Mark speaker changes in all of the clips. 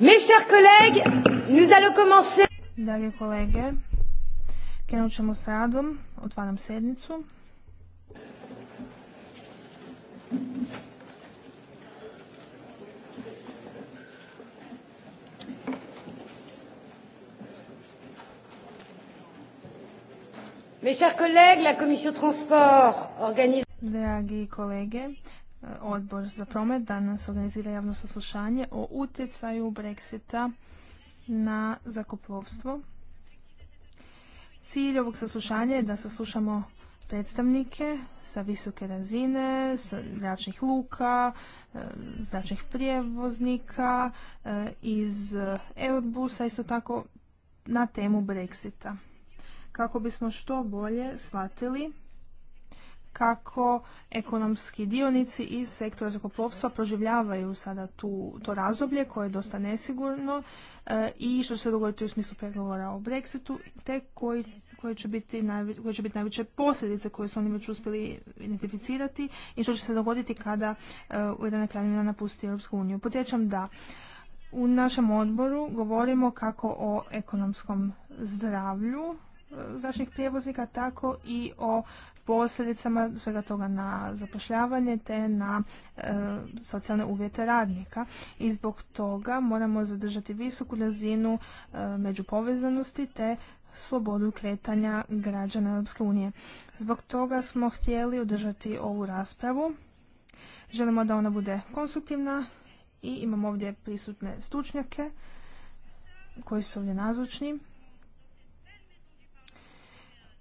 Speaker 1: Mes chers collègues, nous allons commencer. Drage kolege, krenut ćemo s radom. Otvaram sednicu. Mes chers collègues, la commission transport organise Dragi kolege, E, odbor za promet danas organizira javno saslušanje o utjecaju Brexita na zakoplovstvo. Cilj ovog saslušanja je da saslušamo predstavnike sa visoke razine, sa zračnih luka, e, zračnih prijevoznika, e, iz Airbusa, isto tako na temu Brexita. Kako bismo što bolje shvatili kako ekonomski dionici iz sektora zrakoplovstva proživljavaju sada tu, to razoblje koje je dosta nesigurno eh, i što će se dogoditi u smislu pregovora o Brexitu, te koji koje će biti, biti najveće posljedice koje su oni već uspjeli identificirati i što će se dogoditi kada e, eh, Ujedana kraljevina napusti Europsku uniju. Podsjećam da u našem odboru govorimo kako o ekonomskom zdravlju eh, zračnih prijevoznika, tako i o posljedicama svega toga na zapošljavanje te na e, socijalne uvjete radnika. I zbog toga moramo zadržati visoku razinu e, međupovezanosti te slobodu kretanja građana Europske unije. Zbog toga smo htjeli održati ovu raspravu. Želimo da ona bude konstruktivna i imamo ovdje prisutne stručnjake koji su ovdje nazočni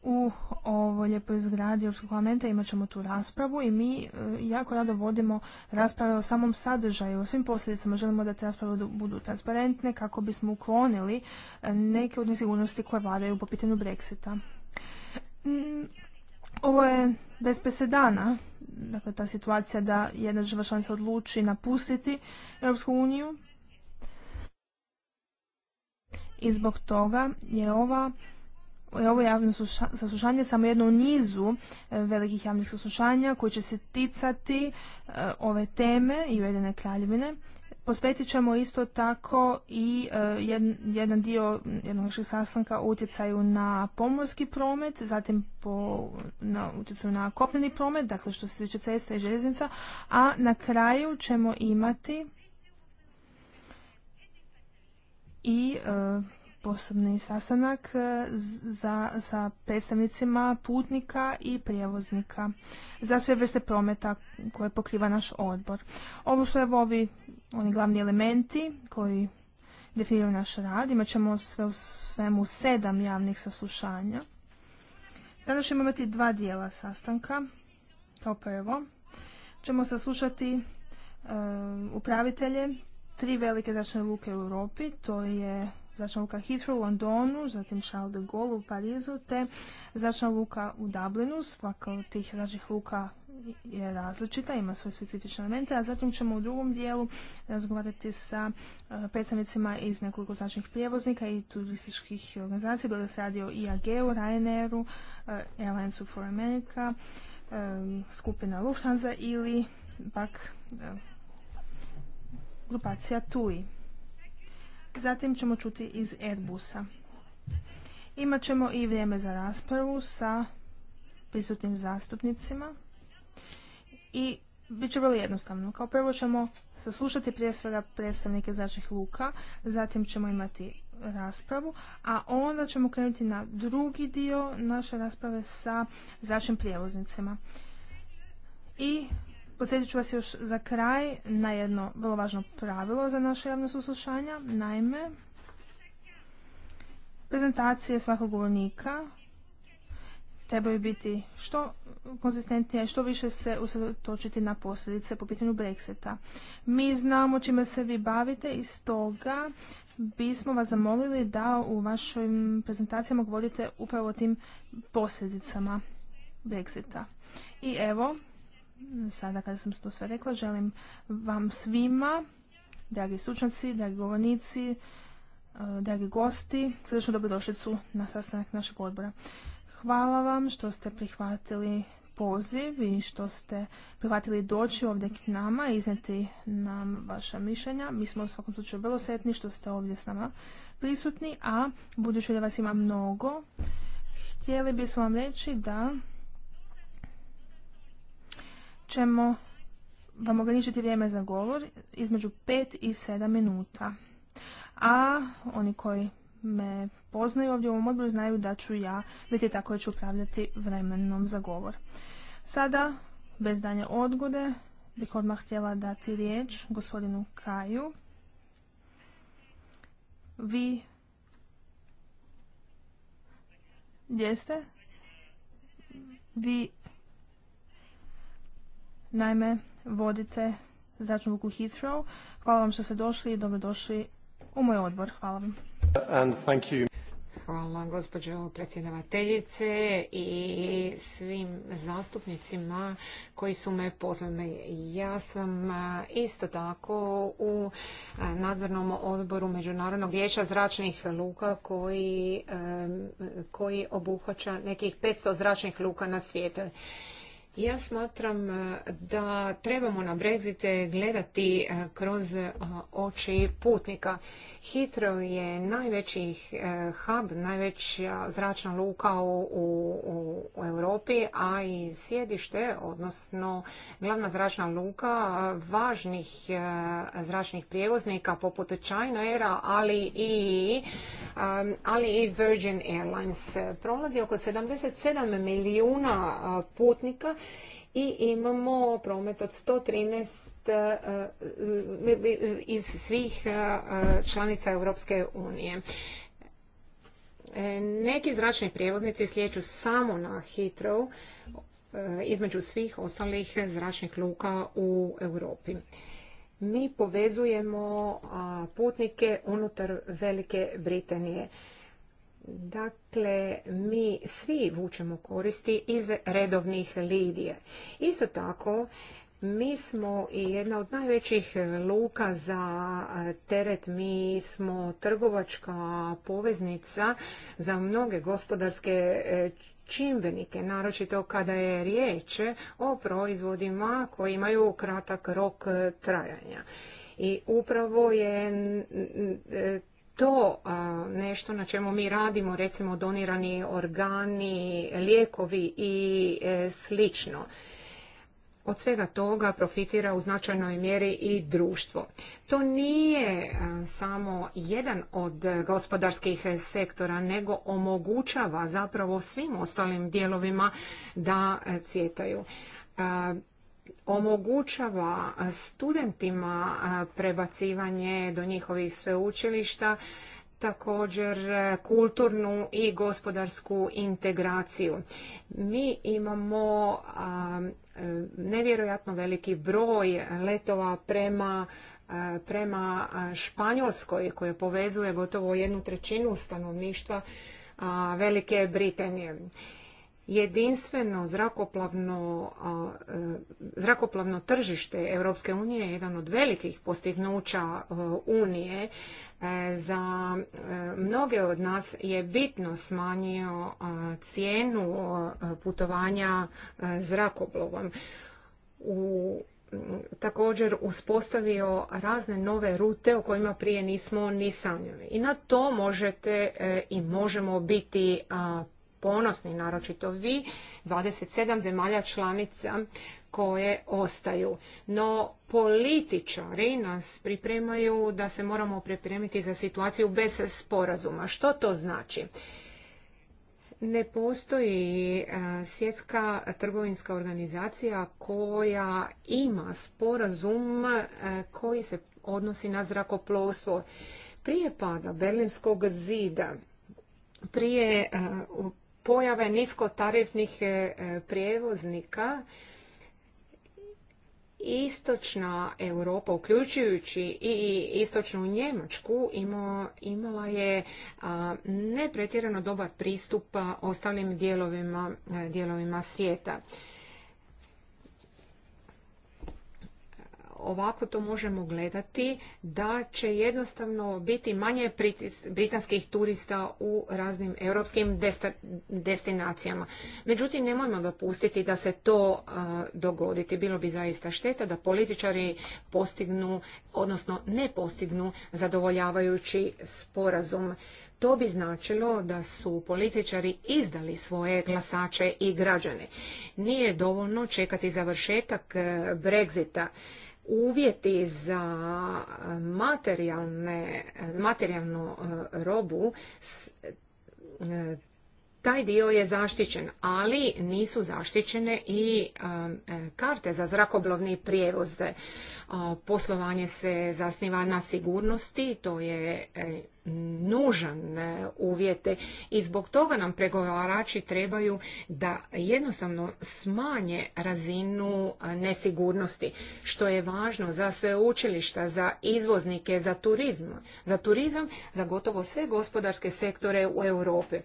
Speaker 1: u ovoj lijepoj zgradi Europskog parlamenta imat ćemo tu raspravu i mi e, jako rado vodimo rasprave o samom sadržaju, o svim posljedicama. Želimo da te rasprave budu transparentne kako bismo uklonili e, neke od nesigurnosti koje vladaju po pitanju Brexita. Mm, ovo je bez presedana, dakle ta situacija da jedna država članica odluči napustiti Europsku uniju i zbog toga je ova ovo javno saslušanje samo jedno u nizu e, velikih javnih saslušanja koji će se ticati e, ove teme i ujedine kraljevine. Posvetit ćemo isto tako i e, jedan dio jednog našeg sastanka utjecaju na pomorski promet, zatim na utjecaju na kopneni promet, dakle što se tiče cesta i željeznica, a na kraju ćemo imati i posebni sastanak e, za, sa predstavnicima putnika i prijevoznika za sve vrste prometa koje pokriva naš odbor. Ovo su evo ovi oni glavni elementi koji definiraju naš rad. Imat ćemo sve u svemu sedam javnih saslušanja. Danas ćemo imati dva dijela sastanka. Kao prvo ćemo saslušati e, upravitelje tri velike zračne luke u Europi. To je zračna luka Heathrow u Londonu, zatim Charles de Gaulle u Parizu, te zračna luka u Dublinu. Svaka od tih zračnih luka je različita, ima svoje specifične elemente, a zatim ćemo u drugom dijelu razgovarati sa eh, predstavnicima iz nekoliko značnih prijevoznika i turističkih organizacija, bilo da se radi o IAG-u, Ryanairu, eh, Airlines for America, eh, skupina Lufthansa ili pak grupacija TUI. Zatim ćemo čuti iz Airbusa. Imaćemo ćemo i vrijeme za raspravu sa prisutnim zastupnicima i bit će vrlo jednostavno. Kao prvo ćemo saslušati prije svega predstavnike zračnih luka, zatim ćemo imati raspravu, a onda ćemo krenuti na drugi dio naše rasprave sa zračnim prijevoznicima. I Podsjetit ću vas još za kraj na jedno vrlo važno pravilo za naše javno suslušanja. Naime, prezentacije svakog govornika trebaju biti što konzistentnije, što više se usredotočiti na posljedice po pitanju Brexita. Mi znamo čime se vi bavite i stoga bismo vas zamolili da u vašim prezentacijama govorite upravo o tim posljedicama Brexita. I evo, sada kada sam to sve rekla, želim vam svima, dragi stručnjaci, dragi govornici, e, dragi gosti, srdečno dobrodošlicu na sastanak našeg odbora. Hvala vam što ste prihvatili poziv i što ste prihvatili doći ovdje k nama i izneti nam vaša mišljenja. Mi smo u svakom slučaju vrlo sretni što ste ovdje s nama prisutni, a budući da vas ima mnogo, htjeli bismo vam reći da ćemo vam ograničiti vrijeme za govor između 5 i 7 minuta. A oni koji me poznaju ovdje u ovom odboru znaju da ću ja biti tako da ću upravljati vremenom za govor. Sada, bez danje odgode, bih odmah htjela dati riječ gospodinu Kaju. Vi... Gdje ste? Vi Naime, vodite zračnu luku Heathrow. Hvala vam što ste došli i dobrodošli u moj odbor. Hvala vam.
Speaker 2: Hvala gospođo predsjedavateljice i svim zastupnicima koji su me pozvali. Ja sam isto tako u nadzornom odboru Međunarodnog vijeća zračnih luka koji, koji obuhvaća nekih 500 zračnih luka na svijetu. Ja smatram e, da trebamo na Brexit gledati e, kroz e, oči putnika. Hitro je najveći hub, najveća zračna luka u, u, Europi, a i sjedište, odnosno glavna zračna luka važnih zračnih prijevoznika poput China Era ali i, ali i Virgin Airlines. Prolazi oko 77 milijuna putnika i imamo promet od 113 eh, eh, iz svih eh, članica Europske unije. Neki zračni prijevoznici slijeću samo na Heathrow između svih ostalih zračnih luka u Europi. Mi povezujemo putnike unutar Velike Britanije. Dakle, mi svi vučemo koristi iz redovnih lidije. Isto tako, mi smo i jedna od najvećih luka za teret, mi smo trgovačka poveznica za mnoge gospodarske e, čimbenike, naročito kada je riječ o proizvodima koji imaju kratak rok trajanja. I upravo je e, to nešto na čemu mi radimo, recimo donirani organi, lijekovi i e, slično. Od svega toga profitira u značajnoj mjeri i društvo. To nije e, samo jedan od gospodarskih sektora, nego omogućava zapravo svim ostalim dijelovima da e, cvjetaju omogućava studentima prebacivanje do njihovih sveučilišta, također e, kulturnu i gospodarsku integraciju. Mi imamo e, nevjerojatno veliki broj letova prema prema Španjolskoj koje povezuje gotovo jednu trećinu stanovništva Velike Britanije. Jedinstveno zrakoplavno, e, zrakoplavno tržište Europske unije je jedan od velikih postignuća e, unije. E, za mnoge od nas je bitno smanjio cijenu putovanja zrakoplovom. također uspostavio razne nove rute o kojima prije nismo ni sanjali. I na to možete i možemo biti ponosni, naročito vi, 27 zemalja članica koje ostaju. No političari nas pripremaju da se moramo pripremiti za situaciju bez sporazuma. Što to znači? Ne postoji e, svjetska trgovinska organizacija koja ima sporazum e, koji se odnosi na zrakoplovstvo. Prije pada Berlinskog zida, prije e, pojave niskotarifnih e, e, prijevoznika istočna Europa, uključujući i istočnu Njemačku, imala je ne dobar pristup ostalim dijelovima, dijelovima svijeta. ovako to možemo gledati da će jednostavno biti manje britanskih turista u raznim europskim destinacijama. Međutim, nemojmo dopustiti da se to dogoditi. Bilo bi zaista šteta da političari postignu, odnosno ne postignu zadovoljavajući sporazum. To bi značilo da su političari izdali svoje glasače i građane. Nije dovoljno čekati završetak e, Brexita uvjeti za materijalnu e, robu e, taj dio je zaštićen, ali nisu zaštićene i um, e, karte za zrakoblovni prijevoz. E, poslovanje se zasniva na sigurnosti, to je e, nužan uvjete i zbog toga nam pregovarači trebaju da jednostavno smanje razinu nesigurnosti, što je važno za sve učilišta, za izvoznike, za za turizam, za gotovo sve gospodarske sektore u Europi.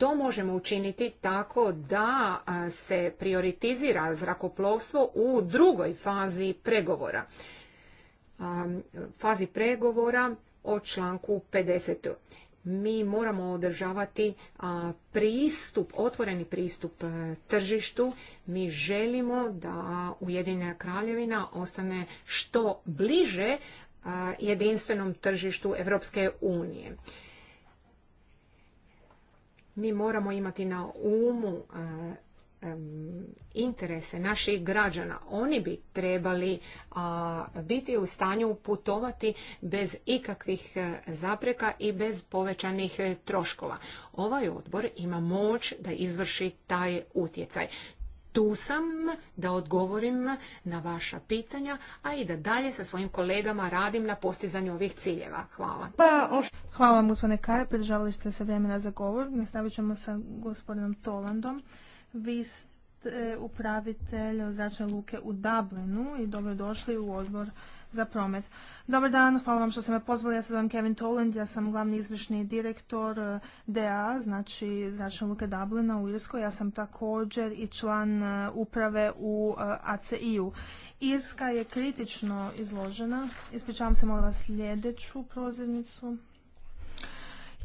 Speaker 2: To možemo učiniti tako da se prioritizira zrakoplovstvo u drugoj fazi pregovora. Fazi pregovora o članku 50 mi moramo održavati pristup, otvoreni pristup e, tržištu. Mi želimo da Ujedinjena kraljevina ostane što bliže jedinstvenom tržištu Europske unije. Mi moramo imati na umu interese naših građana. Oni bi trebali biti u stanju putovati bez ikakvih e, zapreka i bez povećanih e, troškova. Ovaj odbor ima moć da izvrši taj utjecaj tu sam da odgovorim na vaša pitanja, a i da dalje sa svojim kolegama radim na postizanju ovih ciljeva. Hvala.
Speaker 1: Pa, Hvala vam, gospodine Kaja. Pridržavali ste se vremena za govor. Nastavit ćemo sa gospodinom Tolandom. Vi ste upravitelj zračne luke u Dublinu i dobrodošli u odbor za promet. Dobar dan, hvala vam što ste me pozvali. Ja se zovem Kevin Toland, ja sam glavni izvršni direktor eh, DA, znači Zračne luke Dublina u Irskoj. Ja sam također i član eh, uprave u eh, ACI-u. Irska je kritično izložena. Ispričavam se, molim vas, sljedeću prozirnicu.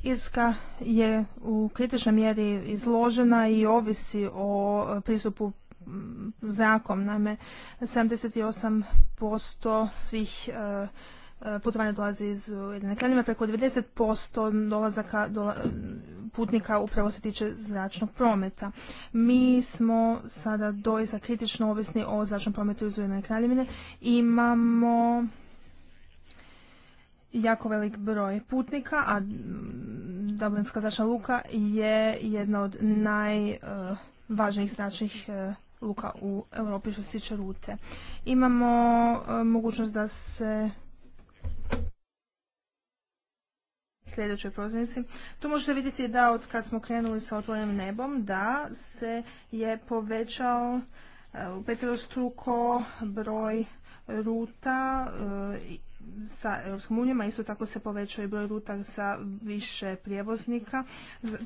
Speaker 1: Irska je u kritičnoj mjeri izložena i ovisi o pristupu Mm, zrakom. Naime, 78% svih e, e, putovanja dolazi iz ujedinjene kraljevine, preko 90% dolazaka putnika upravo se tiče zračnog prometa. Mi smo sada doista kritično ovisni o zračnom prometu iz ujedinjene kraljevine. Imamo jako velik broj putnika, a Dublinska zračna luka je jedna od najvažnijih e, zračnih luka u Europi što se tiče rute. Imamo e, mogućnost da se sljedećoj proznici Tu možete vidjeti da od kad smo krenuli sa otvorenim nebom, da se je povećao e, u broj ruta e, i sa Europskom unijom, isto tako se povećao i broj ruta sa više prijevoznika.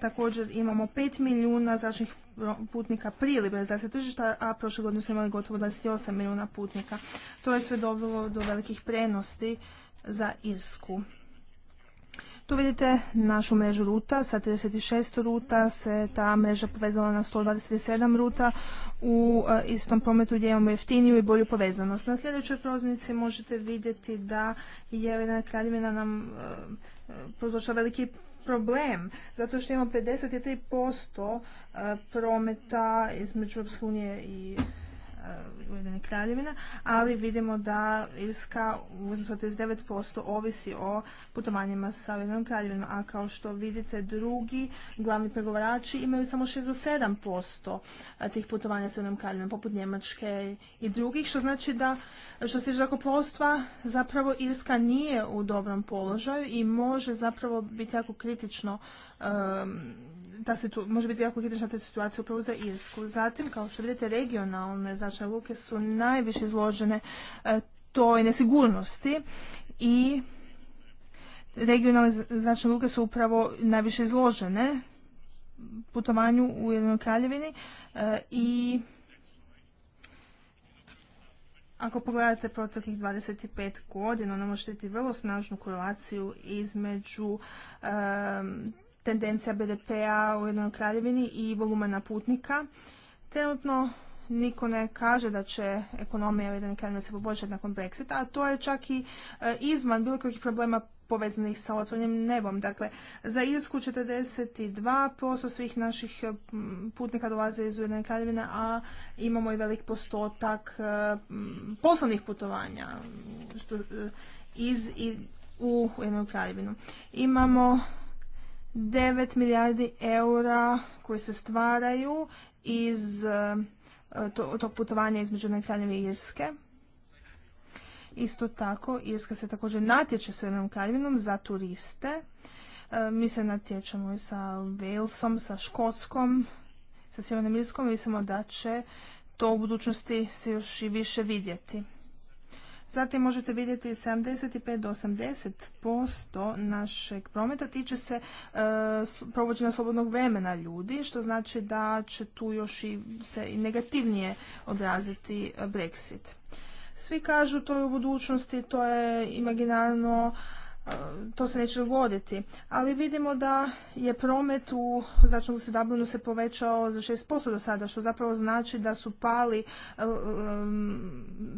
Speaker 1: Također imamo 5 milijuna zračnih putnika prije liberalizacije tržišta, a prošle godine smo imali gotovo 28 milijuna putnika. To je sve dovelo do velikih prenosti za Irsku. Tu vidite našu mrežu ruta, sa 36 ruta se ta mreža povezala na 127 ruta u e, istom prometu gdje imamo jeftiniju i bolju povezanost. Na sljedećoj proznici možete vidjeti da je jedna kraljivina nam e, prošla veliki problem, zato što imamo 53% e, prometa između Europske i E, Ujedine kraljevine, ali vidimo da Irska u iznosu od 39% ovisi o putovanjima sa Ujedinom kraljevinom, a kao što vidite drugi glavni pregovarači imaju samo 6 do 7% tih putovanja sa Ujedinom kraljevinom, poput Njemačke i drugih, što znači da što se tiče zrakoplovstva zapravo Irska nije u dobrom položaju i može zapravo biti jako kritično e, ta situ, može biti jako kritična ta situacija upravo za Irsku. Zatim, kao što vidite, regionalne značne luke su najviše izložene e, toj nesigurnosti i regionalne značne luke su upravo najviše izložene putovanju u Jednoj kraljevini e, i ako pogledate proteklih 25 godina, onda možete vidjeti vrlo snažnu korelaciju između tendencija BDP-a u jednoj kraljevini i volumena putnika. Trenutno niko ne kaže da će ekonomija jednoj kraljevine se poboljšati nakon Brexita, a to je čak i e, izvan bilo kakvih problema povezanih sa otvorenim nebom. Dakle, za Irsku 42% svih naših e, putnika dolaze iz Ujedne kraljevine, a imamo i velik postotak e, poslovnih putovanja iz i u Ujedinjenu kraljevinu. Imamo 9 milijardi eura koji se stvaraju iz e, tog putovanja između Kraljevine i Irske. Isto tako, Irska se također natječe s jednom Kraljevinom za turiste. E, mi se natječemo i sa Walesom, sa Škotskom, sa Sjevernom Irskom. Mislimo da će to u budućnosti se još i više vidjeti. Zatim možete vidjeti 75 do 80% našeg prometa tiče se e, provođenja slobodnog vremena ljudi, što znači da će tu još i se i negativnije odraziti e, Brexit. Svi kažu to je u budućnosti, to je imaginarno, to se neće dogoditi. Ali vidimo da je promet u zračnom luci Dublinu se povećao za 6% do sada, što zapravo znači da su pali, e, e,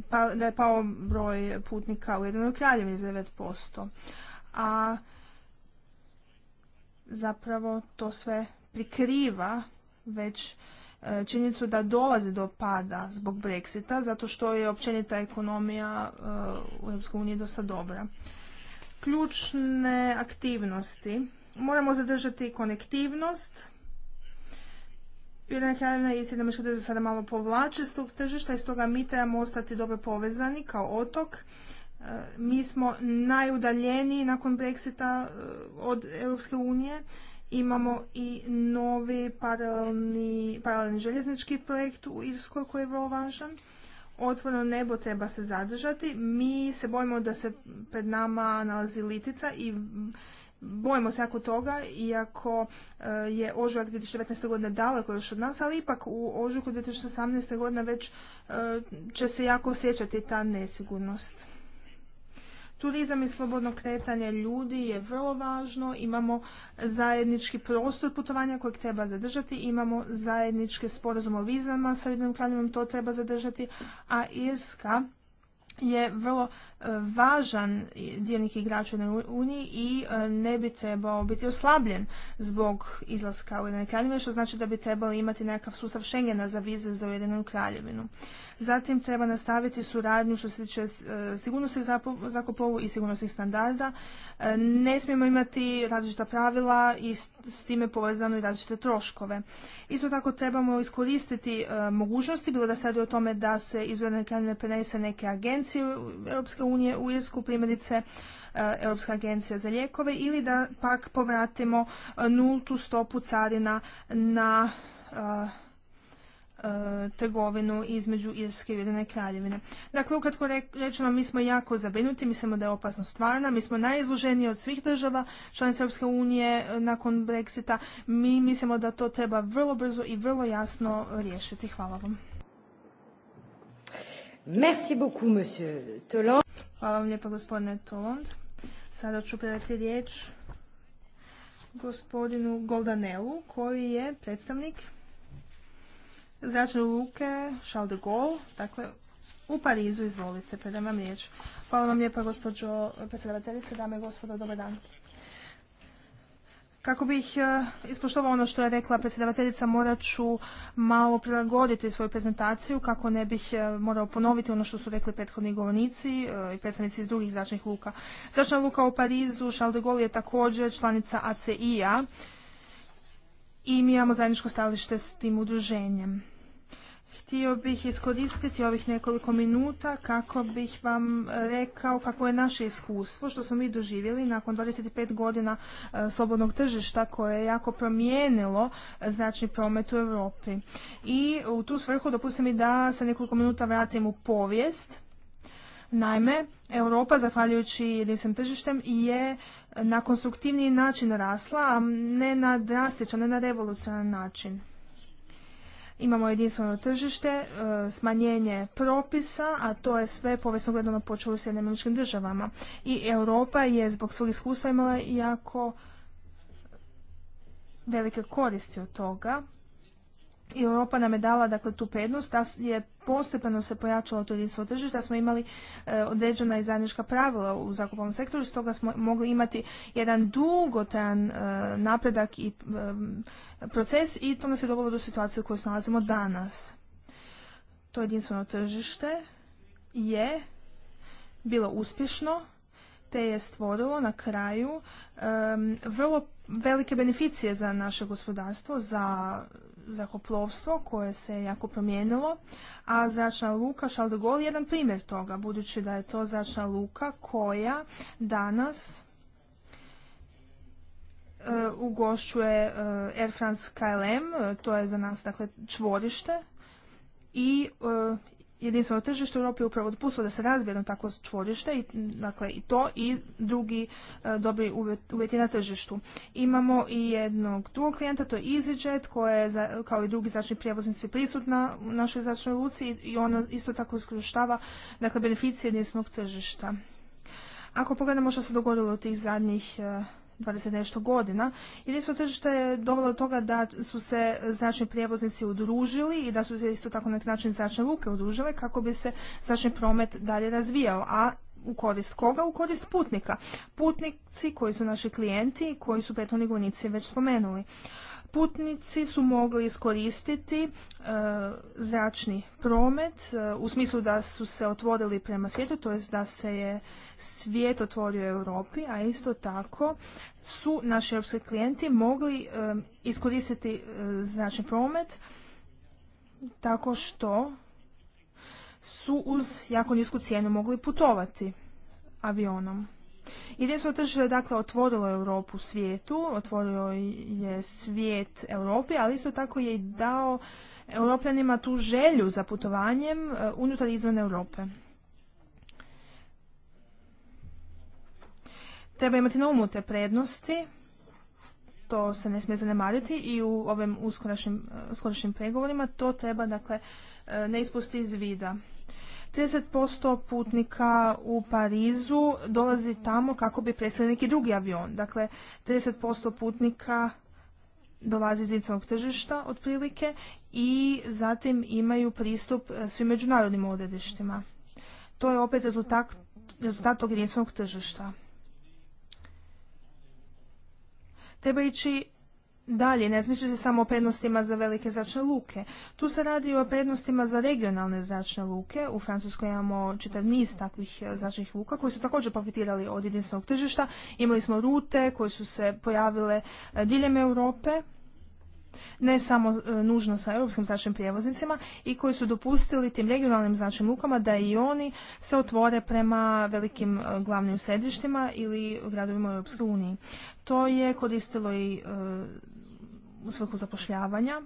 Speaker 1: pa, da je pao broj putnika u Jednoj kraljevini za 9%. A zapravo to sve prikriva već e, činjenicu da dolazi do pada zbog Brexita, zato što je općenita ekonomija u EU dosta dobra ključne aktivnosti. Moramo zadržati konektivnost. Jedna kraljevna i meška sada malo povlače s tog tržišta i toga mi trebamo ostati dobro povezani kao otok. E, mi smo najudaljeniji nakon Brexita e, od Europske unije. Imamo i novi paralelni, paralelni željeznički projekt u Irskoj koji je vrlo važan otvoreno nebo treba se zadržati. Mi se bojimo da se pred nama nalazi litica i bojimo se jako toga, iako e, je ožujak 2019. godine daleko još od nas, ali ipak u ožujku 2018. godine već e, će se jako osjećati ta nesigurnost. Turizam i slobodno kretanje ljudi je vrlo važno, imamo zajednički prostor putovanja kojeg treba zadržati, imamo zajedničke sporazume o vizama sa Ujedinom kraljevom. to treba zadržati, a Irska je vrlo važan dionik igrača na Uniji i e, ne bi trebao biti oslabljen zbog izlaska Ujedinjene kraljevine, što znači da bi trebali imati nekakav sustav Schengena za vize za Ujedinjenu kraljevinu. Zatim treba nastaviti suradnju što se tiče e, sigurnosti zakopovu i sigurnosnih standarda. E, ne smijemo imati različita pravila i s time povezano i različite troškove. Isto tako trebamo iskoristiti mogućnosti, bilo da se radi o tome da se iz Ujedinjene kraljevine prenese neke agencije Europske unije u Irsku, primjerice e, Europska agencija za lijekove ili da pak povratimo e, nultu stopu carina na e, trgovinu između Irske i Ujedine kraljevine. Dakle, ukratko rečeno, mi smo jako zabrinuti, mislimo da je opasnost stvarna, mi smo najizloženiji od svih država članica Europske unije nakon Brexita. Mi mislimo da to treba vrlo brzo i vrlo jasno riješiti. Hvala vam. Hvala vam lijepa, gospodine Toland. Sada ću predati riječ gospodinu Goldanelu, koji je predstavnik zračne luke Charles de Gaulle, dakle u Parizu, izvolite, predam vam riječ. Hvala vam lijepa, gospođo predsjedavateljice, dame i gospodo, dobar dan. Kako bih e, ispoštovao ono što je rekla predsjedavateljica, morat ću malo prilagoditi svoju prezentaciju kako ne bih e, morao ponoviti ono što su rekli prethodni govornici e, i predstavnici iz drugih zračnih luka. Zračna luka u Parizu, Charles de Gaulle je također članica ACI-a i mi imamo zajedničko stavljište s tim udruženjem. Htio bih iskoristiti ovih nekoliko minuta kako bih vam rekao kako je naše iskustvo što smo mi doživjeli nakon 25 godina e, slobodnog tržišta koje je jako promijenilo znači promet u Europi. I u tu svrhu dopustim mi da se nekoliko minuta vratim u povijest. Naime, Europa, zahvaljujući jedinstvenim tržištem, je na konstruktivniji način rasla, a ne na drastičan, ne na revolucionan način. Imamo jedinstveno tržište, e, smanjenje propisa, a to je sve povijesno gledano počelo u američkim državama. I Europa je zbog svog iskustva imala jako velike koristi od toga i Europa nam je dala dakle, tu prednost, da je postepeno se pojačalo to jedinstvo tržište, da smo imali e, određena i zajednička pravila u zakupovnom sektoru, stoga smo mogli imati jedan dugotrajan e, napredak i e, proces i to nas je dovelo do situacije u kojoj se nalazimo danas. To jedinstveno tržište je bilo uspješno, te je stvorilo na kraju vrlo velike beneficije za naše gospodarstvo, za zrakoplovstvo koje se jako promijenilo, a zračna luka Charles je jedan primjer toga, budući da je to zračna luka koja danas e, ugošćuje e, Air France KLM, e, to je za nas dakle čvorište i jedinstveno tržište u Europi upravo dopustilo da se razvije jedno takvo čvorište i, dakle, i to i drugi e, dobri uvjeti na tržištu. Imamo i jednog drugog klijenta, to je EasyJet koja je za, kao i drugi zračni prijevoznici prisutna u našoj zračnoj luci i, ona isto tako iskorištava dakle, beneficije jedinstvenog tržišta. Ako pogledamo što se dogodilo u tih zadnjih e, 20 nešto godina. Jedinstvo tržište je dovelo do toga da su se zračni prijevoznici udružili i da su se isto tako na neki način zračne luke udružile kako bi se zračni promet dalje razvijao. A u korist koga? U korist putnika. Putnici koji su naši klijenti, koji su petoni vojnici već spomenuli. Putnici su mogli iskoristiti e, zračni promet e, u smislu da su se otvorili prema svijetu, to jest da se je svijet otvorio Europi, a isto tako su naši europski klijenti mogli e, iskoristiti zračni promet tako što su uz jako nisku cijenu mogli putovati avionom. Jedinstvo tržište je dakle otvorilo Europu svijetu, otvorio je svijet Europi, ali isto tako je i dao Europljanima tu želju za putovanjem eh, unutar izvan Europe. Treba imati na umu te prednosti, to se ne smije zanemariti i u ovim uskorašnjim eh, pregovorima to treba dakle eh, ne ispusti iz vida. 30% putnika u Parizu dolazi tamo kako bi presjeli neki drugi avion. Dakle, 30% putnika dolazi iz jedinstvenog tržišta otprilike i zatim imaju pristup e, svim međunarodnim odredištima. To je opet rezultat, rezultat tog jedinstvenog tržišta. Treba ići dalje, ne smisli se samo o prednostima za velike zračne luke. Tu se radi o prednostima za regionalne zračne luke. U Francuskoj imamo čitav niz takvih eh, zračnih luka koji su također profitirali od jedinstvenog tržišta. Imali smo rute koje su se pojavile eh, diljem Europe, ne samo eh, nužno sa europskim zračnim prijevoznicima i koji su dopustili tim regionalnim zračnim lukama da i oni se otvore prema velikim glavnim središtima ili gradovima u Europskoj To je koristilo i u svrhu zapošljavanja.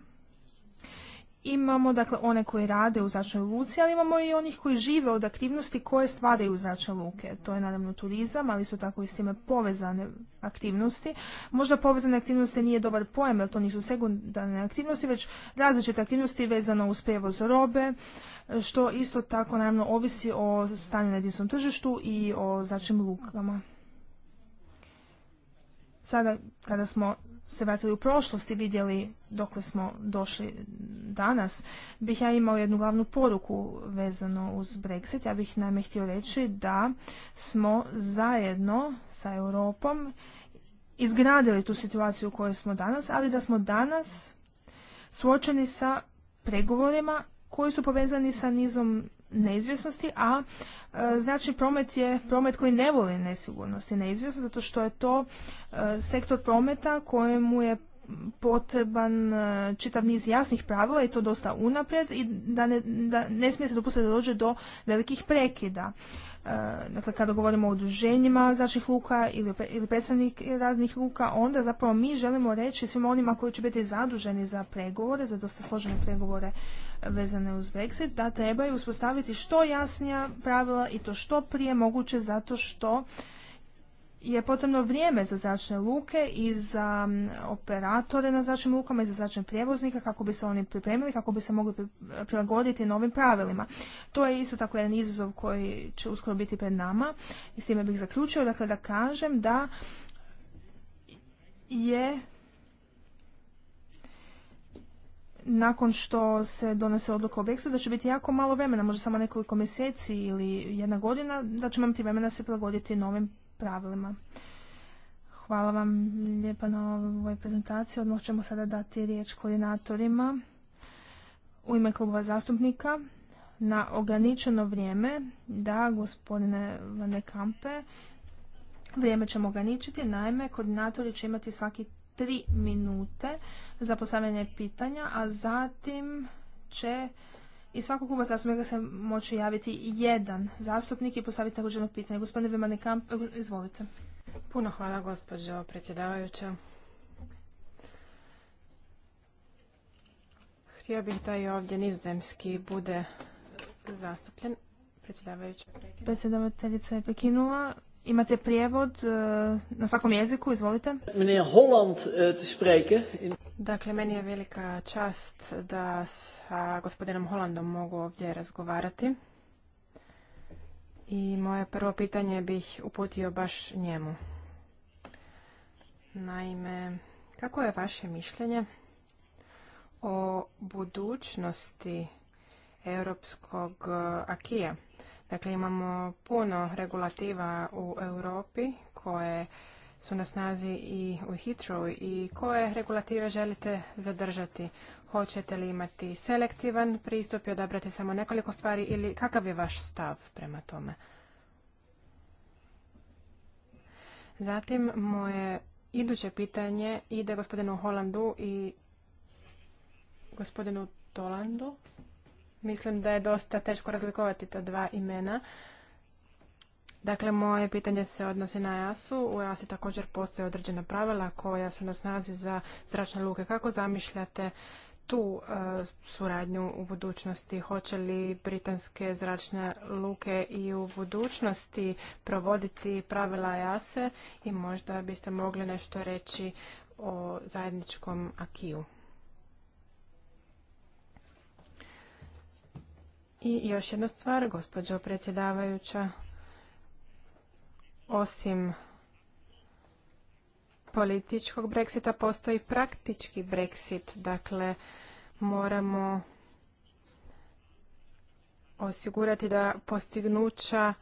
Speaker 1: Imamo dakle one koji rade u zračnoj luci, ali imamo i onih koji žive od aktivnosti koje stvaraju zračne luke. To je naravno turizam, ali su tako i s time povezane aktivnosti. Možda povezane aktivnosti nije dobar pojam, jer to nisu sekundarne aktivnosti, već različite aktivnosti vezano uz prijevoz robe, što isto tako naravno ovisi o stanju na jedinstvenom tržištu i o zračnim lukama. Sada kada smo se vratili u prošlosti vidjeli dokle smo došli danas, bih ja imao jednu glavnu poruku vezano uz Brexit. Ja bih najme htio reći da smo zajedno sa Europom izgradili tu situaciju u kojoj smo danas, ali da smo danas suočeni sa pregovorima koji su povezani sa nizom neizvjesnosti, a e, znači promet je promet koji ne voli nesigurnost i neizvjesnost, zato što je to e, sektor prometa kojemu je potreban e, čitav niz jasnih pravila i to dosta unaprijed i da ne, da ne smije se dopustiti da dođe do velikih prekida. dakle, kada govorimo o udruženjima zračnih luka ili, ili predstavnik raznih luka, onda zapravo mi želimo reći svima onima koji će biti zaduženi za pregovore, za dosta složene pregovore vezane uz Brexit, da trebaju uspostaviti što jasnija pravila i to što prije moguće zato što je potrebno vrijeme za zračne luke i za operatore na zračnim lukama i za zračne prijevoznika kako bi se oni pripremili, kako bi se mogli prilagoditi novim pravilima. To je isto tako jedan izazov koji će uskoro biti pred nama i s time bih zaključio dakle, da kažem da je nakon što se donese odluka o Brexitu, da će biti jako malo vremena, možda samo nekoliko mjeseci ili jedna godina, da ćemo imati vremena se prilagoditi novim pravilima. Hvala vam lijepa na ovoj prezentaciji. Odmah ćemo sada dati riječ koordinatorima u ime klubova zastupnika na ograničeno vrijeme. Da, gospodine Vane Kampe, vrijeme ćemo ograničiti. Naime, koordinatori će imati svaki tri minute za postavljanje pitanja, a zatim će iz svakog kluba zastupnika se moći javiti jedan zastupnik i postaviti također jedno pitanje. Gospodine Vimanekamp, izvolite. Puno hvala gospođo predsjedavajuća.
Speaker 3: Htio bih da i ovdje nizemski bude zastupljen. Predsjedavajuća
Speaker 1: Predsjedavateljica je prekinula. Imate prijevod e, na svakom jeziku, izvolite.
Speaker 3: Meneer Holland e, te spreken. Dakle, meni je velika čast da sa gospodinom Holandom mogu ovdje razgovarati. I moje prvo pitanje bih uputio baš njemu. Naime, kako je vaše mišljenje o budućnosti europskog e, akija? Dakle, imamo puno regulativa u Europi koje su na snazi i u Heathrow i koje regulative želite zadržati. Hoćete li imati selektivan pristup i odabrati samo nekoliko stvari ili kakav je vaš stav prema tome? Zatim, moje iduće pitanje ide gospodinu Holandu i gospodinu Tolandu. Mislim da je dosta teško razlikovati ta dva imena. Dakle, moje pitanje se odnosi na EASU. U EASI također postoje određena pravila koja su na snazi za zračne luke. Kako zamišljate tu e, suradnju u budućnosti? Hoće li britanske zračne luke i u budućnosti provoditi pravila EASE i možda biste mogli nešto reći o zajedničkom akiju? I još jedna stvar, gospođo predsjedavajuća, osim političkog Brexita postoji praktički Brexit. Dakle, moramo osigurati da postignuća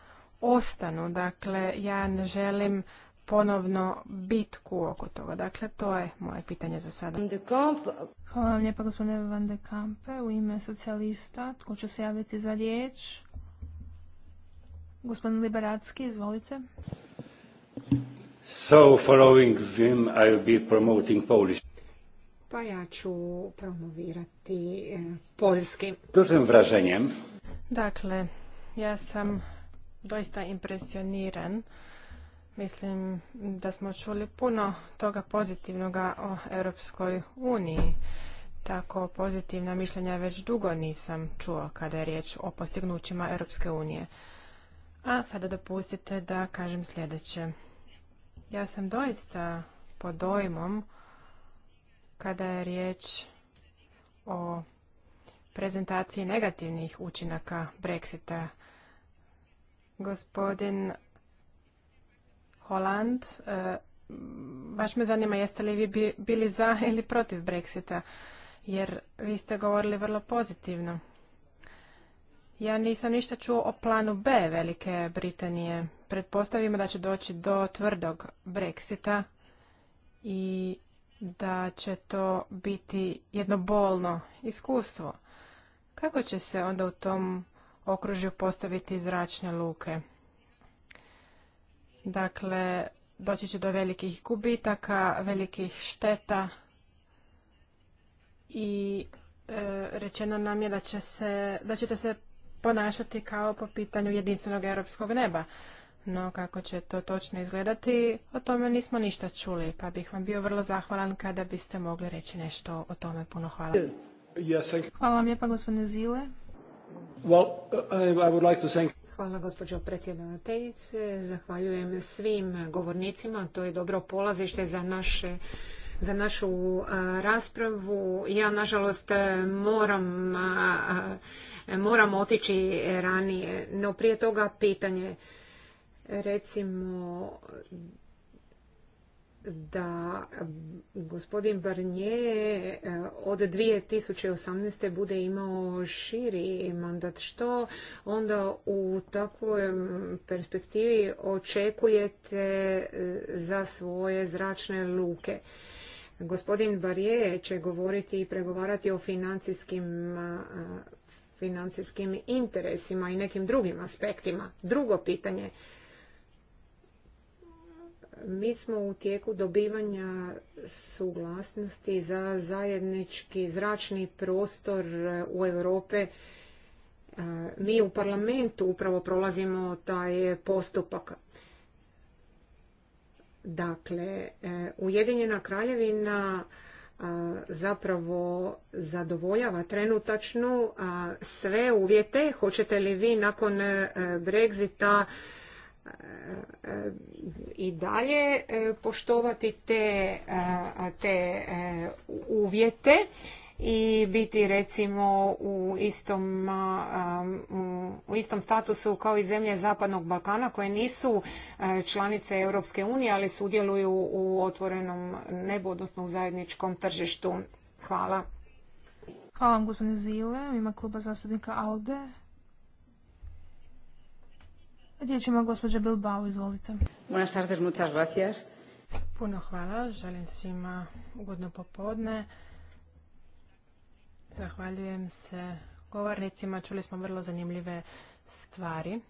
Speaker 3: ostanu. Dakle, ja ne želim ponovno bitku oko toga. Dakle, to je moje pitanje
Speaker 1: za sada. Hvala vam lijepa gospodine Van de Kampe. U ime socijalista, tko će se javiti za riječ? Gospodin Liberacki, izvolite.
Speaker 3: So, following I'll be promoting Polish. Pa ja ću promovirati polski. E, poljski. Dakle, ja sam doista impresioniran Mislim da smo čuli puno toga pozitivnoga o Europskoj uniji. Tako pozitivna mišljenja već dugo nisam čuo kada je riječ o postignućima Europske unije. A sada dopustite da kažem sljedeće. Ja sam doista pod dojmom kada je riječ o prezentaciji negativnih učinaka Brexita. Gospodin Holand. E, baš me zanima jeste li vi bili za ili protiv Brexita, jer vi ste govorili vrlo pozitivno. Ja nisam ništa čuo o planu B Velike Britanije. Pretpostavimo da će doći do tvrdog Brexita i da će to biti jedno bolno iskustvo. Kako će se onda u tom okružju postaviti zračne luke? Dakle, doći će do velikih gubitaka, velikih šteta i e, rečeno nam je da, će se, da ćete se ponašati kao po pitanju jedinstvenog europskog neba. No kako će to točno izgledati, o tome nismo ništa čuli, pa bih vam bio vrlo zahvalan kada biste mogli reći nešto o tome. Puno hvala. Hvala vam lijepa gospodine Zile. Well, uh, I would like to Hvala gospođo predsjedateljice.
Speaker 2: Zahvaljujem svim govornicima. To je dobro polazište za našu raspravu. Ja, nažalost, moram, moram otići ranije. No prije toga pitanje. Recimo, da mm, gospodin Barnje eh, od 2018. bude imao širi mandat. Što onda u takvoj mm, perspektivi očekujete eh, za svoje zračne luke? Gospodin Barje će govoriti i pregovarati o eh, financijskim interesima i nekim drugim aspektima. Drugo pitanje, mi smo u tijeku dobivanja suglasnosti za zajednički zračni prostor uh, u Europe. Uh, mi u parlamentu upravo prolazimo taj postupak. Dakle, uh, Ujedinjena kraljevina zapravo zadovoljava trenutačno sve uvjete. Hoćete li vi nakon Brexita i dalje e, poštovati te, e, te e, uvjete i biti recimo u istom, u istom statusu kao i zemlje Zapadnog Balkana koje nisu članice Europske unije, ali sudjeluju u otvorenom nebu, odnosno u zajedničkom tržištu.
Speaker 1: Hvala. Hvala vam Zile, u kluba zastupnika ALDE, Riječ ima gospođa Bilbao, izvolite.
Speaker 3: Buenas tardes, muchas gracias. Puno hvala, želim svima ugodno popodne. Zahvaljujem se govornicima, čuli smo vrlo zanimljive stvari.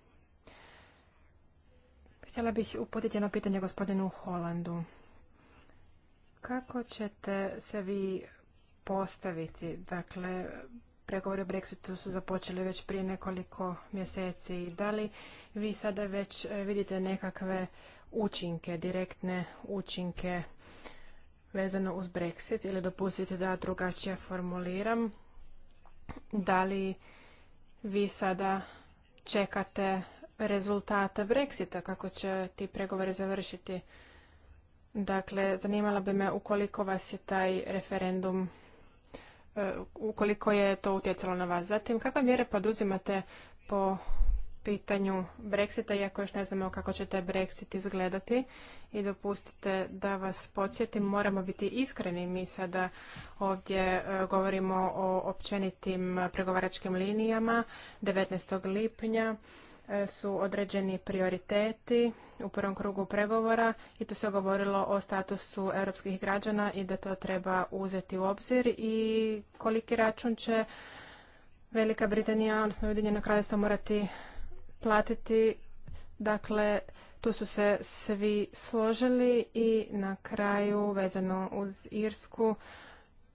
Speaker 3: Htjela bih uputiti jedno pitanje gospodinu Holandu. Kako ćete se vi postaviti? Dakle, pregovori o Brexitu su započeli već prije nekoliko mjeseci. Da li vi sada već e, vidite nekakve učinke, direktne učinke vezano uz Brexit ili dopustite da drugačije formuliram? Da li vi sada čekate rezultata Brexita, kako će ti pregovori završiti? Dakle, zanimala bi me ukoliko vas je taj referendum E, ukoliko je to utjecalo na vas. Zatim, kakve mjere poduzimate po pitanju Brexita, iako još ne znamo kako će taj Brexit izgledati i dopustite da vas podsjetim, moramo biti iskreni. Mi sada ovdje e, govorimo o općenitim pregovaračkim linijama 19. lipnja. E, su određeni prioriteti u prvom krugu pregovora i tu se govorilo o statusu europskih građana i da to treba uzeti u obzir i koliki račun će Velika Britanija, odnosno Ujedinjeno kraljevstvo morati platiti. Dakle, tu su se svi složili i na kraju vezano uz Irsku.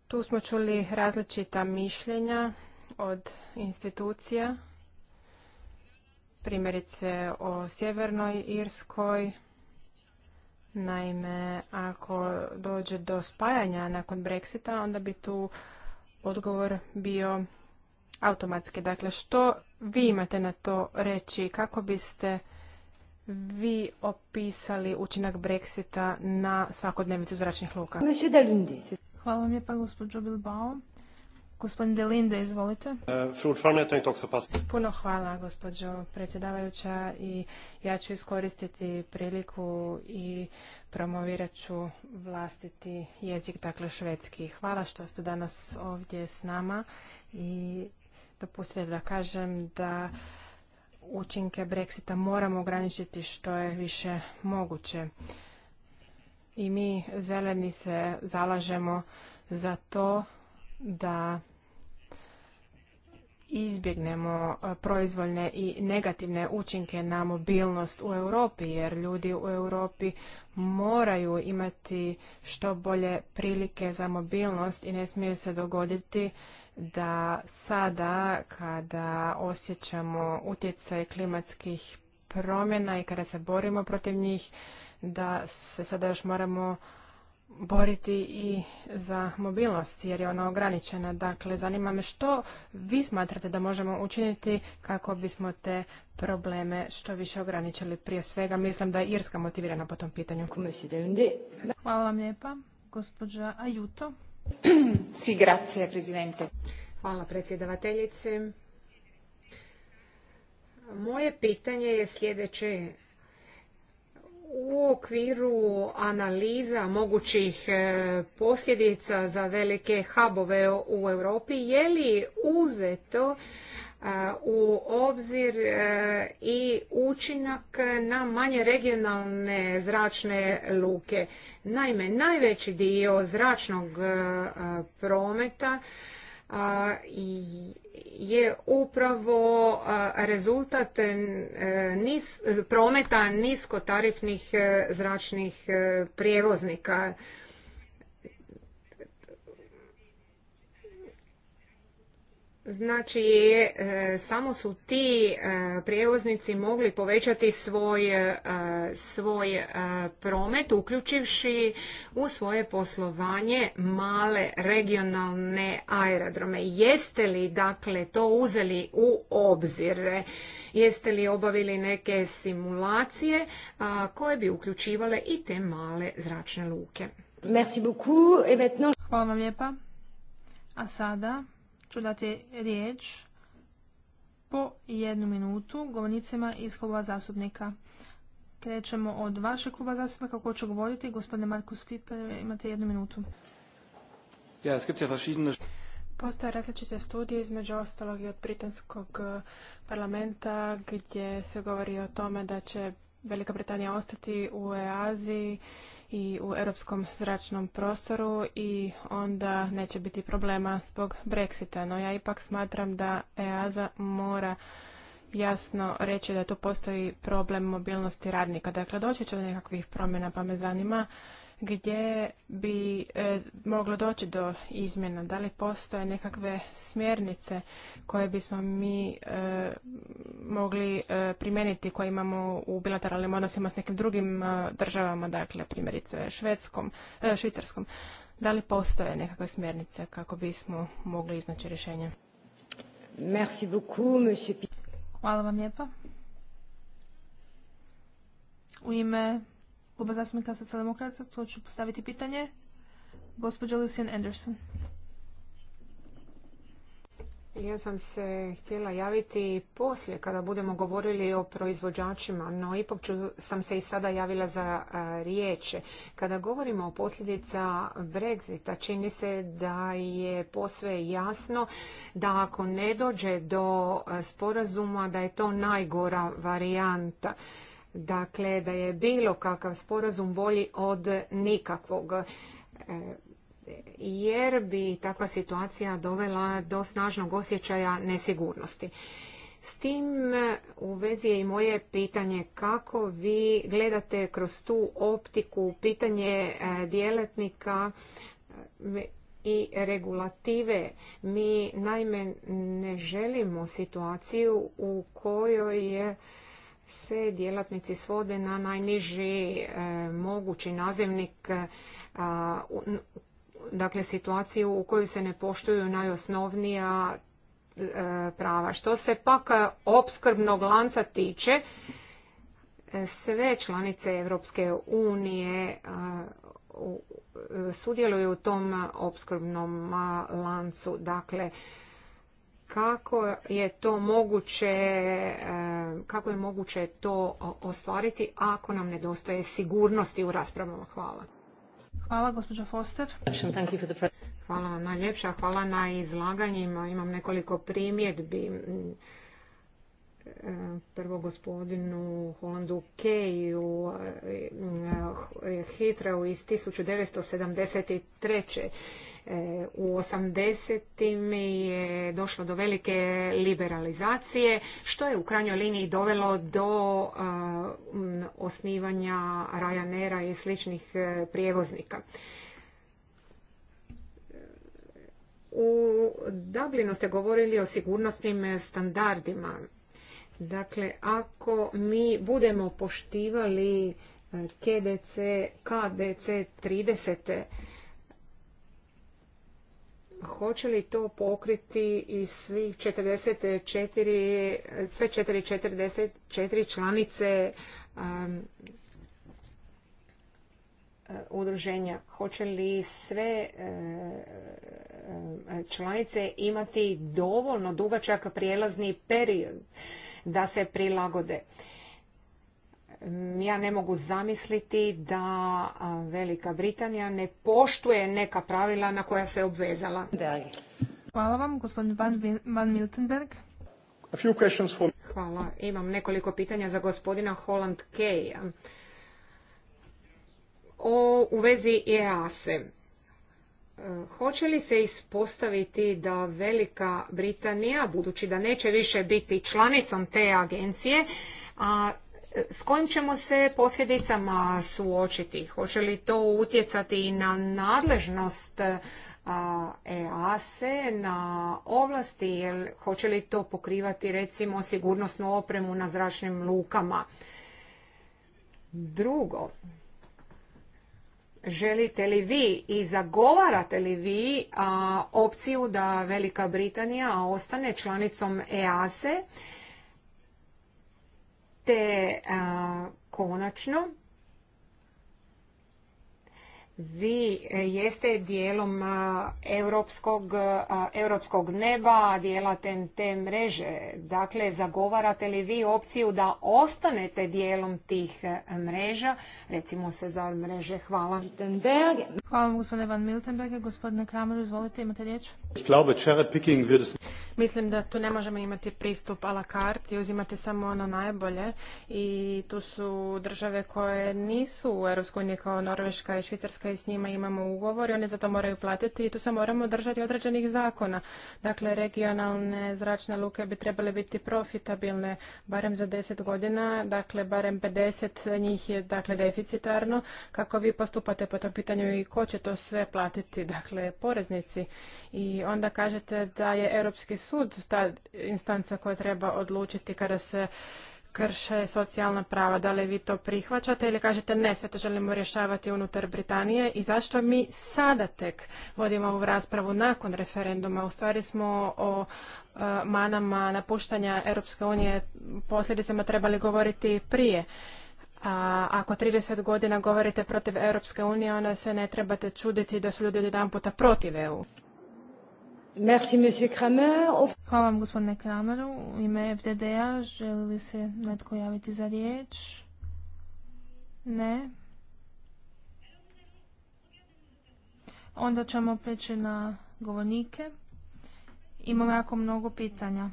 Speaker 3: Tu smo čuli različita mišljenja od institucija primjerice o Sjevernoj Irskoj. Naime, ako dođe do spajanja nakon Brexita, onda bi tu odgovor bio automatski. Dakle, što vi imate na to reći? Kako biste vi opisali učinak Brexita na svakodnevnicu zračnih luka?
Speaker 1: Hvala vam lijepa, gospođo Bilbao. Gospodin Delinde, izvolite.
Speaker 3: E,
Speaker 1: Puno hvala, gospođo predsjedavajuća, i ja ću iskoristiti
Speaker 3: priliku i promovirat ću vlastiti jezik, dakle švedski. Hvala što ste danas ovdje s nama i dopustite da kažem da učinke Brexita moramo ograničiti što je više moguće. I mi zeleni se zalažemo za to da izbjegnemo e, proizvoljne i negativne učinke na mobilnost u Europi jer ljudi u Europi moraju imati što bolje prilike za mobilnost i ne smije se dogoditi da sada kada osjećamo utjecaj klimatskih promjena i kada se borimo protiv njih da se sada još moramo boriti i za mobilnost jer je ona ograničena. Dakle, zanima me što vi smatrate da možemo učiniti kako bismo te probleme što više ograničili. Prije svega mislim da je Irska motivirana po tom pitanju.
Speaker 1: Hvala vam lijepa. Gospođa Ajuto.
Speaker 2: Si, grazie, prezidente. Hvala predsjedavateljice. Moje pitanje je sljedeće u okviru analiza mogućih e, posljedica za velike hubove u Europi je li uzeto e, u obzir e, i učinak na manje regionalne zračne luke. Naime, najveći dio zračnog prometa i je upravo rezultat e, prometa niskotarifnih e, zračnih e, prijevoznika. Znači, e, samo su ti e, prijevoznici mogli povećati svoj, e, svoj promet, uključivši u svoje poslovanje male regionalne aerodrome. Jeste li dakle to uzeli u obzir? Jeste li obavili neke simulacije koje bi uključivale i te male zračne luke?
Speaker 1: Hvala vam lijepa. A sada ću dati riječ po jednu minutu govornicima iz kluba zastupnika. Krećemo od vašeg kluba zastupnika kako će govoriti. Gospodine Markus Piper, imate jednu minutu. Ja, es Postoje različite studije, između ostalog i od Britanskog
Speaker 3: eh, parlamenta, gdje se govori o tome da će Velika Britanija ostati u EAZI i u europskom zračnom prostoru i onda neće biti problema zbog Brexita. No ja ipak smatram da EAZA mora jasno reći da tu postoji problem mobilnosti radnika. Dakle, doći će do nekakvih promjena, pa me zanima gdje bi e, moglo doći do izmjena? Da li postoje nekakve smjernice koje bismo mi e, mogli e, primijeniti koje imamo u bilateralnim odnosima s nekim drugim državama, dakle primjerice švedskom, švicarskom? Da li postoje nekakve smjernice kako bismo mogli iznaći rješenje? Merci beaucoup,
Speaker 1: monsieur... Hvala vam lijepa. U ime Kluba zastupnika socijaldemokrata, to ću postaviti pitanje. Gospođa Lucian Anderson. Ja sam se htjela
Speaker 2: javiti poslije kada budemo govorili o proizvođačima, no ipak sam se i sada javila za a, riječ. Kada govorimo o posljedica Brexita, čini se da je posve jasno da ako ne dođe do sporazuma da je to najgora varijanta. Dakle, da je bilo kakav sporazum bolji od nikakvog e, jer bi takva situacija dovela do snažnog osjećaja nesigurnosti. S tim e, u vezi je i moje pitanje kako vi gledate kroz tu optiku pitanje e, djelatnika i regulative. Mi naime ne želimo situaciju u kojoj je se djelatnici svode na najniži e, mogući nazivnik e, dakle situaciju u kojoj se ne poštuju najosnovnija e, prava. Što se pak opskrbnog lanca tiče, sve članice Europske unije sudjeluju u tom opskrbnom lancu. Dakle, kako je to moguće eh, kako je moguće to ostvariti ako nam nedostaje sigurnosti u raspravama. Hvala. Hvala, gospođo Foster. Hvala vam najljepša, hvala na izlaganjima. Imam nekoliko primjedbi prvo gospodinu Holandu Keju Hitrau eh, eh, iz 1973. Eh, u 80. je došlo do velike liberalizacije, što je u krajnjoj liniji dovelo do osnivanja Ryanaira i sličnih prijevoznika. U Dublinu ste govorili o sigurnosnim standardima Dakle, ako mi budemo poštivali KDC, KDC 30, hoće li to pokriti i svih 44, sve 44 članice e, udruženja? Hoće li sve e, E, članice imati dovoljno dugačak prijelazni period da se prilagode. Ja ne mogu zamisliti da Velika Britanija ne poštuje neka pravila na koja se obvezala.
Speaker 1: Hvala vam, gospodin Van, Van Miltenberg.
Speaker 2: Hvala. Imam nekoliko pitanja za gospodina Holland Keja. O, u vezi EASE. E, hoće li se ispostaviti da Velika Britanija, budući da neće više biti članicom te agencije, a e, s kojim ćemo se posljedicama suočiti? Hoće li to utjecati i na nadležnost EASE, e na ovlasti? hoće li to pokrivati recimo sigurnosnu opremu na zračnim lukama? Drugo, Želite li vi i zagovarate li vi opciju da Velika Britanija ostane članicom EASE e? te konačno vi e, jeste dijelom e, europskog, e, europskog neba, dijela te mreže. Dakle, zagovarate li vi opciju da ostanete dijelom tih mreža? Recimo se za mreže. Hvala. Hvala vam, gospodine Van Miltenberg. Gospodine
Speaker 3: Kramer, izvolite, imate riječ. Mislim da tu ne možemo imati pristup a la carte i uzimati samo ono najbolje i tu su države koje nisu u EU kao Norveška i Švicarska i s njima imamo ugovor i oni za to moraju platiti i tu se moramo držati određenih zakona. Dakle, regionalne zračne luke bi trebale biti profitabilne barem za 10 godina, dakle barem 50 njih je dakle deficitarno. Kako vi postupate po tom pitanju i ko će to sve platiti? Dakle, poreznici i onda kažete da je Europski sud ta instanca koja treba odlučiti kada se krše socijalna prava. Da li vi to prihvaćate ili kažete ne, sve to želimo rješavati unutar Britanije i zašto mi sada tek vodimo ovu raspravu nakon referenduma? U stvari smo o e, manama napuštanja Europske unije posljedicama trebali govoriti prije. A ako 30 godina govorite protiv Europske unije, onda se ne trebate čuditi da su ljudi jedan puta protiv
Speaker 1: EU. Merci, monsieur Kramer. Hvala vam, gospodine Krameru. U ime FDD-a želi li se netko javiti za riječ? Ne. Onda ćemo preći na govornike. Imamo jako mnogo pitanja.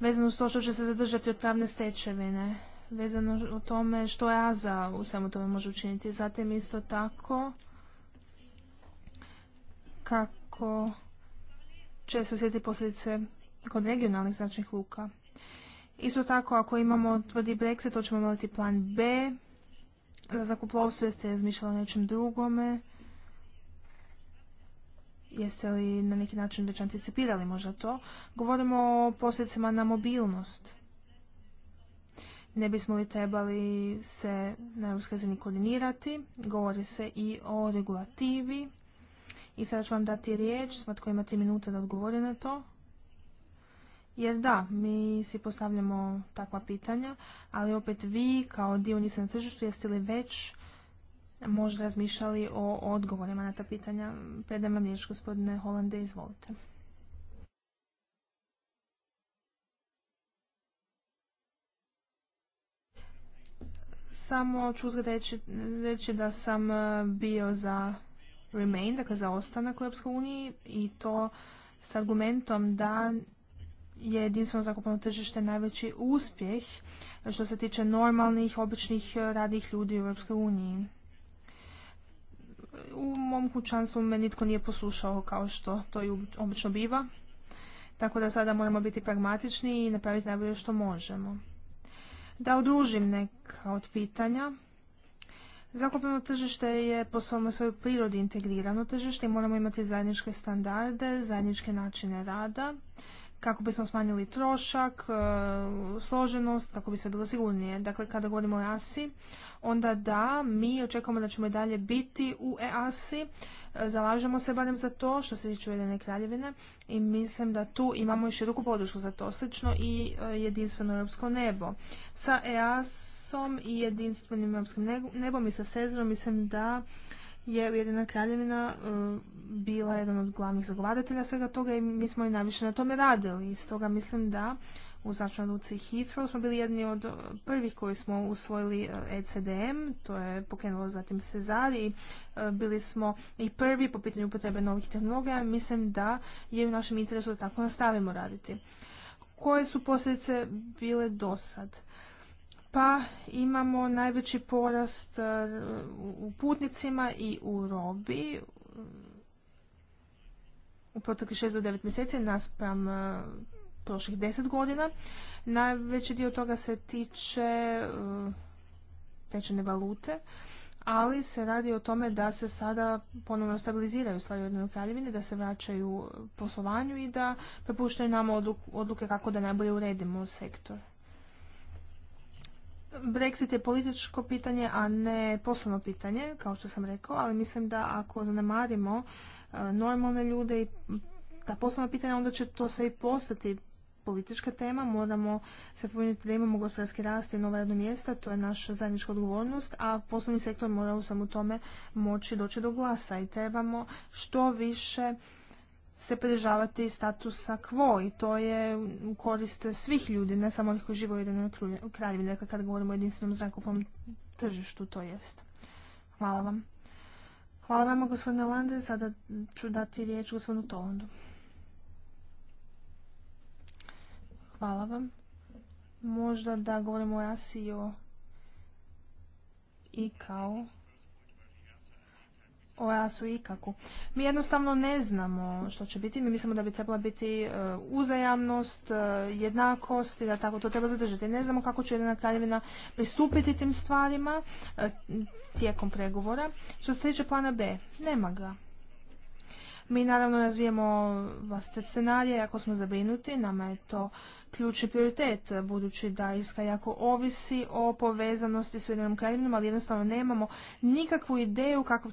Speaker 1: Vezano s to što će se zadržati od pravne stečevine, vezano o tome što je AZA u svemu tome može učiniti. Zatim isto tako kako će se osjetiti posljedice kod regionalnih značnih luka. Isto tako, ako imamo tvrdi Brexit, to ćemo imati plan B. Za zakuplovstvo jeste razmišljali o nečem drugome. Jeste li na neki način već anticipirali možda to? Govorimo o posljedicama na mobilnost. Ne bismo li trebali se na europskoj razini koordinirati? Govori se i o regulativi i sada ću vam dati riječ, svatko ima tri minute da odgovori na to. Jer da, mi si postavljamo takva pitanja, ali opet vi kao dionici na tržištu jeste li već možda razmišljali o odgovorima na ta pitanja. Predam vam riječ gospodine Holande, izvolite. Samo ću uzgled reći da sam eh, bio za remain, dakle za ostanak u Europskoj uniji i to s argumentom da je jedinstveno zakupno tržište najveći uspjeh što se tiče normalnih, običnih eh, radnih ljudi u Europskoj uniji. U mom kućanstvu me nitko nije poslušao kao što to i obično biva, tako da sada moramo biti pragmatični i napraviti najbolje što možemo. Da odružim neka od pitanja Zakupno tržište je po svojoj svojoj prirodi integrirano tržište i moramo imati zajedničke standarde, zajedničke načine rada kako bismo smanjili trošak, e, složenost, kako bi sve bilo sigurnije. Dakle, kada govorimo o EASI, onda da, mi očekujemo da ćemo i dalje biti u EASI, e, zalažemo se barem za to što se tiče Ujedine kraljevine i mislim da tu imamo i široku podršku za to, slično i e, jedinstveno europsko nebo. Sa EAS i jedinstvenim europskim nebom i sa Cezarom mislim da je Ujedina kraljevina e, bila jedan od glavnih zagovaratelja svega toga i mi smo i najviše na tome radili. I stoga mislim da u začnoj luci Heathrow smo bili jedni od e, prvih koji smo usvojili ECDM, e to je pokrenulo zatim Cezar i bili smo i prvi po pitanju upotrebe novih tehnologija. Mislim da je u našem interesu da tako nastavimo raditi. Koje su posljedice bile do sad? pa imamo najveći porast e, u putnicima i u robi u proteklih 6 do 9 mjeseci naspram e, prošlih 10 godina. Najveći dio toga se tiče e, tečene valute, ali se radi o tome da se sada ponovno stabiliziraju stvari u jednoj kraljevini, da se vraćaju poslovanju i da prepuštaju nam odluke kako da najbolje uredimo sektor. Brexit je političko pitanje, a ne poslovno pitanje, kao što sam rekao, ali mislim da ako zanemarimo e, normalne ljude i ta poslovna pitanja, onda će to sve i postati politička tema, moramo se pobrinuti da imamo gospodarski rast i nova radna mjesta, to je naša zajednička odgovornost, a poslovni sektor mora u samom tome moći doći do glasa i trebamo što više se pridržavati statusa quo i to je u korist svih ljudi, ne samo onih koji žive u jedinoj kraljevini, dakle kad govorimo o jedinstvenom zakupom tržištu, to jest. Hvala vam. Hvala vam, gospodine Lande, sada ću dati riječ gospodinu Tolandu. Hvala vam. Možda da govorimo o ASIO o i kao o u ikaku. Mi jednostavno ne znamo što će biti. Mi mislimo da bi trebala biti e, uzajamnost, e, jednakost i da tako to treba zadržati. Ne znamo kako će jedna kraljevina pristupiti tim stvarima e, tijekom pregovora. Što se tiče plana B, nema ga. Mi naravno razvijemo vlastite scenarije, ako smo zabrinuti, nama je to ključni prioritet, budući da Irska jako ovisi o povezanosti s Ujedinom kraljevinom, ali jednostavno nemamo nikakvu ideju kakav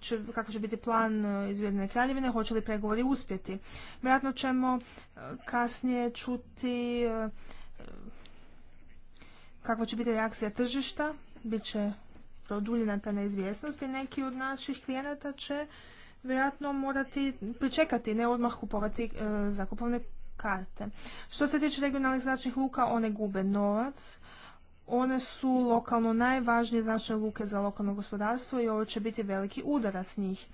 Speaker 1: će, biti plan e, iz Ujedine kraljevine, hoće li pregovori uspjeti. Vjerojatno ćemo e, kasnije čuti e, kakva će biti reakcija tržišta, bit će produljena ta neizvjesnost i neki od naših klijenata će vjerojatno morati pričekati, ne odmah kupovati e, zakupovne karte. Što se tiče regionalnih zračnih luka, one gube novac. One su lokalno najvažnije značne luke za lokalno gospodarstvo i ovo će biti veliki udarac njih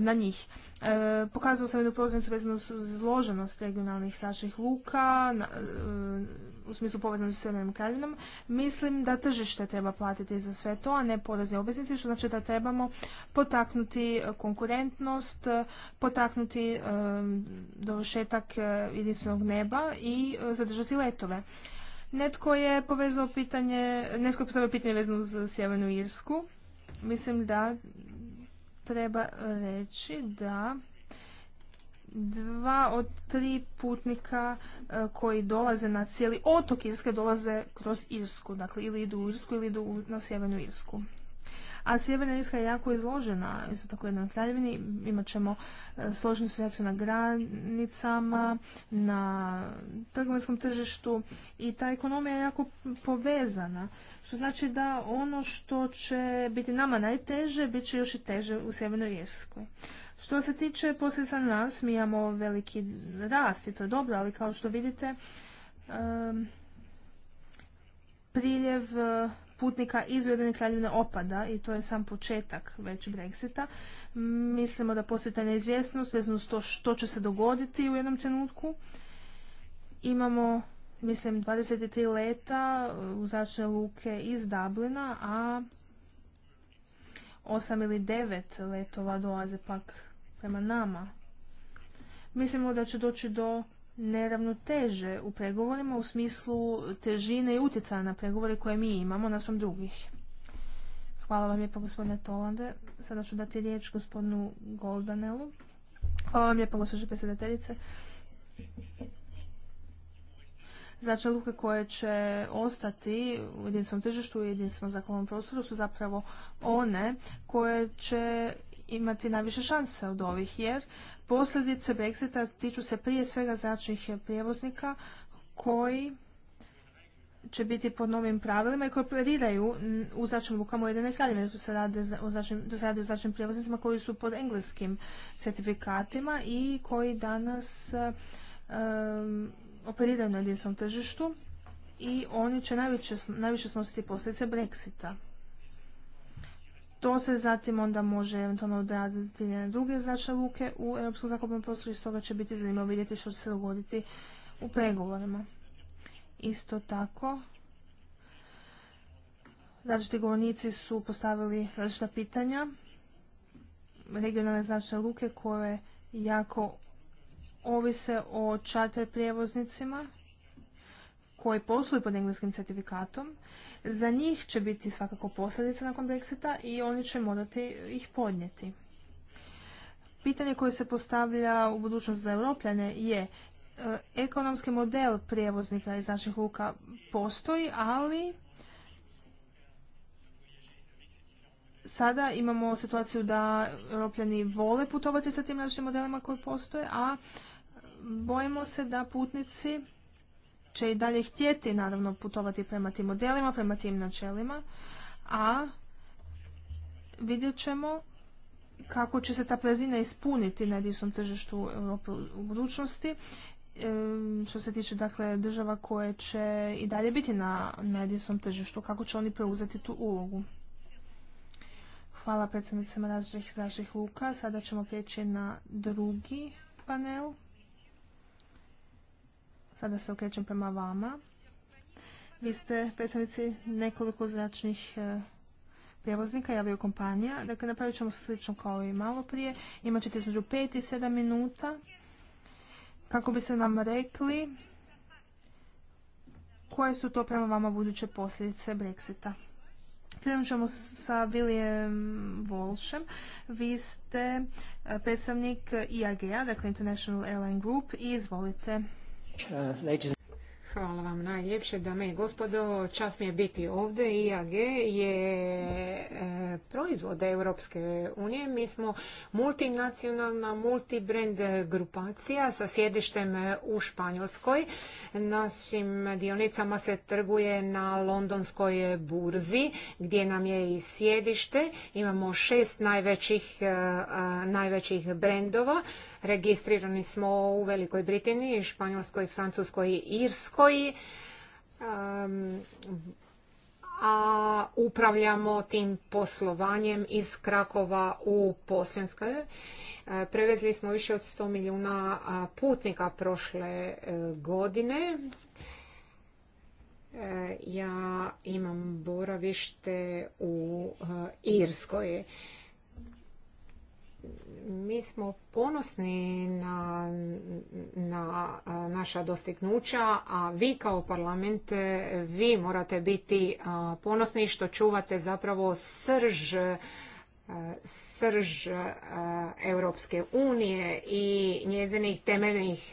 Speaker 1: na njih. E, pokazao sam jednu proznicu vezanu uz izloženost regionalnih naših luka e, u smislu povezanosti s Sjedinim kraljinom. Mislim da tržište treba platiti za sve to, a ne porezne obveznice, što znači da trebamo potaknuti konkurentnost, potaknuti e, dovršetak jedinstvenog neba i zadržati letove. Netko je povezao pitanje, netko je postavio pitanje vezano uz Sjevernu Irsku. Mislim da treba reći da dva od tri putnika e, koji dolaze na cijeli otok Irske dolaze kroz Irsku, dakle ili idu u Irsku ili idu na sjevernu Irsku. A Sjeverna Irska je jako izložena, isto tako jednoj kraljevini. Imat ćemo e, složenu situaciju na granicama, na trgovinskom tržištu i ta ekonomija je jako povezana. Što znači da ono što će biti nama najteže, bit će još i teže u Sjevernoj Irskoj. Što se tiče posljedica na nas, mi imamo veliki rast i to je dobro, ali kao što vidite, e, priljev putnika iz Ujedinjene kraljevine opada i to je sam početak već Brexita. Mislimo da postoji ta neizvjesnost vezano s to što će se dogoditi u jednom trenutku. Imamo mislim 23 leta u uh, zračne luke iz Dublina, a 8 ili 9 letova dolaze pak prema nama. Mislimo da će doći do neravnoteže u pregovorima u smislu težine i utjecaja na pregovore koje mi imamo naspram drugih. Hvala vam lijepo gospodine Tolande. Sada ću dati riječ gospodinu Goldanelu. Hvala vam lijepa gospodine predsjedateljice. Znači, luke koje će ostati u jedinstvenom tržištu i jedinstvenom zakonom prostoru su zapravo one koje će imati najviše šanse od ovih, jer Posljedice Brexita tiču se prije svega zračnih prijevoznika koji će biti pod novim pravilima i koji operiraju u zračnim lukama u kraljevine. Tu se radi o zračnim, se o prijevoznicima koji su pod engleskim certifikatima i koji danas operiraju na jedinstvenom tržištu i oni će najviše, najviše snositi posljedice Brexita. To se zatim onda može eventualno odraditi na druge zračne luke u europskom zakupnom poslu i stoga će biti zanimljivo vidjeti što će se dogoditi u pregovorima. Isto tako, različiti govornici su postavili različita pitanja. Regionalne zračne luke koje jako ovise o čarter prijevoznicima koji posluju pod engleskim certifikatom za njih će biti svakako posljedica nakon Brexita i oni će morati ih podnijeti. Pitanje koje se postavlja u budućnost za Europljane je e, ekonomski model prijevoznika iz naših luka postoji, ali sada imamo situaciju da europljani vole putovati sa tim našim modelima koji postoje, a bojimo se da putnici će i dalje htjeti naravno putovati prema tim modelima, prema tim načelima, a vidjet ćemo kako će se ta prezina ispuniti na jedinstvom tržištu Europe u budućnosti što se tiče dakle država koje će i dalje biti na, na jedinstvom tržištu, kako će oni preuzeti tu ulogu. Hvala predstavnicima različitih luka. Sada ćemo prijeći na drugi panel. Sada se okrećem prema vama. Vi ste predstavnici nekoliko zračnih e, prijevoznika i aviokompanija. Dakle, napravit ćemo slično kao i malo prije. Imat ćete između 5 i 7 minuta kako bi se nam rekli koje su to prema vama buduće posljedice Brexita. Krenut ćemo sa William Volšem. Vi ste e, predstavnik iag dakle International Airline Group i izvolite. Uh, Hvala vam
Speaker 2: najljepše, dame i gospodo. Čas mi je biti ovdje. IAG je e, proizvod Europske unije. Mi smo multinacionalna, multibrand grupacija sa sjedištem u Španjolskoj. Našim dionicama se trguje na londonskoj burzi gdje nam je i sjedište. Imamo šest najvećih, e, najvećih brendova. Registrirani smo u Velikoj Britaniji, Španjolskoj, Francuskoj i Irskoj a upravljamo tim poslovanjem iz Krakova u Posljenskoj. E, prevezli smo više od 100 milijuna putnika prošle e, godine. E, ja imam boravište u Irskoj mi smo ponosni na, na naša dostignuća, a vi kao parlament, vi morate biti ponosni što čuvate zapravo srž srž Europske unije i njezinih temeljnih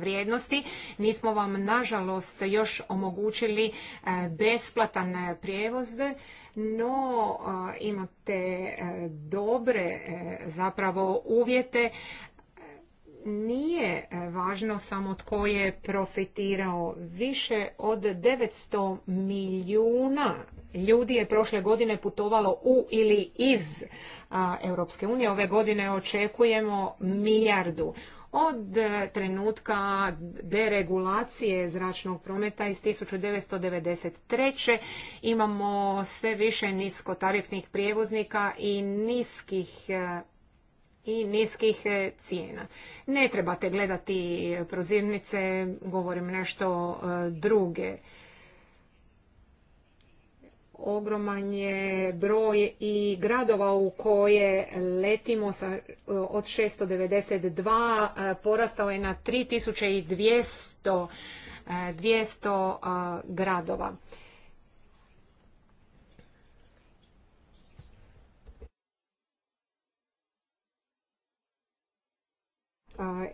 Speaker 2: vrijednosti. Nismo vam, nažalost, još omogućili besplatan prijevoz, no imate dobre e, zapravo uvjete nije e, važno samo tko je profitirao. Više od 900 milijuna ljudi je prošle godine putovalo u ili iz Europske unije. Ove godine očekujemo milijardu. Od e, trenutka deregulacije zračnog prometa iz 1993. imamo sve više niskotarifnih prijevoznika i niskih e, i niskih e, cijena. Ne trebate gledati prozirnice, govorim nešto e, druge. Ogroman je broj i gradova u koje letimo sa, e, od 692, porastao je na 3200 200 gradova.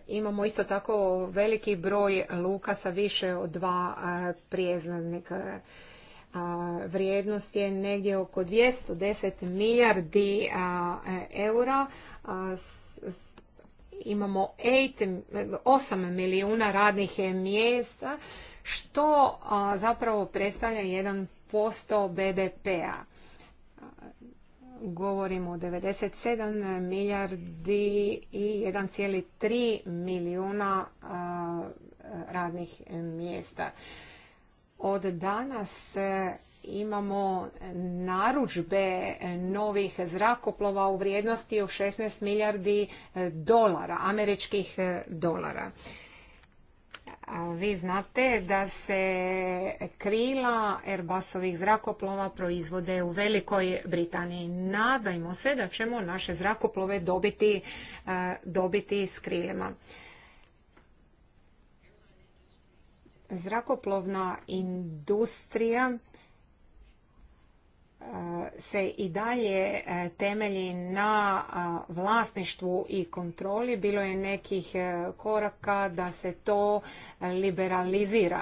Speaker 2: Imamo isto tako veliki broj luka sa više od dva prijeznavnika. Vrijednost je negdje oko 210 milijardi e, eura. Imamo 8 milijuna radnih mjesta, što zapravo predstavlja 1% BDP-a govorimo o 97 milijardi i 1,3 milijuna radnih mjesta. Od danas e, imamo naručbe novih zrakoplova u vrijednosti od 16 milijardi dolara, američkih e, dolara. Vi znate da se krila Airbusovih zrakoplova proizvode u Velikoj Britaniji. Nadajmo se da ćemo naše zrakoplove dobiti, e, dobiti s krilima. Zrakoplovna industrija se i dalje e, temelji na vlasništvu i kontroli. Bilo je nekih e, koraka da se to liberalizira.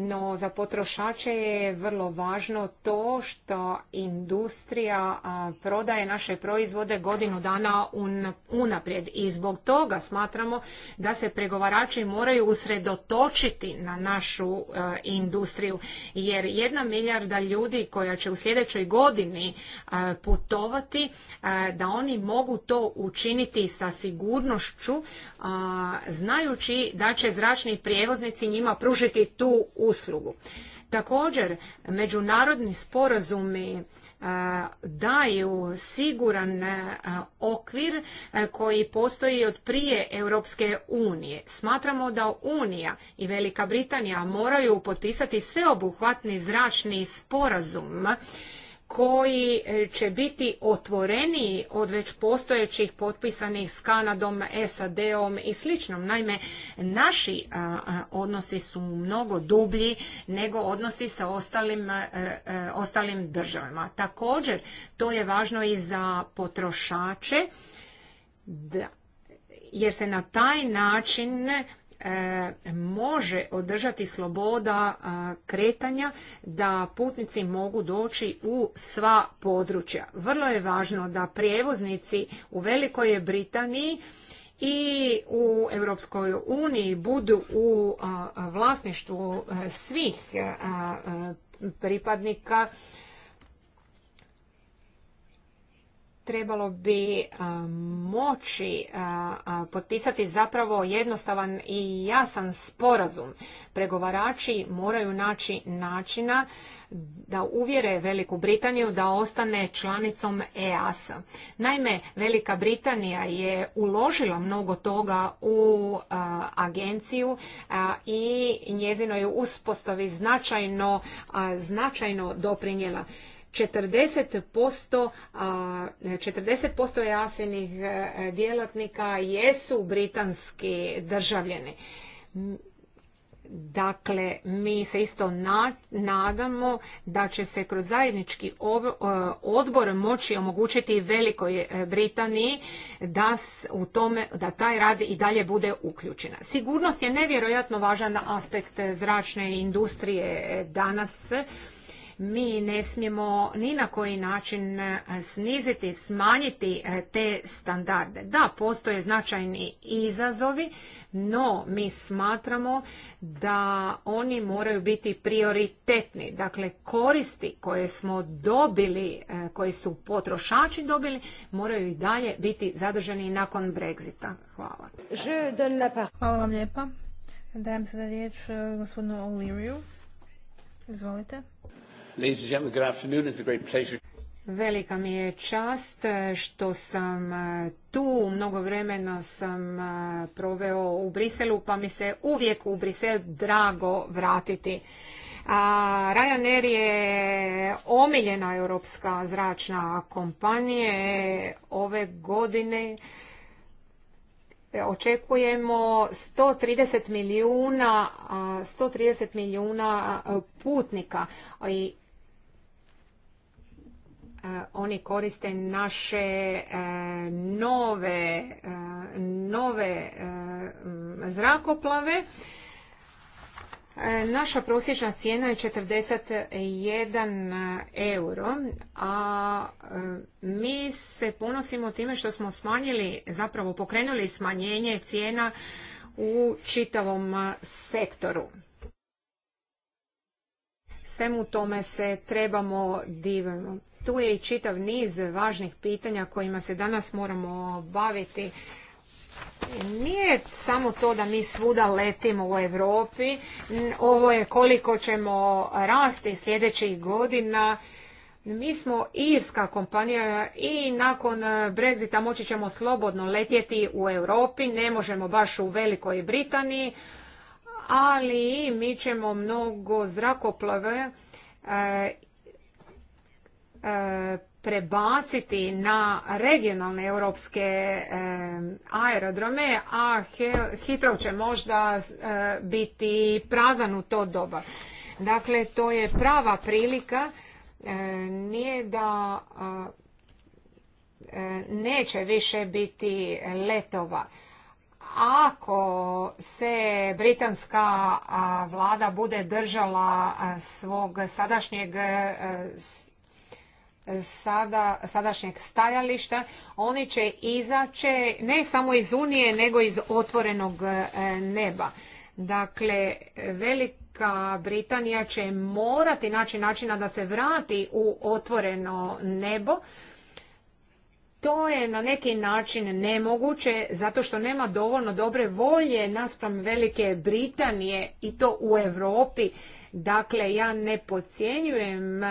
Speaker 2: No za potrošače je vrlo važno to što industrija prodaje naše proizvode godinu dana unaprijed i zbog toga smatramo da se pregovarači moraju usredotočiti na našu e, industriju jer jedna milijarda ljudi koja će u sljedećoj godini e, putovati e, da oni mogu to učiniti sa sigurnošću znajući da će zračni prijevoznici njima pružiti tu uslugu. Također, međunarodni sporazumi e, daju siguran e, okvir e, koji postoji od prije Europske unije. Smatramo da Unija i Velika Britanija moraju potpisati sveobuhvatni zračni sporazum koji e, će biti otvoreniji od već postojećih potpisanih s Kanadom, SAD-om i sličnom. Naime, naši odnosi su mnogo dublji nego odnosi sa ostalim, e, e, ostalim državama. Također, to je važno i za potrošače, jer se na taj način E, može održati sloboda e, kretanja da putnici mogu doći u sva područja. Vrlo je važno da prijevoznici u Velikoj Britaniji i u Europskoj uniji budu u vlasništvu e, svih pripadnika trebalo bi moći potpisati zapravo jednostavan i jasan sporazum. Pregovarači moraju naći načina da uvjere Veliku Britaniju da ostane članicom eas Naime, Velika Britanija je uložila mnogo toga u agenciju i njezinoj je uspostavi značajno, značajno doprinjela. 40%, 40% jasenih djelatnika jesu britanski državljani. Dakle, mi se isto nadamo da će se kroz zajednički e, odbor moći omogućiti Velikoj e, Britaniji da u tome da taj rad i dalje bude uključena. Sigurnost je nevjerojatno važan aspekt zračne industrije danas mi ne smijemo ni na koji način e, sniziti, smanjiti e, te standarde. Da, postoje značajni izazovi, no mi smatramo da oni moraju biti prioritetni. Dakle, koristi koje smo dobili, e, koje su potrošači dobili, moraju i dalje biti zadržani nakon Brexita. Hvala.
Speaker 1: Hvala vam lijepa. Dajem sada riječ gospodinu O'Leariju. Izvolite.
Speaker 2: Ladies and gentlemen,
Speaker 1: Velika mi
Speaker 2: je čast što sam e, tu, mnogo vremena sam e, proveo u Briselu, pa mi se uvijek u Brisel drago vratiti. Ryanair je omiljena europska zračna kompanija ove godine e, očekujemo 130 milijuna 130 milijuna putnika i Eh, oni koriste naše eh, nove, eh, nove zrakoplave. Naša prosječna cijena je 41 euro, a mi se ponosimo time što smo smanjili, zapravo pokrenuli smanjenje cijena u čitavom sektoru. Svemu tome se trebamo divimo. Tu je i čitav niz važnih pitanja kojima se danas moramo baviti. Nije samo to da mi svuda letimo u Europi, ovo je koliko ćemo rasti sljedećih godina. Mi smo irska kompanija i nakon Brexita moći ćemo slobodno letjeti u Europi, ne možemo baš u Velikoj Britaniji, ali mi ćemo mnogo zrakoplove e, e, prebaciti na regionalne europske e, aerodrome, a Hitrov će možda biti prazan u to doba. Dakle, to je prava prilika. Nije da neće više biti letova ako se britanska vlada bude držala svog sadašnjeg e, sada, sadašnjeg stajališta, oni će izaći ne samo iz Unije, nego iz otvorenog e, neba. Dakle, Velika Britanija će morati naći načina da se vrati u otvoreno nebo, to je na neki način nemoguće zato što nema dovoljno dobre volje naspram Velike Britanije i to u Europi. Dakle, ja ne podcjenjujem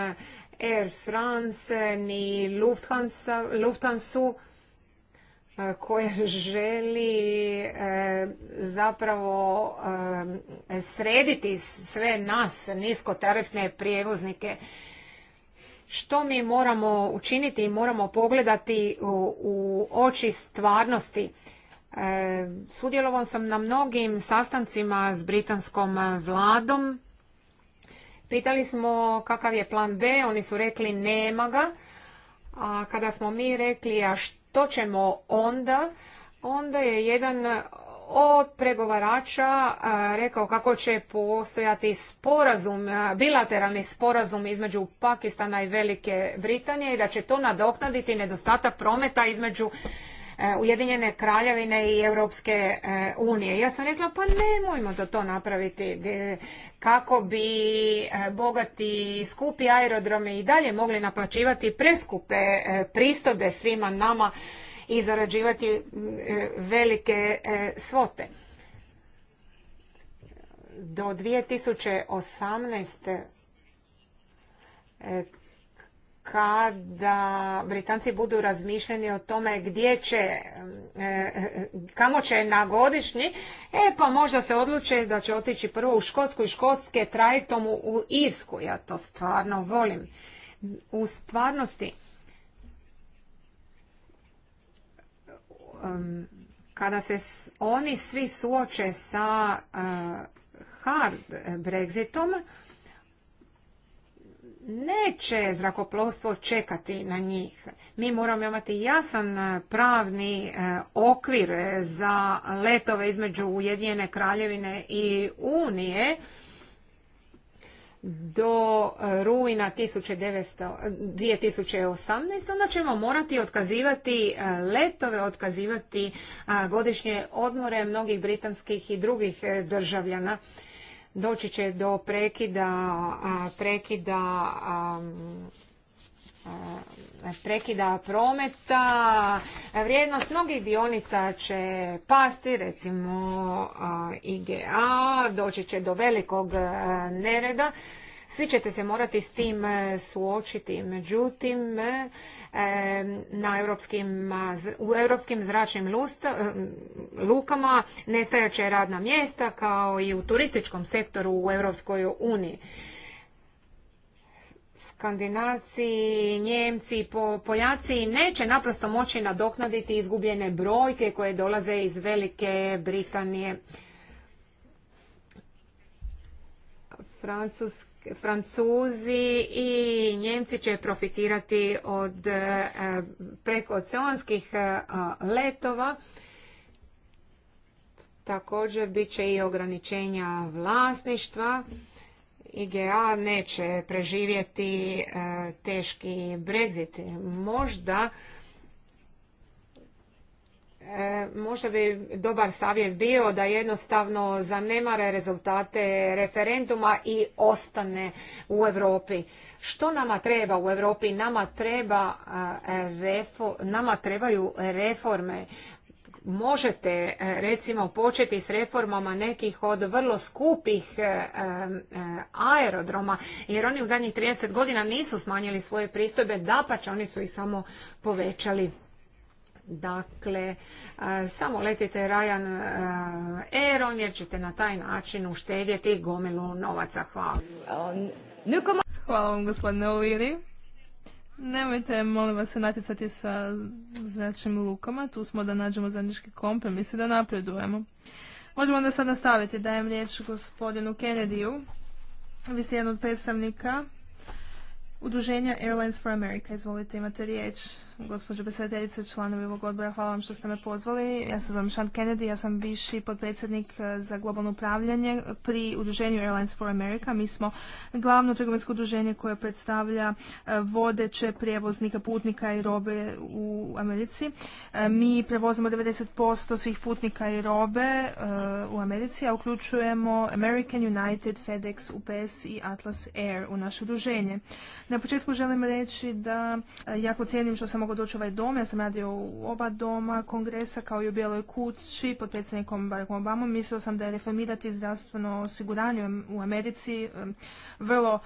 Speaker 2: Air France ni Lufthansa, Lufthansa e, koja želi e, zapravo e, srediti sve nas niskotarifne prijevoznike što mi moramo učiniti i moramo pogledati u, oči stvarnosti. E, sudjelovao sam na mnogim sastancima s britanskom vladom. Pitali smo kakav je plan B, oni su rekli nema ga. A kada smo mi rekli a što ćemo onda, onda je jedan od pregovarača rekao kako će postojati sporazum, bilateralni sporazum između Pakistana i Velike Britanije i da će to nadoknaditi nedostatak prometa između e, Ujedinjene kraljevine i Europske e, unije. Ja sam rekla pa nemojmo da to napraviti kako bi e, bogati skupi aerodromi i dalje mogli naplaćivati preskupe pristojbe svima nama i zarađivati e, velike e, svote. Do 2018 e, kada Britanci budu razmišljeni o tome gdje će, kamo će na godišnji, e pa možda se odluče da će otići prvo u Škotsku i Škotske trajektom u Irsku. Ja to stvarno volim. U stvarnosti kada se oni svi suoče sa eh, hard Brexitom, neće zrakoplovstvo čekati na njih. Mi moramo imati jasan eh, pravni eh, okvir za letove između Ujedinjene kraljevine i Unije do e, rujna 1900, 2018. onda ćemo morati otkazivati e, letove, otkazivati e, godišnje odmore mnogih britanskih i drugih državljana. Doći će do prekida, prekida Eh, prekida prometa, vrijednost mnogih dionica će pasti, recimo eh, IGA, doći će do velikog eh, nereda. Svi ćete se morati s tim suočiti. Međutim, na europskim, u europskim zračnim lusta, lukama nestajaće radna mjesta kao i u turističkom sektoru u Europskoj uniji. Skandinavci, Njemci, po, pojaci neće naprosto moći nadoknaditi izgubljene brojke koje dolaze iz Velike Britanije. Francuzi i Njemci će profitirati od e, preko oceanskih e, letova. Također bit će i ograničenja vlasništva. IGA neće preživjeti e, teški Brexit. Možda e, možda bi dobar savjet bio da jednostavno zanemare rezultate referenduma i ostane u Europi. Što nama treba u Europi? Nama, treba, e, nama trebaju reforme možete e, recimo početi s reformama nekih od vrlo skupih e, e, aerodroma, jer oni u zadnjih 30 godina nisu smanjili svoje pristojbe, dapače oni su ih samo povećali. Dakle, samo letite Rajan Aerom jer ćete na taj način uštedjeti gomilu novaca. Hvala.
Speaker 1: Hvala vam gospodine Nemojte, molim vas, se natjecati sa značim lukama. Tu smo da nađemo zajednički kompromis i da napredujemo. Možemo onda sad nastaviti. Dajem riječ gospodinu Kennedyu. Vi ste jedan od predstavnika Udruženja Airlines for America. Izvolite, imate riječ gospođo predsjedateljice, članovi ovog odbora, hvala vam što ste me pozvali. Ja se zovem Sean Kennedy, ja sam viši potpredsjednik e, za globalno upravljanje pri udruženju Airlines for America. Mi smo glavno trgovinsko udruženje koje predstavlja e, vodeće prijevoznika putnika i robe u Americi. E, mi prevozimo 90% svih putnika i robe u Americi, a uključujemo American United, FedEx, UPS i Atlas Air u naše udruženje. Na početku želim reći da jako cijenim što sam mogao doći ovaj dom. Ja sam radio u oba doma kongresa kao i u Bijeloj kući pod predsjednikom Barackom Obama. Mislio sam da je reformirati zdravstveno osiguranje u Americi vrlo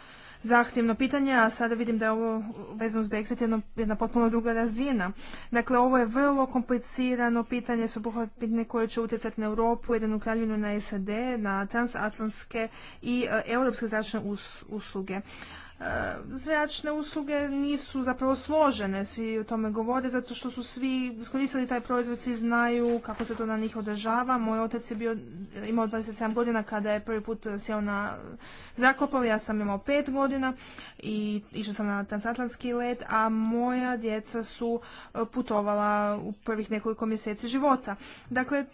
Speaker 1: zahtjevno pitanje, a sada vidim da je ovo vezano s Brexit jedna, potpuno druga razina. Dakle, ovo je vrlo komplicirano pitanje, su pitanje koje će utjecati na Europu, u kraljinu na SAD, na transatlantske i e, europske zračne usluge zračne usluge nisu zapravo složene, svi o tome govore, zato što su svi iskoristili taj proizvod, svi znaju kako se to na njih održava. Moj otac je bio, imao 27 godina kada je prvi put sjeo na zakopov, ja sam imao 5 godina i išao sam na transatlantski let, a moja djeca su putovala u prvih nekoliko mjeseci života. Dakle,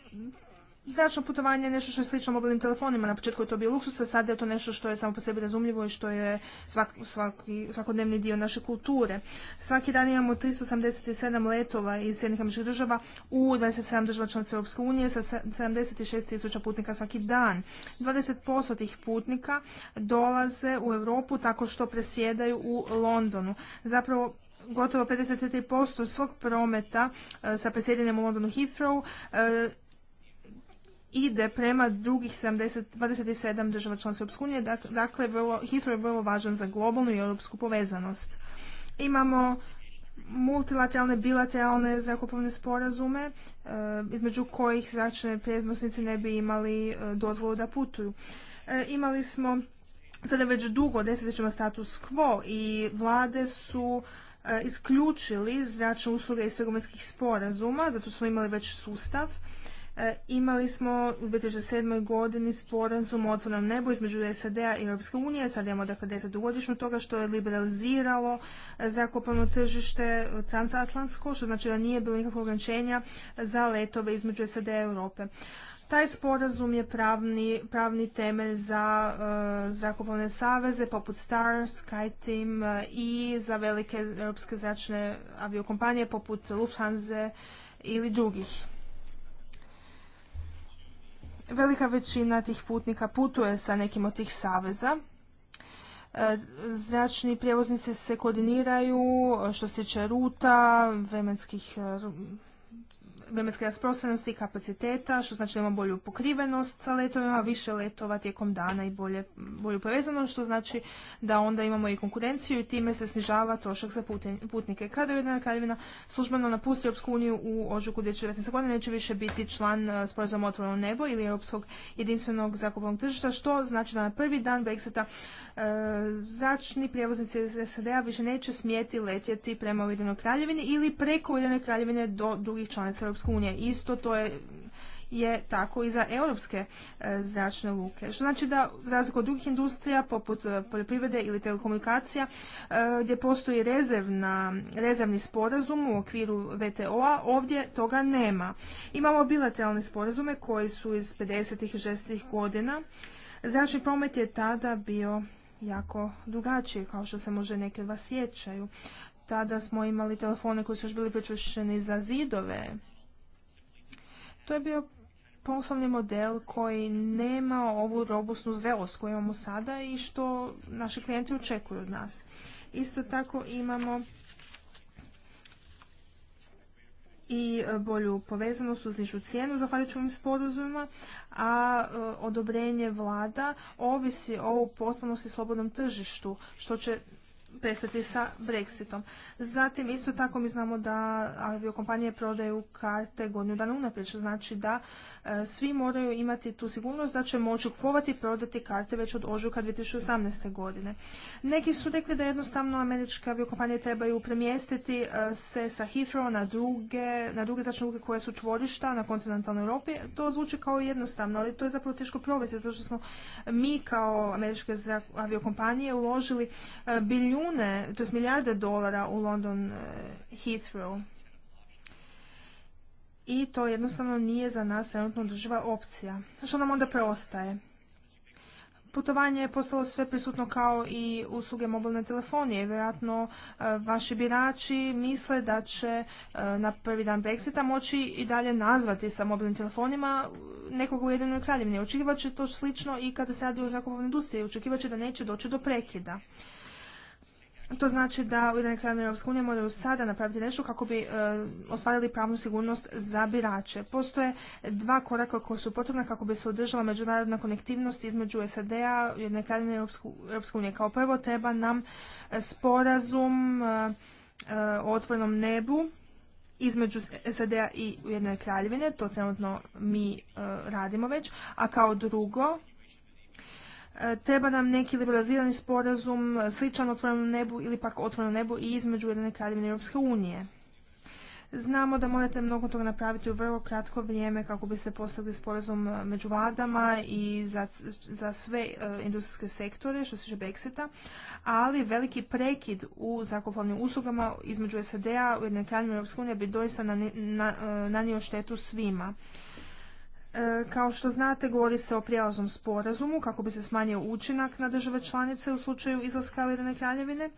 Speaker 1: Zračno putovanje je nešto što je slično mobilnim telefonima. Na početku je to bio luksus, a sada je to nešto što je samo po sebi razumljivo i što je svak, svaki, svakodnevni dio naše kulture. Svaki dan imamo 387 letova iz Sjednih američkih država u 27 država članica Europske unije sa 76 tisuća putnika svaki dan. 20% tih putnika dolaze u Europu tako što presjedaju u Londonu. Zapravo gotovo 53% svog prometa e, sa presjedanjem u Londonu Heathrow e, ide prema drugih 70, 27 država članica Europske unije, dakle vrlo, Hitro je vrlo važan za globalnu i europsku povezanost. Imamo multilateralne, bilateralne zakupovne sporazume e, između kojih zračne prijenosnici ne bi imali e, dozvolu da putuju. E, imali smo sada već dugo desetljećima status quo i vlade su isključili zračne usluge iz trgovinskih sporazuma, zato smo imali već sustav E, imali smo u 2007. godini sporazum o otvorenom nebu između SAD-a i Europske unije. Sad imamo dakle 10 godišnju toga što je liberaliziralo e, zakopano tržište e, transatlantsko, što znači da nije bilo nikakvog ograničenja za letove između SAD-a i Europe. Taj sporazum je pravni, pravni temelj za e, zakupovne saveze poput Star, SkyTeam i za velike europske zračne aviokompanije poput Lufthansa ili drugih. Velika većina tih putnika putuje sa nekim od tih saveza. E, zračni prijevoznici se koordiniraju e, što se tiče ruta, vremenskih e, vremenske rasprostranosti i kapaciteta, što znači da imamo bolju pokrivenost sa letovima, više letova tijekom dana i bolje, bolju povezanost, što znači da onda imamo i konkurenciju i time se snižava trošak za putnike. Kada je Ujedinjena kraljevina službeno napusti Europsku uniju u ožujku 2019. godine, neće više biti član e, sporazuma otvoreno nebo ili Europskog jedinstvenog zakupnog tržišta, što znači da na prvi dan Brexita začni e, zračni prijevoznici iz SAD-a više neće smjeti letjeti prema Ujedinjenoj kraljevini ili preko Ujedinjene kraljevine do drugih članica Europske Isto to je, je tako i za europske e, zračne luke. Što znači da, za razliku od drugih industrija, poput e, poljoprivrede ili telekomunikacija, e, gdje postoji rezervna, rezervni sporazum u okviru VTO-a, ovdje toga nema. Imamo bilateralne sporazume koji su iz 50. i 60. godina. Zračni promet je tada bio jako drugačiji, kao što se može neke od vas sjećaju. Tada smo imali telefone koji su još bili pričušeni za zidove, to je bio poslovni model koji nema ovu robustnu zelost koju imamo sada i što naši klijenti očekuju od nas. Isto tako imamo i e, bolju povezanost uz nižu cijenu zahvaljujući ovim sporazumima, a e, odobrenje vlada ovisi o potpunosti slobodnom tržištu, što će prestati sa Brexitom. Zatim, isto tako mi znamo da aviokompanije prodaju karte godinu dana unaprijed, što znači da e, svi moraju imati tu sigurnost da će moći kupovati i prodati karte već od ožujka 2018. godine. Neki su rekli da jednostavno američke aviokompanije trebaju premjestiti e, se sa Heathrow na druge, na druge zračne koje su čvorišta na kontinentalnoj Europi. To zvuči kao jednostavno, ali to je zapravo teško provesti, zato što smo mi kao američke aviokompanije uložili e, biljun milijune, to milijarde dolara u London e, Heathrow. I to jednostavno nije za nas trenutno održiva opcija. Što nam onda preostaje? Putovanje je postalo sve prisutno kao i usluge mobilne telefonije. Vjerojatno e, vaši birači misle da će e, na prvi dan Brexita moći i dalje nazvati sa mobilnim telefonima nekog u jedinoj kraljevini. Očekivat to slično i kada se radi o zakupovnoj industriji. Očekivat da neće doći do prekida. To znači da Ujedinjene kraljevine Europske unije moraju sada napraviti nešto kako bi e, ostvarili pravnu sigurnost za birače. Postoje dva koraka koja su potrebna kako bi se održala međunarodna konektivnost između SAD-a i Ujedinjene kraljevine Europske unije. Kao prvo treba nam sporazum e, e, o otvorenom nebu između SAD-a i Ujedinjene kraljevine, to trenutno mi radimo već, a kao drugo E, treba nam neki liberalizirani sporazum e, sličan otvorenom nebu ili pak otvorenom nebu i između jedne kraljevine Europske unije. Znamo da morate mnogo toga napraviti u vrlo kratko vrijeme kako bi se postavili sporazum e, među vladama i za, za sve industrijske sektore što se tiče Brexita, ali veliki prekid u zakupovnim uslugama između SAD-a, u kraljevine i Europske unije bi doista nanio štetu svima. E, kao što znate, govori se o prijelaznom sporazumu kako bi se smanjio učinak na države članice u slučaju izlaska ujedinjene kraljevine.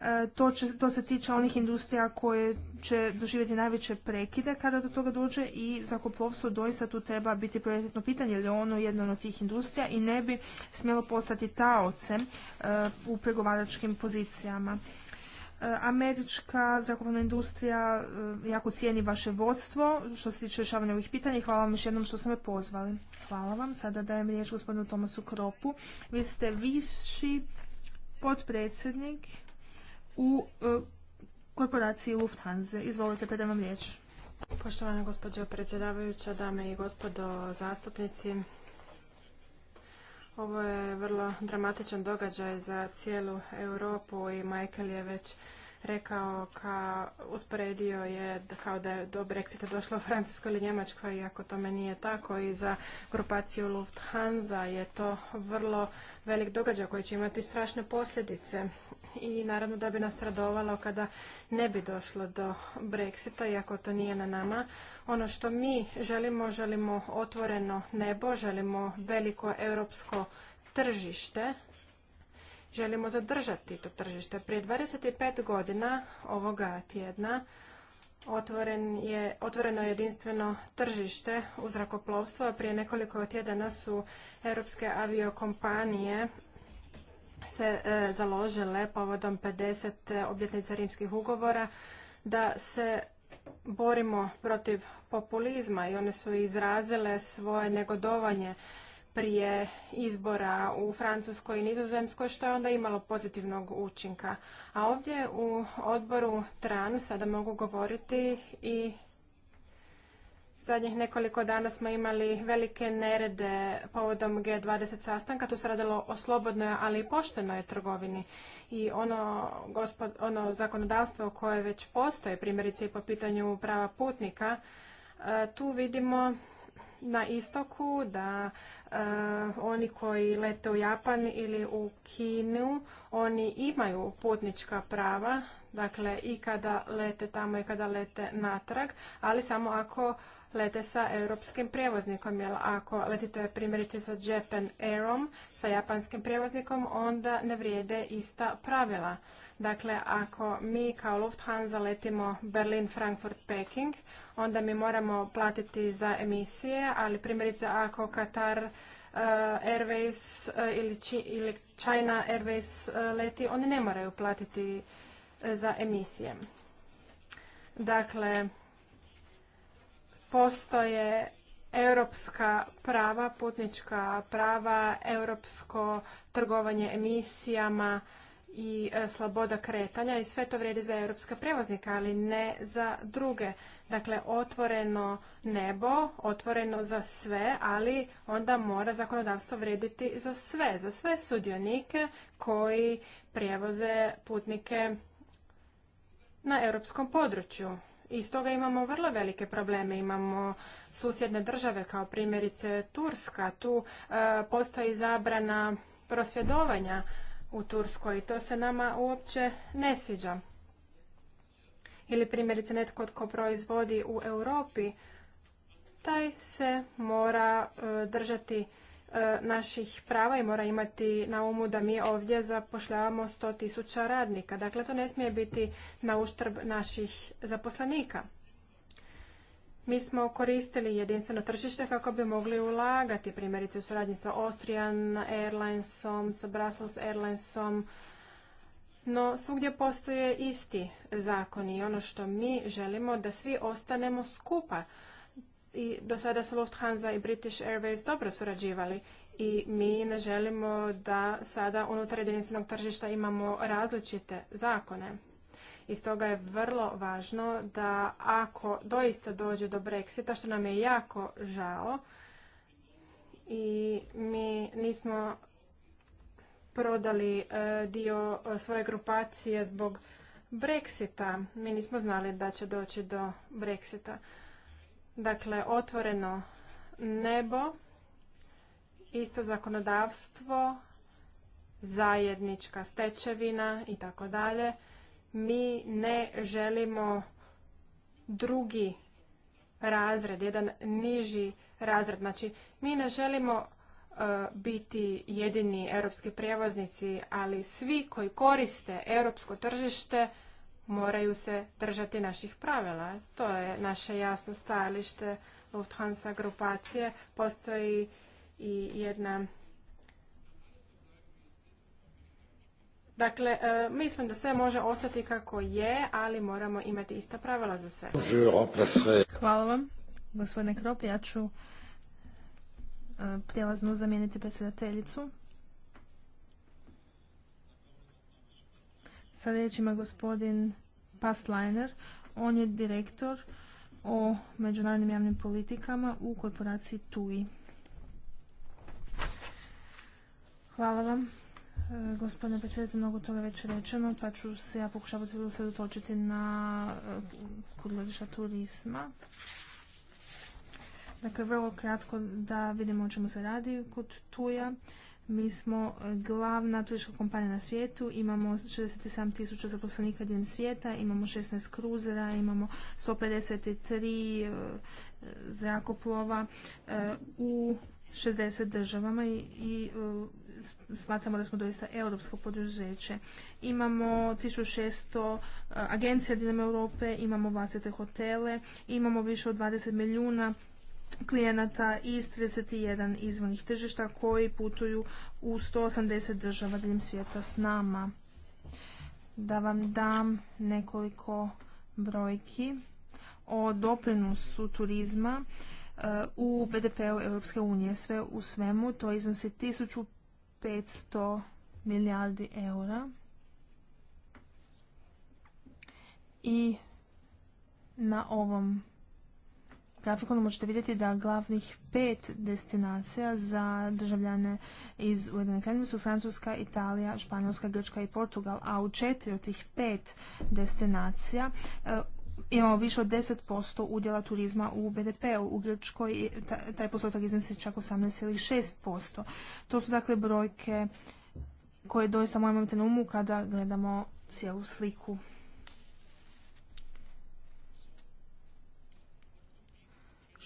Speaker 1: E, to, će, to se tiče onih industrija koje će doživjeti najveće prekide kada do toga dođe i zakoplovstvo doista tu treba biti prioritetno pitanje jer je ono jedna od tih industrija i ne bi smjelo postati taoce e, u pregovaračkim pozicijama. E, američka zakupna industrija e, jako cijeni vaše vodstvo što se tiče rješavanja ovih pitanja i hvala vam još jednom što ste me pozvali. Hvala vam. Sada dajem riječ gospodinu Tomasu Kropu. Vi ste viši potpredsjednik u e, korporaciji Lufthansa. Izvolite, predam vam riječ. Poštovana gospođo predsjedavajuća, dame i gospodo
Speaker 3: zastupnici, ovo je vrlo dramatičan događaj za cijelu Europu i Michael je već rekao ka, usporedio je kao da je do Brexita došlo u Francusku ili Njemačkoj, iako tome nije tako i za grupaciju Lufthansa je to vrlo velik događaj koji će imati strašne posljedice i naravno da bi nas radovalo kada ne bi došlo do Brexita, iako to nije na nama. Ono što mi želimo, želimo otvoreno nebo, želimo veliko europsko tržište, želimo zadržati to tržište. Prije 25 godina ovoga tjedna otvoren je, otvoreno je jedinstveno tržište u zrakoplovstvu a prije nekoliko tjedana su europske aviokompanije se e, založile povodom 50. E, obljetnice rimskih ugovora da se borimo protiv populizma i one su izrazile svoje negodovanje prije izbora u Francuskoj i Nizozemskoj, što je onda imalo pozitivnog učinka. A ovdje u odboru TRAN sada mogu govoriti i Zadnjih nekoliko dana smo imali velike nerede povodom G20 sastanka. Tu se radilo o slobodnoj, ali i poštenoj trgovini. I ono, gospod, ono zakonodavstvo koje već postoje, primjerice i po pitanju prava putnika, e, tu vidimo na istoku da e, oni koji lete u Japan ili u Kinu, oni imaju putnička prava, dakle i kada lete tamo i kada lete natrag, ali samo ako lete sa europskim prijevoznikom, jer ako letite primjerice sa Japan Airom, sa japanskim prijevoznikom, onda ne vrijede ista pravila. Dakle, ako mi kao Lufthansa letimo Berlin, Frankfurt, Peking, onda mi moramo platiti za emisije, ali primjerice ako Qatar eh, Airways eh, ili China Airways eh, leti, oni ne moraju platiti za emisije. Dakle, postoje europska prava, putnička prava, europsko trgovanje emisijama i e, sloboda kretanja i sve to vrijedi za europske prevoznike, ali ne za druge. Dakle, otvoreno nebo, otvoreno za sve, ali onda mora zakonodavstvo vrijediti za sve, za sve sudionike koji prijevoze putnike na europskom području i stoga imamo vrlo velike probleme. Imamo susjedne države kao primjerice Turska. Tu e, postoji zabrana prosvjedovanja u Turskoj i to se nama uopće ne sviđa. Ili primjerice netko tko proizvodi u Europi, taj se mora e, držati E, naših prava i mora imati na umu da mi ovdje zapošljavamo 100 tisuća radnika. Dakle, to ne smije biti na uštrb naših zaposlenika. Mi smo koristili jedinstveno tržište kako bi mogli ulagati, primjerice u suradnji sa Austrian Airlinesom, sa Brussels Airlinesom, no svugdje postoje isti zakoni i ono što mi želimo da svi ostanemo skupa i do sada su Lufthansa i British Airways dobro surađivali i mi ne želimo da sada unutar jedinstvenog tržišta imamo različite zakone. I stoga je vrlo važno da ako doista dođe do Brexita, što nam je jako žao, i mi nismo prodali e, dio e, svoje grupacije zbog Brexita. Mi nismo znali da će doći do Brexita. Dakle, otvoreno nebo, isto zakonodavstvo, zajednička stečevina i tako dalje. Mi ne želimo drugi razred, jedan niži razred. Znači, mi ne želimo e, biti jedini europski prijevoznici, ali svi koji koriste europsko tržište moraju se držati naših pravila. To je naše jasno stajalište Lufthansa grupacije. Postoji i jedna... Dakle, e, mislim da sve može ostati kako je, ali moramo imati ista pravila za
Speaker 1: sve. Hvala vam, gospodine Krop. Ja ću e, prijelaznu zamijeniti predsjedateljicu. Sa riječima gospodin Pastliner, on je direktor o međunarodnim javnim politikama u korporaciji TUI. Hvala vam. E, gospodine predsjedatelju, mnogo toga već rečeno, pa ću se ja pokušavati usredotočiti na e, kod turizma. Dakle, vrlo kratko da vidimo o čemu se radi kod TUI-a. Mi smo e, glavna turistička kompanija na svijetu, imamo 67 tisuća zaposlenika diljem svijeta, imamo 16 kruzera, imamo 153 e, zrakoplova e, u 60 državama i, smatramo da smo doista europsko poduzeće. Imamo 1600 agencija diljem Europe, imamo 20 hotele, imamo više od 20 milijuna klijenata iz 31 izvornih tržišta koji putuju u 180 država diljem svijeta s nama. Da vam dam nekoliko brojki o doprinosu turizma eh, u BDP-u Europske unije. Sve u svemu to iznosi 1500 milijardi eura i na ovom grafikonu možete vidjeti da glavnih pet destinacija za državljane iz Ujedinjene kraljevine su Francuska, Italija, Španjolska, Grčka i Portugal, a u četiri od tih pet destinacija e, imamo više od 10% udjela turizma u BDP-u. U Grčkoj taj postotak iznosi čak 18,6%. To su dakle brojke koje doista moramo imati na umu kada gledamo cijelu sliku.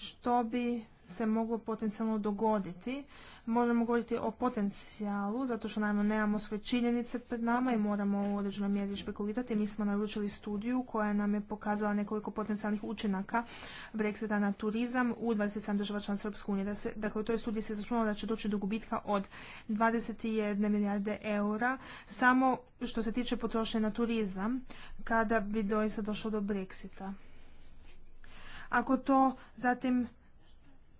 Speaker 1: što bi se moglo potencijalno dogoditi. Moramo govoriti o potencijalu, zato što naravno nemamo sve činjenice pred nama i moramo u određenoj mjeri špekulirati. Mi smo naručili studiju koja nam je pokazala nekoliko potencijalnih učinaka Brexita na turizam u 27 država članica Europske unije. Dakle, u toj studiji se začunalo da će doći do gubitka od 21 milijarde eura samo što se tiče potrošnje na turizam kada bi doista došlo do Brexita. Ako to zatim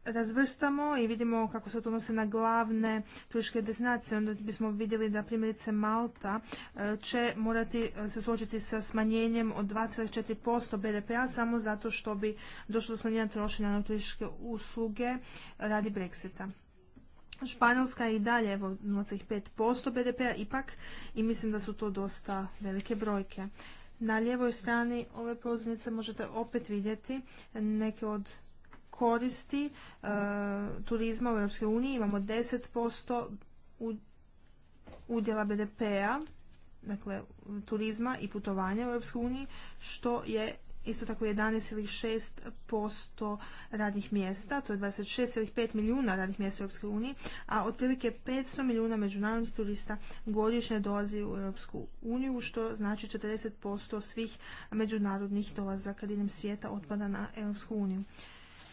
Speaker 1: razvrstamo i vidimo kako se to odnose na glavne turističke destinacije, onda bismo vidjeli da primjerice Malta e, će morati e, se suočiti sa smanjenjem od 2,4% BDP-a samo zato što bi došlo do smanjenja trošenja na turističke usluge radi Brexita. Španjolska je i dalje evo 0,5% BDP-a ipak i mislim da su to dosta velike brojke. Na lijevoj strani ove poznice možete opet vidjeti neke od koristi e, turizma u EU. uniji. Imamo 10% udjela BDP-a, dakle turizma i putovanja u EU, uniji, što je isto tako 11,6% radnih mjesta, to je 26,5 milijuna radnih mjesta u Europskoj uniji, a otprilike 500 milijuna međunarodnih turista godišnje dolazi u Europsku uniju, što znači 40% svih međunarodnih dolazaka diljem svijeta otpada na Europsku uniju.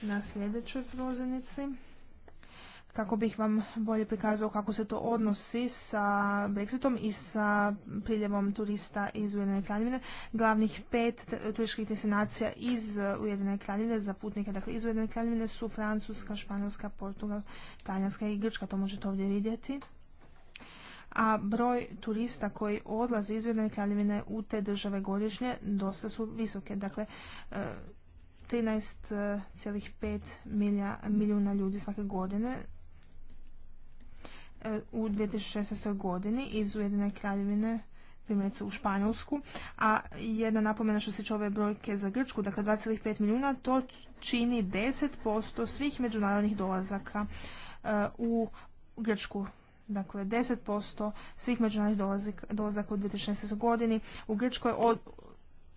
Speaker 1: Na sljedećoj prozirnici kako bih vam bolje prikazao kako se to odnosi sa Brexitom i sa priljevom turista iz Ujedne kraljevine. Glavnih pet turističkih destinacija iz Ujedinjene kraljevine za putnike dakle, iz Ujedne kraljevine su Francuska, Španjolska, Portugal, Talijanska i Grčka, to možete ovdje vidjeti. A broj turista koji odlaze iz Ujedinjene kraljevine u te države godišnje dosta su visoke. Dakle, 13,5 e, e, milijuna ljudi svake godine E, u 2016. godini iz Ujedine kraljevine primjerice u Španjolsku, a jedna napomena što se tiče ove brojke za Grčku, dakle 2,5 milijuna, to čini 10% svih međunarodnih dolazaka e, u Grčku. Dakle, 10% svih međunarodnih dolazaka u 2016. godini u Grčkoj od,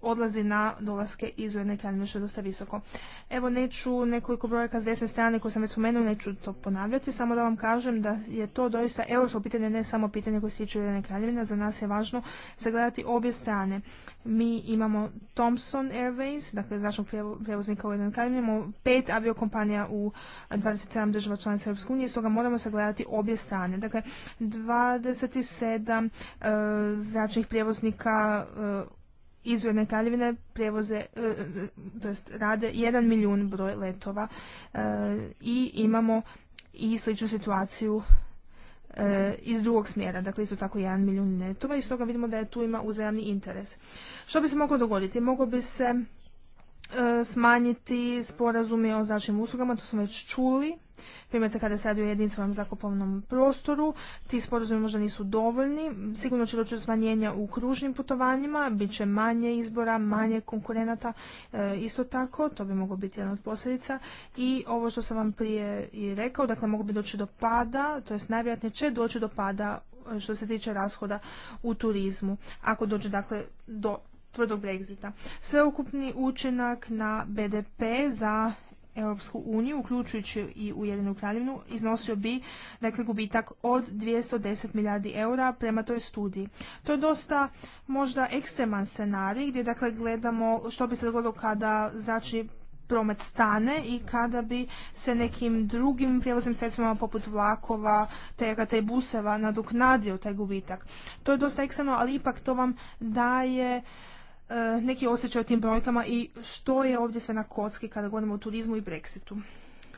Speaker 1: odlazi na dolaske iz Ujedne kraljevine što je dosta visoko. Evo neću nekoliko brojaka s desne strane koje sam već spomenuo, neću to ponavljati, samo da vam kažem da je to doista europsko pitanje, ne samo pitanje koje se tiče Ujedne kraljevine, za nas je važno sagledati obje strane. Mi imamo Thomson Airways, dakle zračnog prijevoznika u jednoj kraljevini, imamo pet aviokompanija u 27 država članica Europske unije, stoga moramo sagledati obje strane. Dakle, 27 sedam e, zračnih prijevoznika e, iz Ujedne kraljevine prevoze, e, e, to jest rade jedan milijun broj letova e, i imamo i sličnu situaciju iz drugog smjera, dakle isto tako jedan milijun letova i toga vidimo da je tu ima uzajamni interes. Što bi se moglo dogoditi? Moglo bi se smanjiti sporazume o zračnim uslugama, to smo već čuli, Primjerice kada se radi o jedinstvenom zakupovnom prostoru, ti sporazumi možda nisu dovoljni, sigurno će doći do smanjenja u kružnim putovanjima, bit će manje izbora, manje konkurenata, e, isto tako, to bi moglo biti jedna od posljedica. I ovo što sam vam prije i rekao, dakle mogu bi doći do pada, to jest najvjerojatnije će doći do pada e, što se tiče rashoda u turizmu, ako dođe dakle do tvrdog Brexita. Sveukupni učinak na BDP za Europsku uniju, uključujući i Ujedinu kraljevinu, iznosio bi dakle, gubitak od 210 milijardi eura prema toj studiji. To je dosta možda ekstreman scenarij gdje dakle, gledamo što bi se dogodilo kada znači promet stane i kada bi se nekim drugim prijevoznim sredstvima poput vlakova, tega, i buseva nadoknadio taj gubitak. To je dosta ekstremno, ali ipak to vam daje E, neki osjećaj o tim brojkama i što je ovdje sve na kocki kada govorimo o turizmu i Brexitu.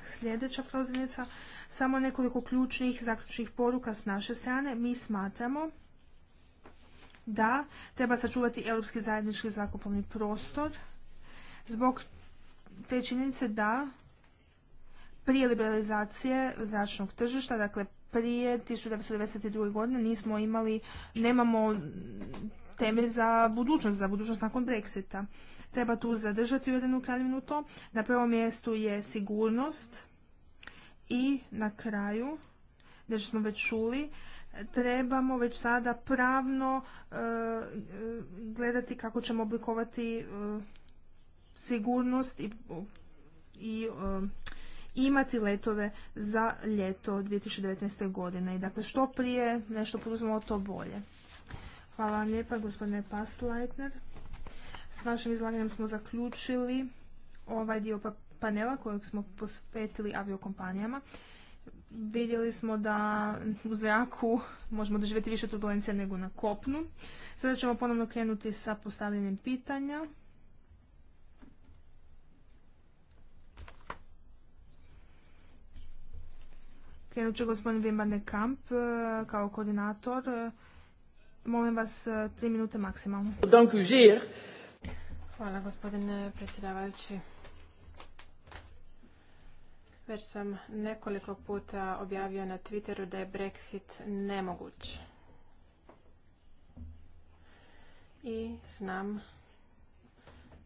Speaker 1: Sljedeća prozirnica, samo nekoliko ključnih zaključnih poruka s naše strane. Mi smatramo da treba sačuvati europski zajednički zakupovni prostor zbog te činjenice da prije liberalizacije zračnog tržišta, dakle prije 1992. godine nismo imali, nemamo teme za budućnost, za budućnost nakon Brexita. Treba tu zadržati Ujedinu kraljevinu to. Na prvom mjestu je sigurnost i na kraju, nešto smo već čuli, trebamo već sada pravno e, e, gledati kako ćemo oblikovati e, sigurnost i, imati letove za ljeto 2019. godine. I dakle, što prije nešto poduzmemo, to bolje. Hvala vam lijepa, gospodine Pasleitner. S vašim izlaganjem smo zaključili ovaj dio pa- panela kojeg smo posvetili aviokompanijama. Vidjeli smo da u zraku možemo doživjeti više turbulencija nego na kopnu. Sada ćemo ponovno krenuti sa postavljanjem pitanja. Krenut će gospodin Wim Kamp eh, kao koordinator eh, Molim vas, e, tri minute maksimalno. Hvala gospodine predsjedavajući.
Speaker 3: Već sam nekoliko puta objavio na Twitteru da je Brexit nemoguć. I znam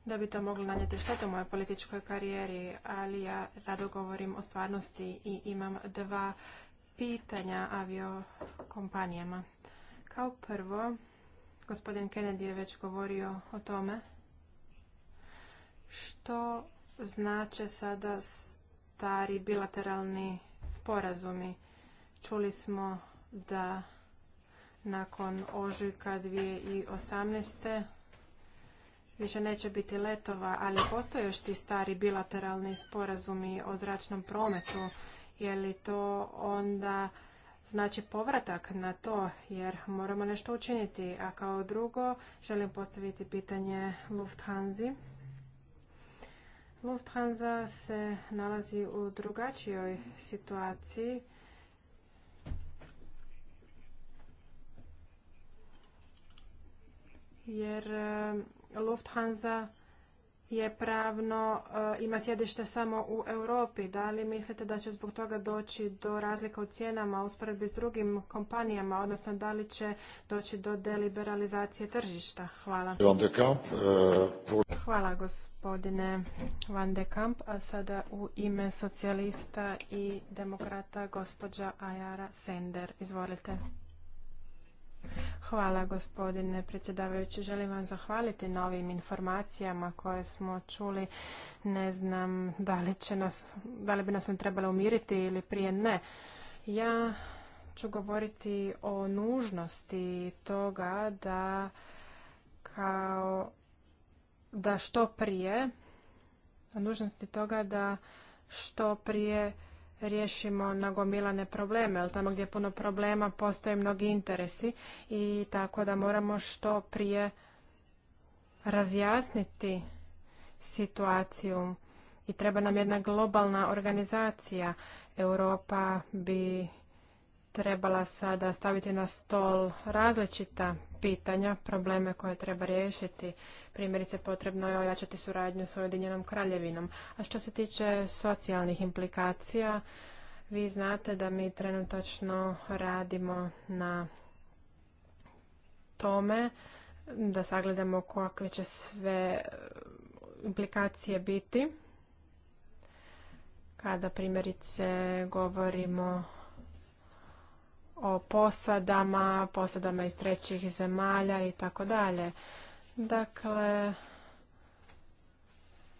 Speaker 3: da bi to moglo nanijeti štetu u mojoj političkoj karijeri, ali ja rado govorim o stvarnosti i imam dva pitanja aviokompanijama. Kao prvo, gospodin Kennedy je već govorio o tome što znače sada stari bilateralni sporazumi. Čuli smo da nakon ožujka 2018. više neće biti letova, ali postoje još ti stari bilateralni sporazumi o zračnom prometu. Je li to onda znači povratak na to jer moramo nešto učiniti. A kao drugo želim postaviti pitanje Lufthansi. Lufthansa se nalazi u drugačijoj situaciji. Jer eh, Lufthansa je pravno e, ima sjedište samo u Europi. Da li mislite da će zbog toga doći do razlika u cijenama u usporedbi s drugim kompanijama, odnosno da li će doći do deliberalizacije tržišta? Hvala. E, Hvala gospodine Van de Kamp, a sada u ime socijalista i demokrata gospođa Ajara Sender. Izvolite. Hvala gospodine predsjedavajući. Želim vam zahvaliti na ovim informacijama koje smo čuli. Ne znam da li, će nas, da li bi nas trebali trebalo umiriti ili prije ne. Ja ću govoriti o nužnosti toga da kao da što prije, o nužnosti toga da što prije riješimo nagomilane probleme, ali tamo gdje je puno problema postoje mnogi interesi i tako da moramo što prije razjasniti situaciju i treba nam jedna globalna organizacija. Europa bi trebala sada staviti na stol različita pitanja, probleme koje treba riješiti. Primjerice, potrebno je ojačati suradnju s Ujedinjenom kraljevinom. A što se tiče socijalnih implikacija, vi znate da mi trenutačno radimo na tome da sagledamo kakve će sve e, implikacije biti kada primjerice govorimo o posadama, posadama iz trećih zemalja i tako dalje. Dakle,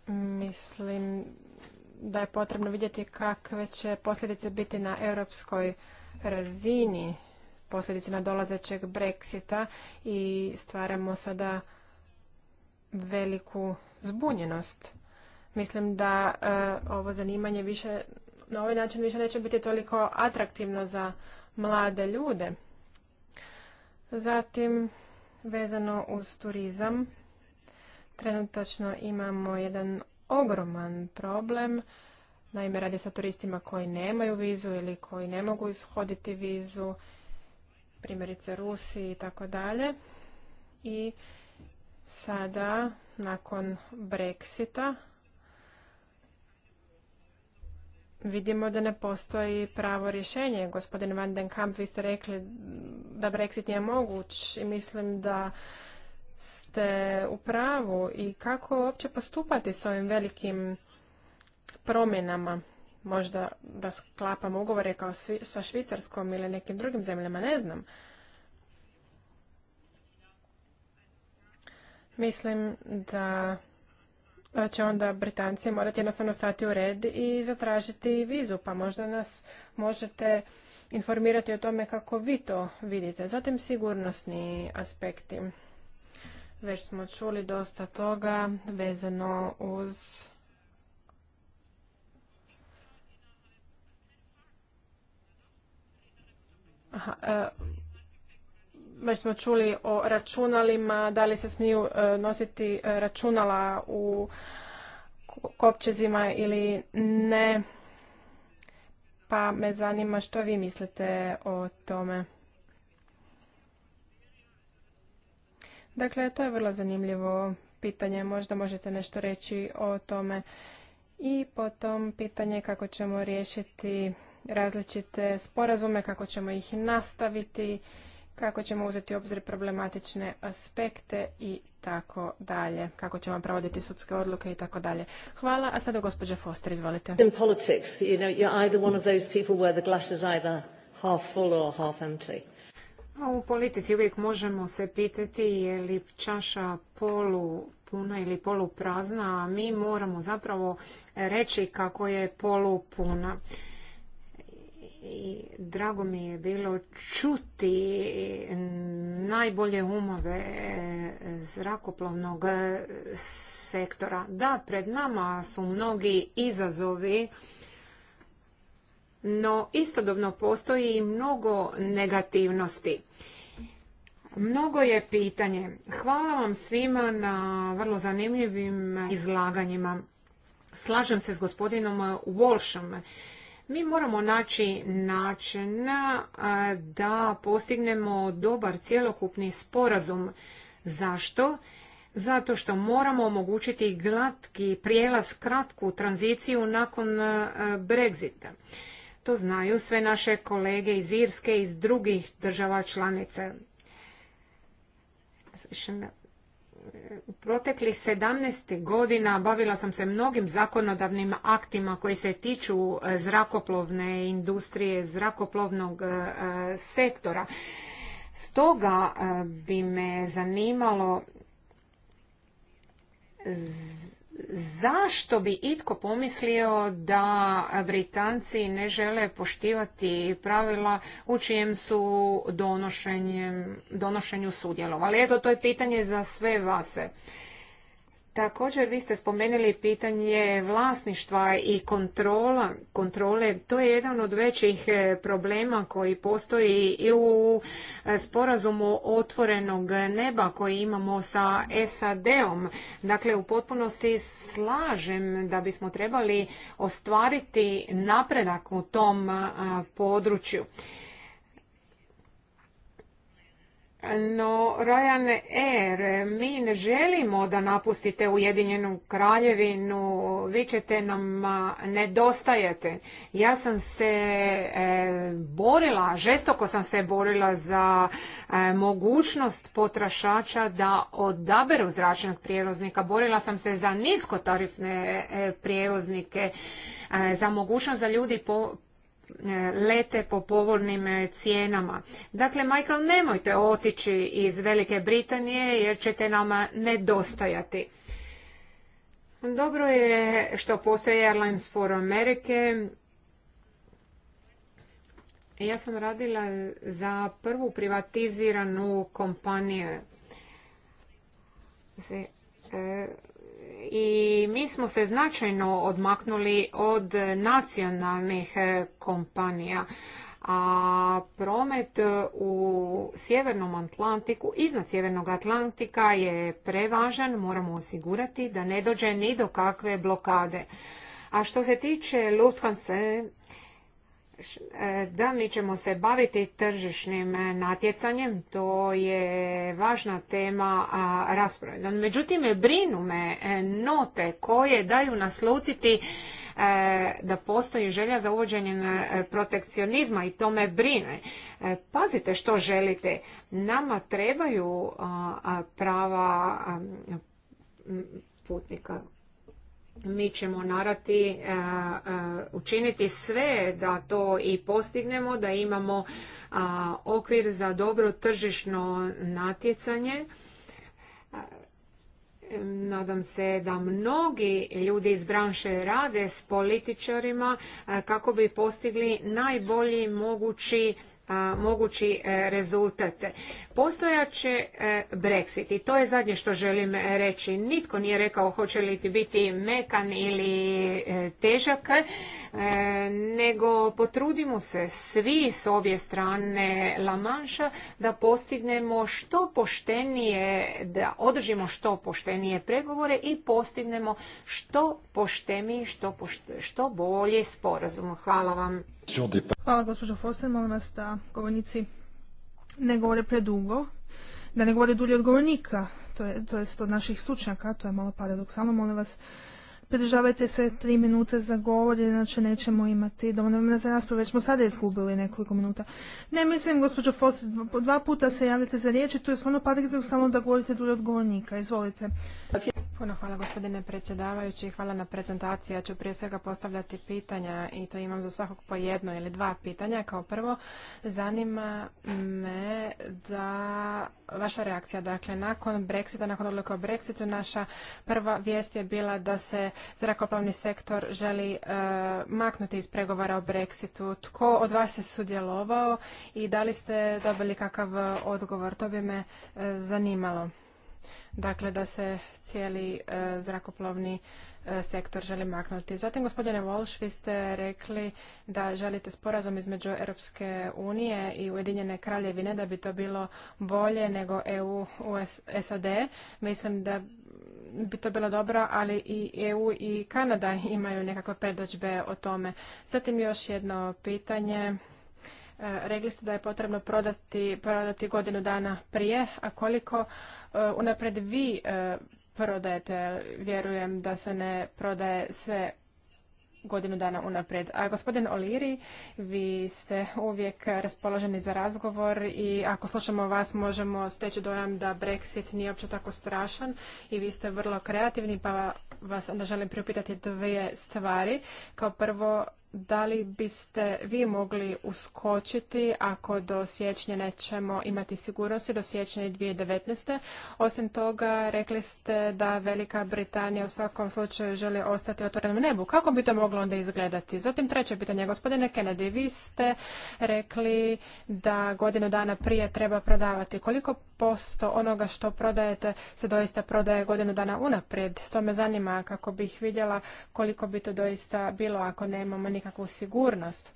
Speaker 3: mislim da je potrebno vidjeti kakve će posljedice biti na europskoj razini na dolazećeg Brexita i stvaramo sada veliku zbunjenost. Mislim da e, ovo zanimanje više na ovaj način više neće biti toliko atraktivno za mlade ljude. Zatim, vezano uz turizam, trenutačno imamo jedan ogroman problem. Naime, radi se o turistima koji nemaju vizu ili koji ne mogu ishoditi vizu, primjerice Rusi i tako dalje. I sada, nakon Brexita, vidimo da ne postoji pravo rješenje. Gospodin Van den Kamp, vi ste rekli da Brexit nije moguć i mislim da ste u pravu i kako uopće postupati s ovim velikim promjenama. Možda da sklapamo ugovore kao sa Švicarskom ili nekim drugim zemljama, ne znam. Mislim da će onda Britanci morati jednostavno stati u red i zatražiti vizu, pa možda nas možete informirati o tome kako vi to vidite. Zatim sigurnosni aspekti. Već smo čuli dosta toga vezano uz Aha, e, već smo čuli o računalima, da li se smiju e, nositi e, računala u kopčezima ili ne. Pa me zanima što vi mislite o tome. Dakle, to je vrlo zanimljivo pitanje. Možda možete nešto reći o tome. I potom pitanje kako ćemo riješiti različite sporazume, kako ćemo ih nastaviti kako ćemo uzeti u obzir problematične aspekte i tako dalje, kako ćemo provoditi sudske odluke i tako dalje. Hvala, a sada gospođa Foster, izvolite. In politics, you know, you're either one of those people where the glass either half full or half empty.
Speaker 2: U politici uvijek možemo se pitati je li čaša polu puna ili poluprazna, a mi moramo zapravo reći kako je polupuna. puna i drago mi je bilo čuti najbolje umove zrakoplovnog sektora. Da, pred nama su mnogi izazovi, no istodobno postoji i mnogo negativnosti. Mnogo je pitanje. Hvala vam svima na vrlo zanimljivim izlaganjima. Slažem se s gospodinom Walshom mi moramo naći način da postignemo dobar cjelokupni sporazum. Zašto? Zato što moramo omogućiti glatki prijelaz, kratku tranziciju nakon Brexita. To znaju sve naše kolege iz Irske i iz drugih država članica u proteklih 17 godina bavila sam se mnogim zakonodavnim aktima koji se tiču e, zrakoplovne industrije, zrakoplovnog e, e, sektora. Stoga bi me zanimalo zašto bi itko pomislio da Britanci ne žele poštivati pravila u čijem su donošenju sudjelovali? Eto, to je pitanje za sve vas. Također vi ste spomenuli pitanje vlasništva i kontrola, kontrole. To je jedan od većih e, problema koji postoji i u e, sporazumu otvorenog neba koji imamo sa SAD-om. Dakle, u potpunosti slažem da bismo trebali ostvariti napredak u tom području. No, Ryan mi ne želimo da napustite Ujedinjenu kraljevinu, vi ćete nam nedostajete. Ja sam se e, borila, žestoko sam se borila za e, mogućnost potrašača da odaberu zračnog prijevoznika. Borila sam se za niskotarifne e, prijevoznike, za mogućnost da ljudi po, E, lete po povoljnim e, cijenama. Dakle, Michael, nemojte otići iz Velike Britanije jer ćete nama nedostajati.
Speaker 3: Dobro je
Speaker 2: što postoje Airlines for America. Ja sam radila za prvu privatiziranu kompaniju znači, e, i mi smo se značajno odmaknuli od nacionalnih e, kompanija a promet u Sjevernom Atlantiku, iznad Sjevernog Atlantika je prevažan, moramo osigurati da ne dođe ni do kakve blokade. A što se tiče Lufthansa, E, da, mi ćemo se baviti tržišnim e, natjecanjem, to je važna tema rasprave. Međutim, brinu me e, note koje daju naslutiti da postoji želja za uvođenjem protekcionizma i to me brine. Pazite što želite. Nama trebaju prava putnika mi ćemo narati e, e, učiniti sve da to i postignemo, da imamo okvir za dobro tržišno natjecanje. E, nadam se da mnogi ljudi iz branše rade s političarima kako bi postigli najbolji mogući mogući rezultate. rezultat. Postojaće e, Brexit i to je zadnje što želim reći. Nitko nije rekao hoće li biti mekan ili e, težak, e, nego potrudimo se svi s obje strane La da postignemo što poštenije, da održimo što poštenije pregovore i postignemo što
Speaker 1: pošteniji, što, pošte, što bolje sporazum. Hvala vam. Hvala gospođo Foster, molim vas da govornici ne govore predugo, da ne govore dulje od govornika, to je, to jest od naših stručnjaka, to je malo paradoksalno, molim vas Pridržavajte se tri minute za govor, inače nećemo imati dovoljno vremena za raspravu, već smo sada izgubili nekoliko minuta. Ne mislim, gospođo Foster, dva puta se javljate za riječ i tu je stvarno parizam samo da govorite dulje od govornika. Izvolite. Puno hvala gospodine predsjedavajući, hvala na
Speaker 3: prezentaciji. Ja ću prije svega postavljati pitanja i to imam za svakog po jedno ili dva pitanja. Kao prvo, zanima me da vaša reakcija, dakle, nakon Brexita, nakon odluka o Brexitu, naša prva vijest je bila da se zrakoplovni sektor želi e, maknuti iz pregovora o Brexitu. Tko od vas je sudjelovao i da li ste dobili kakav e, odgovor? To bi me e, zanimalo. Dakle, da se cijeli zrakoplovni sektor želi maknuti. Zatim, gospodine Walsh, vi ste rekli da želite sporazum između Europske unije i Ujedinjene kraljevine da bi to bilo bolje nego EU u SAD. Mislim da bi to bilo dobro, ali i EU i Kanada imaju nekakve predođbe o tome. Zatim još jedno pitanje. E, rekli ste da je potrebno prodati, prodati godinu dana prije, a koliko e, unapred vi e, prodajete, vjerujem da se ne prodaje sve godinu dana unaprijed. A gospodin Oliri, vi ste uvijek raspoloženi za razgovor i ako slušamo vas možemo steći dojam da Brexit nije uopće tako strašan i vi ste vrlo kreativni pa vas onda želim priupitati dvije stvari. Kao prvo, da li biste vi mogli uskočiti ako do siječnja nećemo imati sigurnosti, do siječnja 2019. Osim toga, rekli ste da Velika Britanija u svakom slučaju želi ostati otvorenom nebu. Kako bi to moglo onda izgledati? Zatim treće pitanje, gospodine Kennedy, vi ste rekli da godinu dana prije treba prodavati. Koliko posto onoga što prodajete se doista prodaje godinu dana unaprijed? To me zanima kako bih vidjela koliko bi to doista bilo ako nemamo ni nikakvu sigurnost.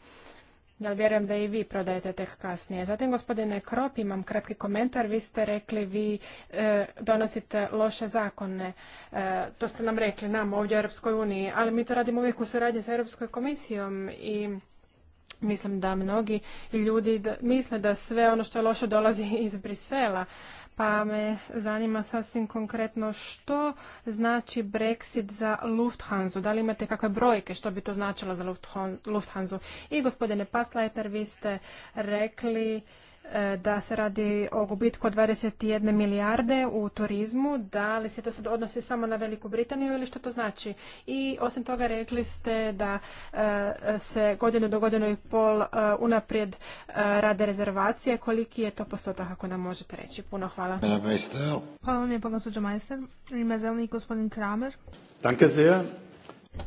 Speaker 3: Ja vjerujem da i vi prodajete tek kasnije. Zatim, gospodine Krop, imam kratki komentar. Vi ste rekli vi e, donosite loše zakone. E, to ste nam rekli nam ovdje u Europskoj uniji, ali mi to radimo uvijek u suradnji sa Europskoj komisijom i Mislim da mnogi ljudi misle da sve ono što je loše dolazi iz Brisela, pa me zanima sasvim konkretno što znači Brexit za Lufthansa. Da li imate kakve brojke što bi to značilo za Lufthansa? I gospodine Paslajter, vi ste rekli E, da se radi o gubitku od 21 milijarde u turizmu. Da li se to sad odnosi samo na Veliku Britaniju ili što to znači? I osim toga rekli ste da e, se godinu do godinu i pol e, unaprijed
Speaker 1: rade rezervacije. Koliki je to postotak ako nam možete reći? Puno hvala. Hvala vam lijepo, gospođo Majster. gospodin Kramer. Danke sehr.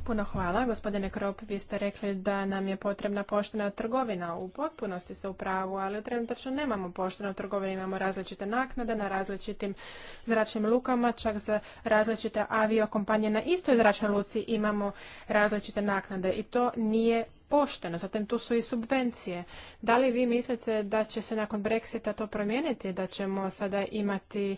Speaker 3: Puno hvala. Gospodine Krop, vi ste rekli da nam je potrebna poštena trgovina. U potpunosti se u pravu, ali trenutno nemamo poštenu trgovinu. Imamo različite naknade na različitim zračnim lukama, čak za različite aviokompanije na istoj zračnoj luci imamo različite naknade i to nije pošteno. Zatim tu su i subvencije. Da li vi mislite da će se nakon Brexita to promijeniti, da ćemo sada imati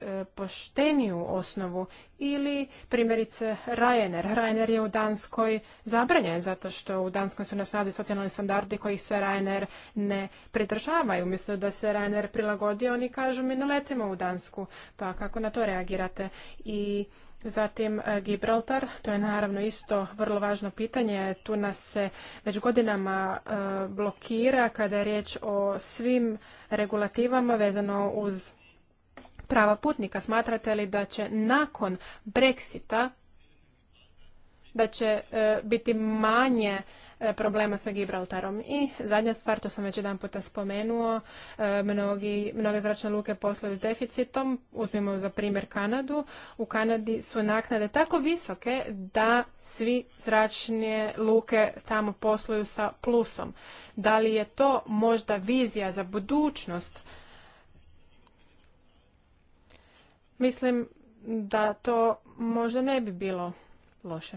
Speaker 3: e, pošteniju osnovu ili primjerice Ryanair. Ryanair je u Danskoj zabranjen zato što u Danskoj su na snazi socijalni standardi koji se Ryanair ne pridržavaju. Umjesto da se Ryanair prilagodi, oni kažu mi ne letimo u Dansku. Pa kako na to reagirate? I Zatim e, Gibraltar, to je naravno isto vrlo važno pitanje. Tu nas se već godinama e, blokira kada je riječ o svim regulativama vezano uz prava putnika. Smatrate li da će nakon Brexita da će e, biti manje e, problema sa Gibraltarom. I zadnja stvar, to sam već jedan puta spomenuo, e, mnogi, mnoge zračne luke posluju s deficitom, uzmimo za primjer Kanadu. U Kanadi su naknade tako visoke da svi zračne luke tamo posluju sa plusom. Da li je to možda vizija za budućnost? Mislim da to možda ne bi bilo loše.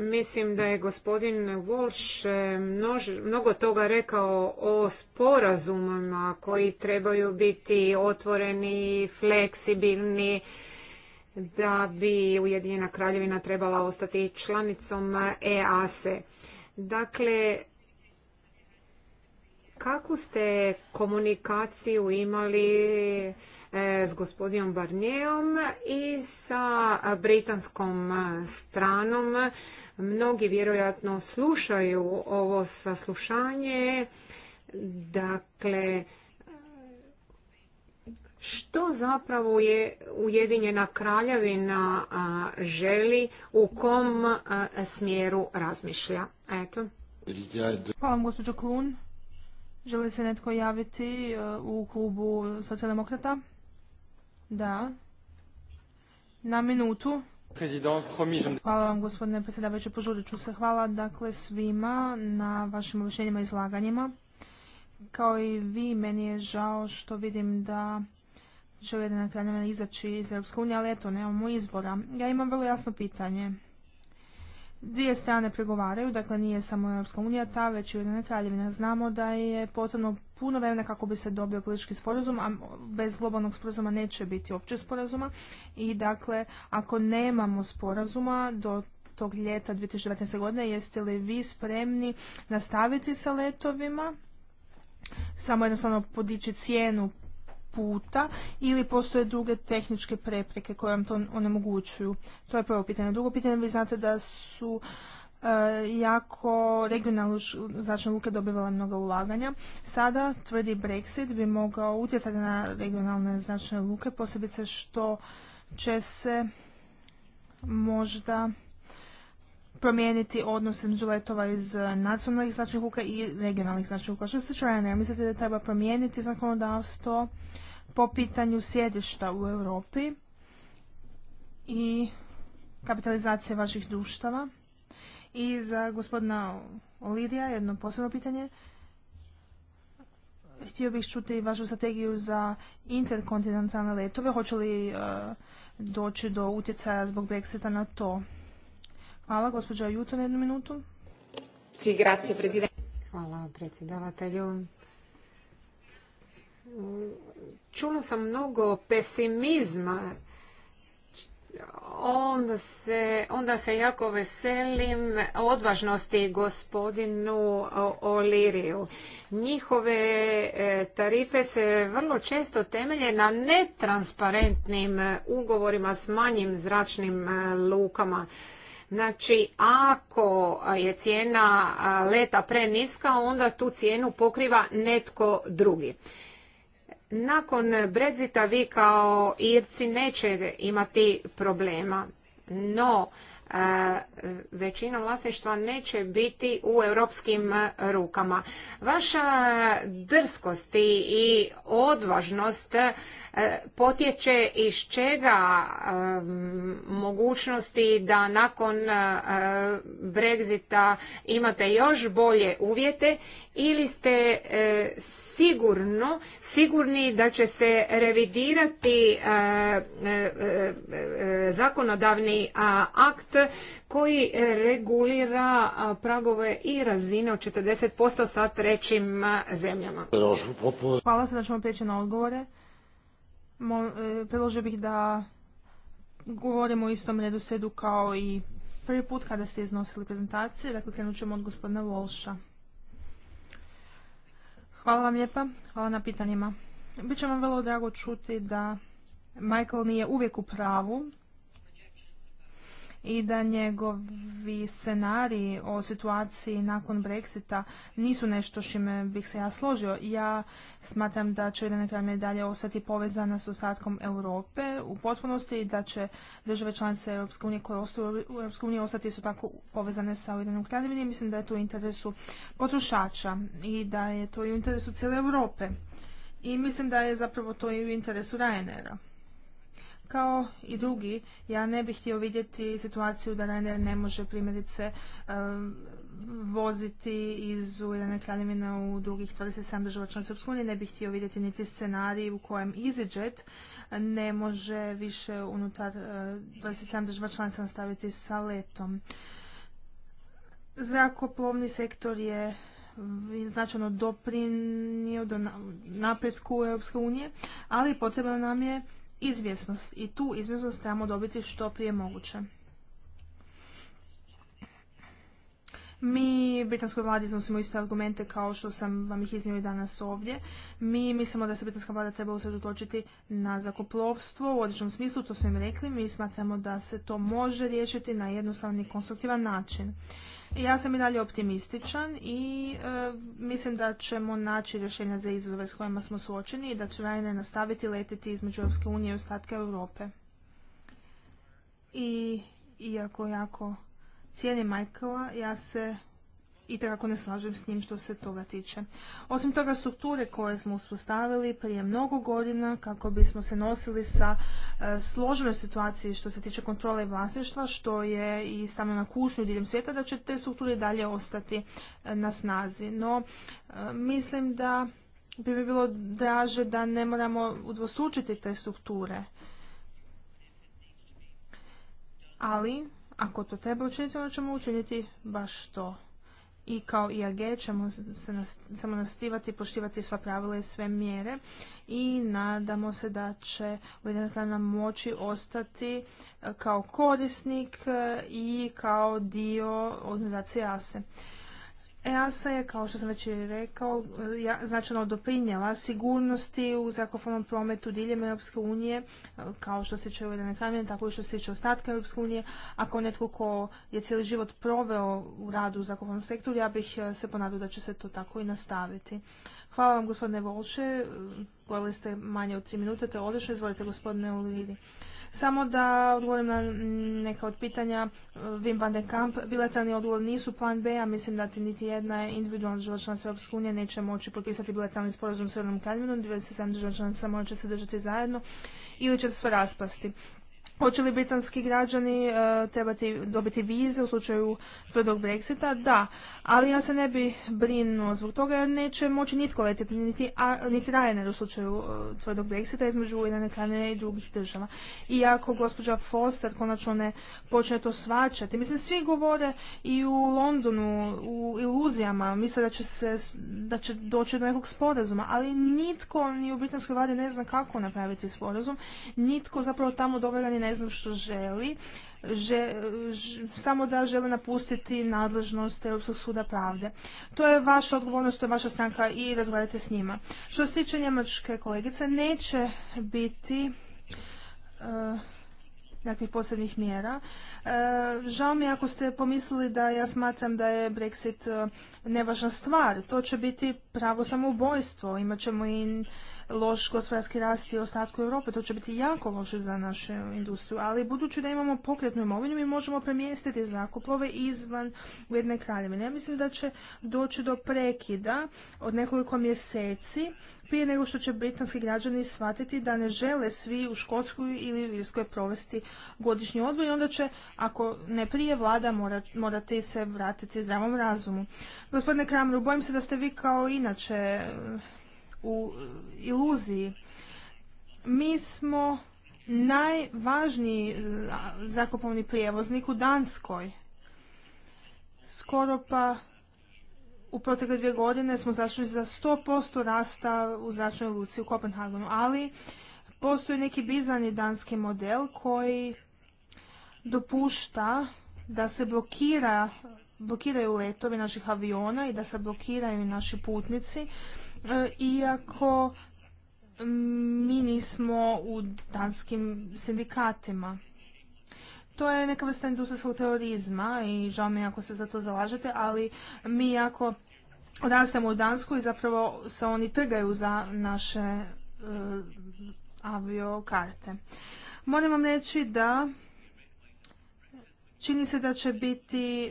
Speaker 2: Mislim da je gospodin Walsh e, mnogo toga rekao o sporazumima koji trebaju biti otvoreni, fleksibilni, da bi Ujedinjena kraljevina trebala ostati članicom EASE. Dakle, kakvu ste komunikaciju imali E, s gospodinom Barneom i sa britanskom stranom. Mnogi vjerojatno slušaju ovo saslušanje. Dakle, što zapravo je Ujedinjena kraljevina želi, u kom smjeru
Speaker 1: razmišlja? Eto. Hvala vam, gospođo Klun. Želi se netko javiti e, u klubu socijaldemokrata? Da. Na minutu. Hvala vam gospodine predsjedavajući, požurit ću se. Hvala dakle svima na vašim objašnjenjima i izlaganjima. Kao i vi, meni je žao što vidim da će Ujedina mene izaći iz Europske unije, ali eto, nemamo izbora. Ja imam vrlo jasno pitanje dvije strane pregovaraju, dakle nije samo Europska unija ta, već i Ujedinjena kraljevina. Znamo da je potrebno puno vremena kako bi se dobio politički sporazum, a bez globalnog sporazuma neće biti opće sporazuma. I dakle, ako nemamo sporazuma do tog ljeta 2019. godine, jeste li vi spremni nastaviti sa letovima? Samo jednostavno podići cijenu puta ili postoje druge tehničke prepreke koje vam to onemogućuju? To je prvo pitanje. Drugo pitanje, vi znate da su e, jako regionalno značajne luke dobivala mnoga ulaganja. Sada tvrdi Brexit bi mogao utjecati na regionalne značajne luke, posebice što će se možda promijeniti odnos između letova iz nacionalnih značajnih luka i regionalnih značajnih luka. Što se čuje, ne mislite da treba promijeniti zakonodavstvo po pitanju sjedišta u Europi i kapitalizacije vaših društava. I za gospodina Olirija jedno posebno pitanje. Htio bih čuti vašu strategiju za interkontinentalne letove. Hoće li e, doći do utjecaja zbog Brexita na to? Hvala, gospođa Juton, jednu minutu. Hvala predsjedavatelju
Speaker 2: čula sam mnogo pesimizma onda se, onda se jako veselim odvažnosti gospodinu Oliriju. Njihove e, tarife se vrlo često temelje na netransparentnim e, ugovorima s manjim zračnim e, lukama. Znači, ako je cijena leta preniska, onda tu cijenu pokriva netko drugi nakon Brexita vi kao Irci nećete imati problema, no većina vlasništva neće biti u europskim rukama. Vaša drskost i odvažnost potječe iz čega mogućnosti da nakon Brexita imate još bolje uvjete ili ste e, sigurno sigurni da će se revidirati e, e, zakonodavni akt koji regulira pragove i razine od 40% sa trećim zemljama.
Speaker 1: Hvala se da ćemo prijeći na odgovore. E, predložio bih da govorimo o istom redu kao i prvi put kada ste iznosili prezentacije. Dakle, krenut ćemo od gospodina Volša. Hvala vam lijepa, hvala na pitanjima. Biće vam vrlo drago čuti da Michael nije uvijek u pravu i da njegovi scenariji o situaciji nakon Brexita nisu nešto čime bih se ja složio. Ja smatram da će jedan kraljevina i dalje ostati povezana s ostatkom Europe u potpunosti i da će države članice Europske unije koje ostaju u Europske unije ostati su tako povezane sa Ujedinjenom kraljevinom. Mislim da je to u interesu potrošača i da je to i u interesu cijele Europe. I mislim da je zapravo to i u interesu Ryanaira kao i drugi, ja ne bih htio vidjeti situaciju da ne može primjerice voziti iz ujedne kraljevine u drugih 27 država članica Srpske unije. Ne bih htio vidjeti niti scenarij u kojem EasyJet ne može više unutar uh, eh, 27 država članica nastaviti sa letom. Zrakoplovni sektor je značajno doprinio do napretku Europske unije, ali potrebno nam je izvjesnost i tu izvjesnost trebamo dobiti što prije moguće. Mi britanskoj vladi iznosimo iste argumente kao što sam vam ih iznio i danas ovdje. Mi mislimo da se britanska vlada treba usredotočiti na zakoplovstvo u odličnom smislu, to smo im rekli. Mi smatramo da se to može riješiti na jednostavni konstruktivan način. Ja sam i dalje optimističan i e, mislim da ćemo naći rješenja za izazove s kojima smo suočeni i da će Ryanair nastaviti letiti između Europske unije i ostatka Europe. I iako jako cijenim Michaela, ja se i tako ne slažem s njim što se toga tiče. Osim toga, strukture koje smo uspostavili prije mnogo godina kako bismo se nosili sa e, složenoj situaciji što se tiče kontrole vlasništva, što je i samo na kušnju diljem svijeta, da će te strukture dalje ostati e, na snazi. No, e, mislim da bi mi bilo draže da ne moramo udvostručiti te strukture. Ali, ako to treba učiniti, onda ćemo učiniti baš to i kao IAG ćemo se nas, samo nastivati i poštivati sva pravila i sve mjere i nadamo se da će Ujedinjena nam moći ostati e, kao korisnik e, i kao dio organizacije ASE. EASA je, kao što sam već i rekao, značajno doprinjela sigurnosti u zrakoplovnom prometu diljem Europske unije, kao što se tiče uvedene hrane, tako i što se tiče ostatka Europske unije. Ako netko ko je cijeli život proveo u radu u zrakoplovnom sektoru, ja bih eh, se ponadao da će se to tako i nastaviti. Hvala vam, gospodine Volše. Govorili ste manje od tri minute, to je odlično. Izvolite, gospodine Olividi. Samo da odgovorim na neka od pitanja. Wim van de Kamp, bilateralni odgovor nisu plan B, a mislim da ti niti jedna individualna država članica Europske unije neće moći potpisati bilateralni sporazum s Srednom Kraljevinom. 27 država članica će se držati zajedno ili će se sve raspasti. Hoće li britanski građani e, trebati dobiti vize u slučaju tvrdog Brexita? Da, ali ja se ne bi brinuo zbog toga jer neće moći nitko letiti, niti, a, u slučaju e, tvrdog Brexita između jedne krajine i drugih država. Iako gospođa Foster konačno ne počne to svačati, mislim svi govore i u Londonu u iluzijama, misle da će, se, doći do nekog sporazuma, ali nitko ni u britanskoj vladi ne zna kako napraviti sporazum, nitko zapravo tamo dovela ni ne znam što želi, samo da žele napustiti nadležnost Europskog suda pravde. To je vaša odgovornost, to je vaša stranka i razgovarajte s njima. Što se tiče njemačke kolegice, neće biti... E, nekih posebnih mjera. E, žao mi ako ste pomislili da ja smatram da je Brexit e, nevažna stvar. To će biti pravo samoubojstvo. Imaćemo i loš gospodarski rast i ostatku Europe. To će biti jako loše za našu industriju. Ali budući da imamo pokretnu imovinu, mi možemo premjestiti zrakoplove izvan Ujedne kraljevine. Ja mislim da će doći do prekida od nekoliko mjeseci prije nego što će britanski građani shvatiti da ne žele svi u Škotskoj ili u Irskoj provesti godišnji odbor i onda će, ako ne prije, vlada morati se vratiti zdravom razumu. Gospodine Kramru, bojim se da ste vi kao inače u iluziji. Mi smo najvažniji e, zakupovni prijevoznik u Danskoj. Skoro pa u protekle dvije godine smo zašli za 100% rasta u zračnoj luci u Kopenhagenu, ali postoji neki bizani danski model koji dopušta da se blokira, blokiraju letovi naših aviona i da se blokiraju naši putnici, e, iako mi nismo u danskim sindikatima. To je neka vrsta industrijskog terorizma i žao mi ako se za to zalažete, ali mi jako rastemo u Dansku i zapravo se oni trgaju za naše avio e, aviokarte. Moram vam reći da čini se da će biti e,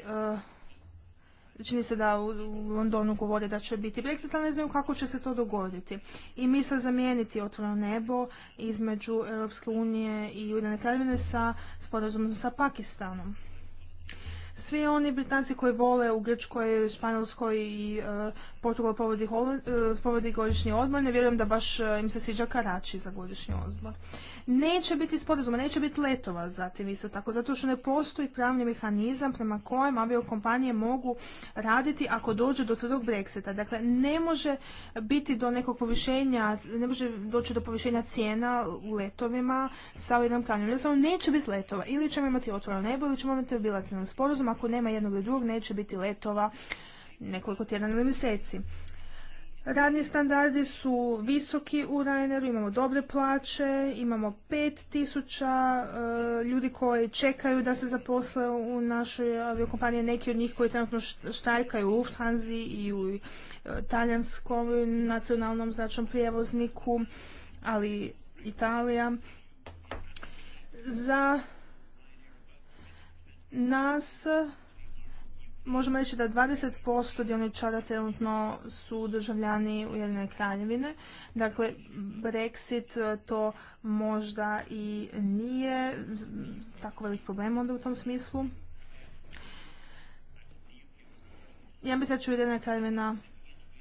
Speaker 1: čini se da u Londonu govore da će biti Brexit, ali ne znaju kako će se to dogoditi. I misle zamijeniti otvoreno nebo između Europske unije i Ujedinjene kraljevine sa sporazumom sa Pakistanom. Svi oni Britanci koji vole u Grčkoj, Španjolskoj i e, Portugal povodi, e, povodi godišnji odmor, ne vjerujem da baš e, im se sviđa Karači za godišnji odmor neće biti sporazuma, neće biti letova zatim isto tako, zato što ne postoji pravni mehanizam prema kojem aviokompanije mogu raditi ako dođe do tvrdog Brexita. Dakle, ne može biti do nekog povišenja, ne može doći do povišenja cijena u letovima sa jednom kanjom. Jednostavno, neće biti letova. Ili ćemo imati otvoreno nebo, ili ćemo imati bilateralni sporazum. Ako nema jednog ili drugog, neće biti letova nekoliko tjedana ili mjeseci. Radni standardi su visoki u Raineru, imamo dobre plaće, imamo pet tisuća e, ljudi koji čekaju da se zaposle u našoj aviokompaniji, neki od njih koji trenutno štajkaju u Lufthansa i u e, talijanskom nacionalnom zračnom prijevozniku, ali Italija. Za nas možemo reći da 20% dioničara trenutno su državljani Ujedinjene kraljevine. Dakle, Brexit e, to možda i nije tako velik problem onda u tom smislu. Ja mislim da će Ujedinjena kraljevina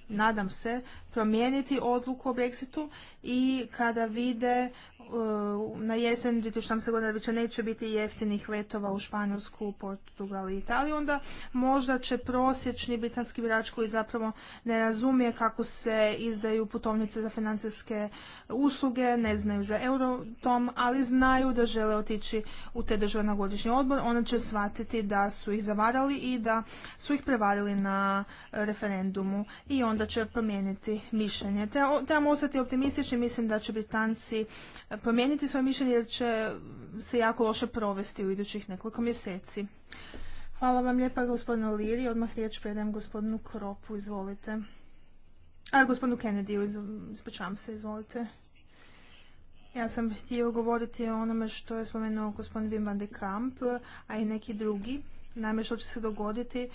Speaker 1: nadam se, promijeniti odluku o Brexitu i kada vide E, na jesen 2018. godine više neće biti jeftinih letova u Španjolsku, Portugal i Italiju, onda možda će prosječni britanski birač koji zapravo ne razumije kako se izdaju putovnice za financijske usluge, ne znaju za tom, ali znaju da žele otići u te države na godišnji odbor, onda će shvatiti da su ih zavarali i da su ih prevarili na referendumu i onda će promijeniti mišljenje. Trebamo ostati optimistični, mislim da će Britanci e, promijeniti svoje mišljenje jer će se jako loše provesti u idućih nekoliko mjeseci. Hvala vam lijepa gospodinu Liri. Odmah riječ predajem gospodinu Kropu. Izvolite. A, gospodinu Kennedy, ispričavam se, izvolite. Ja sam htio govoriti o onome što je spomenuo gospodin Wim van de Kamp, a i neki drugi. Naime, što će se dogoditi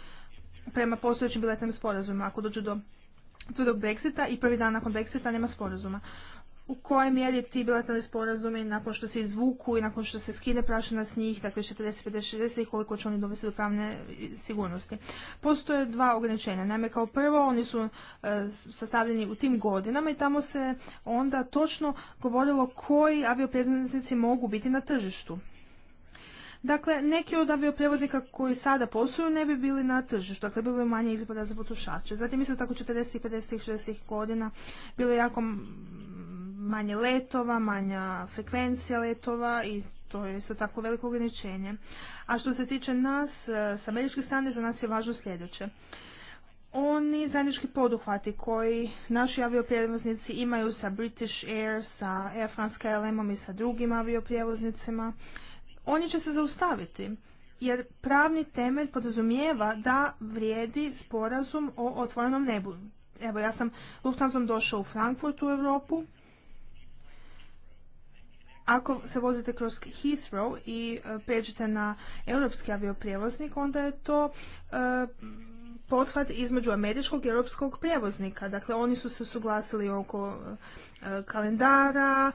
Speaker 1: prema postojećim biletnim sporazumima. Ako dođu do tvrdog Brexita i prvi dan nakon Brexita nema sporazuma u kojoj mjeri ti bilateralni sporazumi nakon što se izvuku i nakon što se skine prašina s njih, dakle 40, 50, 60 i koliko će oni dovesti do pravne e, sigurnosti. Postoje dva ograničenja. Naime, kao prvo oni su e, sastavljeni u tim godinama i tamo se onda točno govorilo koji avioprevoznici mogu biti na tržištu. Dakle, neki od avioprijevoznika koji sada posluju ne bi bili na tržištu, dakle bilo manje izbora za potrošače. Zatim isto tako 40, 50, 60 godina bilo je jako manje letova, manja frekvencija letova i to je isto tako veliko ograničenje. A što se tiče nas, e, s američke strane, za nas je važno sljedeće. Oni zajednički poduhvati koji naši avioprijevoznici imaju sa British Air, sa Air France KLM-om i sa drugim avioprijevoznicima, oni će se zaustaviti jer pravni temelj podrazumijeva da vrijedi sporazum o otvorenom nebu. Evo, ja sam Lufthansa došao u Frankfurt u Europu ako se vozite kroz Heathrow i e, pređete na europski avioprijevoznik, onda je to potvat e, pothvat između američkog i europskog prijevoznika. Dakle, oni su se suglasili oko e, kalendara,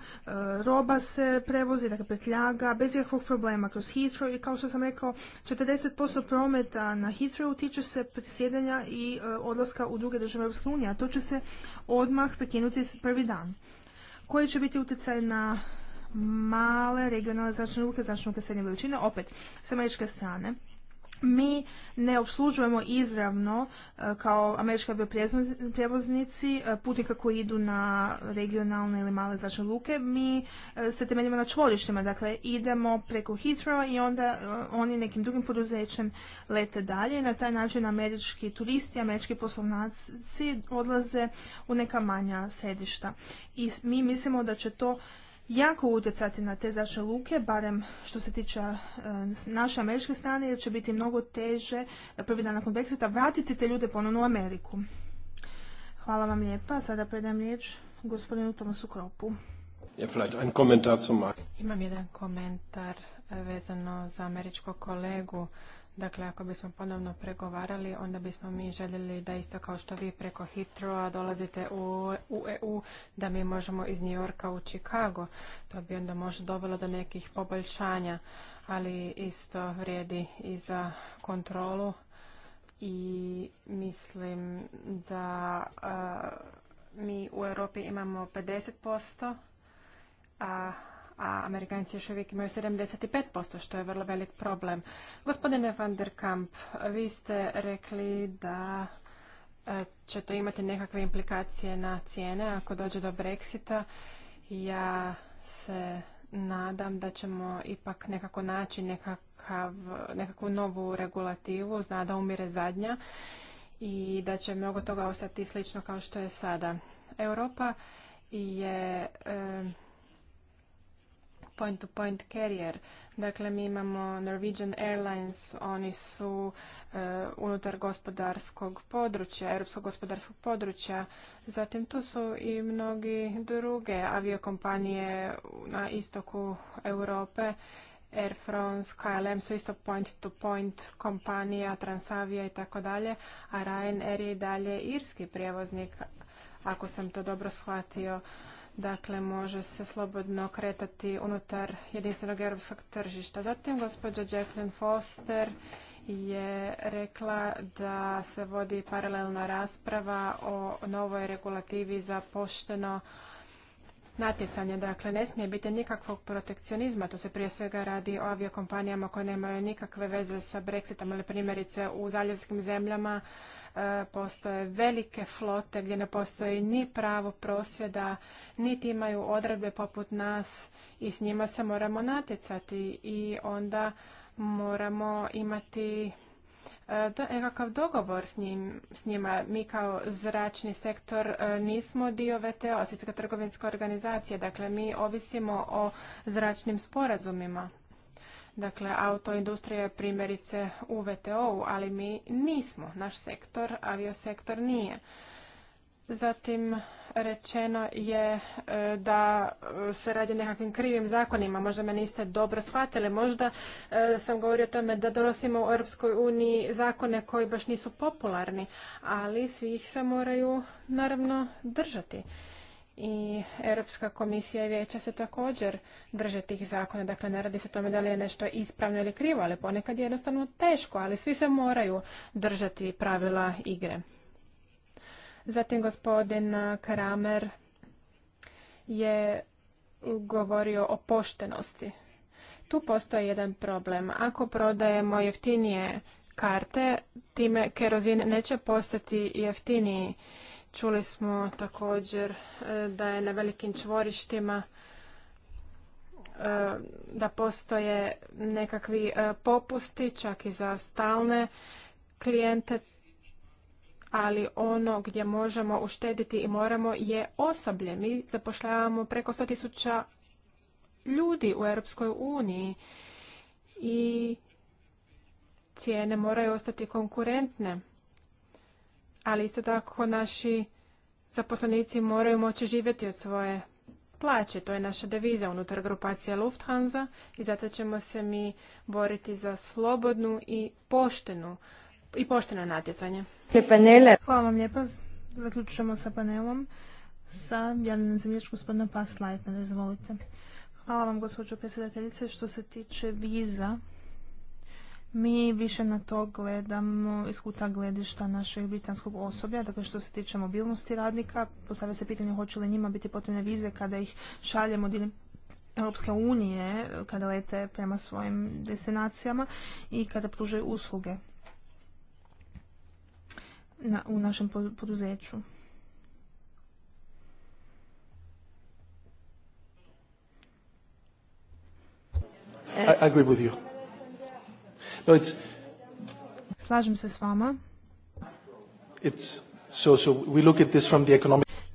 Speaker 1: roba se prevozi, dakle pretljaga, bez ikakvog problema kroz Heathrow i kao što sam rekao, 40% prometa na Heathrow tiče se presjedanja i odlaska u druge države Europske unije, a to će se odmah prekinuti prvi dan. Koji će biti utjecaj na male regionalne zračne luke, zračne luke srednje veličine, opet s američke strane. Mi ne obslužujemo izravno e, kao američki prijevoznici e, putnika koji idu na regionalne ili male zračne luke. Mi e, se temeljimo na čvorištima, dakle idemo preko Heathrow i onda oni nekim drugim poduzećem lete dalje. Na taj način američki turisti, američki poslovnaci odlaze u neka manja središta. I mi mislimo da će to jako utjecati na te zračne luke, barem što se tiče e, naše američke strane, jer će biti mnogo teže e, prvi dan nakon Brexita vratiti te ljude ponovno u Ameriku. Hvala vam lijepa. Sada predam riječ gospodinu Tomasu Kropu. Imam jedan komentar
Speaker 3: e, vezano za američkog kolegu Dakle, ako bismo ponovno pregovarali, onda bismo mi željeli da isto kao što vi preko Heathrowa dolazite u, EU, e da mi možemo iz New Yorka u Chicago. To bi onda možda dovelo do nekih poboljšanja, ali isto vrijedi i za kontrolu i mislim da mi u Europi imamo 50%, a a Amerikanci još uvijek imaju 75%, što je vrlo velik problem. Gospodine van der Kamp, vi ste rekli da e, će to imati nekakve implikacije na cijene ako dođe do Brexita. Ja se nadam da ćemo ipak nekako naći nekakav, nekakvu novu regulativu, zna da umire zadnja i da će mnogo toga ostati slično kao što je sada. Europa je e, point-to-point carrier. Dakle, mi imamo Norwegian Airlines, oni su e, unutar gospodarskog područja, europskog gospodarskog područja. Zatim tu su i mnogi druge aviokompanije na istoku Europe. Air France, KLM su isto point-to-point kompanija, Transavia i tako dalje, a Ryanair je i dalje irski prijevoznik, ako sam to dobro shvatio dakle može se slobodno kretati unutar jedinstvenog europskog tržišta. Zatim gospođa Jacqueline Foster je rekla da se vodi paralelna rasprava o novoj regulativi za pošteno natjecanje. Dakle, ne smije biti nikakvog protekcionizma. To se prije svega radi o aviokompanijama koje nemaju nikakve veze sa Brexitom ili primjerice u zaljevskim zemljama E, postoje velike flote gdje ne postoji ni pravo prosvjeda, niti imaju odredbe poput nas i s njima se moramo natjecati i onda moramo imati e, nekakav dogovor s, s njima. Mi kao zračni sektor e, nismo dio VTO, Svjetska trgovinska organizacija, dakle mi ovisimo o zračnim sporazumima. Dakle, autoindustrija je primjerice u VTO-u, ali mi nismo. Naš sektor, aviosektor nije. Zatim rečeno je e, da e, se radi o nekakvim krivim zakonima. Možda me niste dobro shvatili. Možda e, sam govorio o tome da donosimo u Europskoj uniji zakone koji baš nisu popularni, ali svi ih se moraju naravno držati i Europska komisija i vijeća se također drže tih zakona. Dakle, ne radi se tome da li je nešto ispravno ili krivo, ali ponekad je jednostavno teško, ali svi se moraju držati pravila igre. Zatim gospodin Kramer je govorio o poštenosti. Tu postoji jedan problem. Ako prodajemo jeftinije karte, time kerozin neće postati jeftiniji Čuli smo također e, da je na velikim čvorištima e, da postoje nekakvi e, popusti, čak i za stalne klijente, ali ono gdje možemo uštediti i moramo je osoblje. Mi zapošljavamo preko 100.000 ljudi u Europskoj uniji i cijene moraju ostati konkurentne ali isto tako naši zaposlenici moraju moći živjeti od svoje plaće. To je naša deviza unutar grupacije Lufthansa i zato ćemo se mi boriti za slobodnu i poštenu i pošteno natjecanje.
Speaker 1: Hvala vam lijepa. Zaključujemo sa panelom sa javljenim zemlječku gospodina Lajtner. Izvolite. Hvala vam gospođo predsjedateljice. Što se tiče viza, mi više na to gledamo iz kuta gledišta našeg britanskog osoblja, dakle što se tiče mobilnosti radnika, postavlja se pitanje hoće li njima biti potrebne vize kada ih šaljemo diljem Europske unije kada lete prema svojim destinacijama i kada pružaju usluge na, u našem poduzeću. I
Speaker 2: agree with you.
Speaker 1: Slažem se s vama.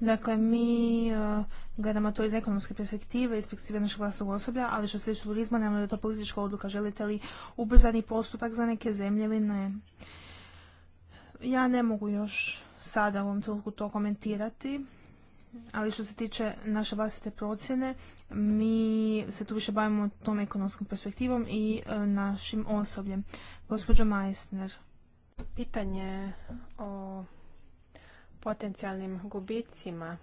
Speaker 1: Dakle, mi uh, gledamo to iz ekonomske perspektive, iz perspektive našeg vlastnog osoblja, ali što se tiče turizma, nema da je to politička odluka. Želite li ubrzani postupak za neke zemlje ili ne? Ja ne mogu još sada u ovom trenutku to komentirati, ali što se tiče naše vlastite procjene, mi se tu više bavimo tom ekonomskom perspektivom i e, našim osobljem. Gospođo Majsner. Pitanje o
Speaker 3: potencijalnim gubicima.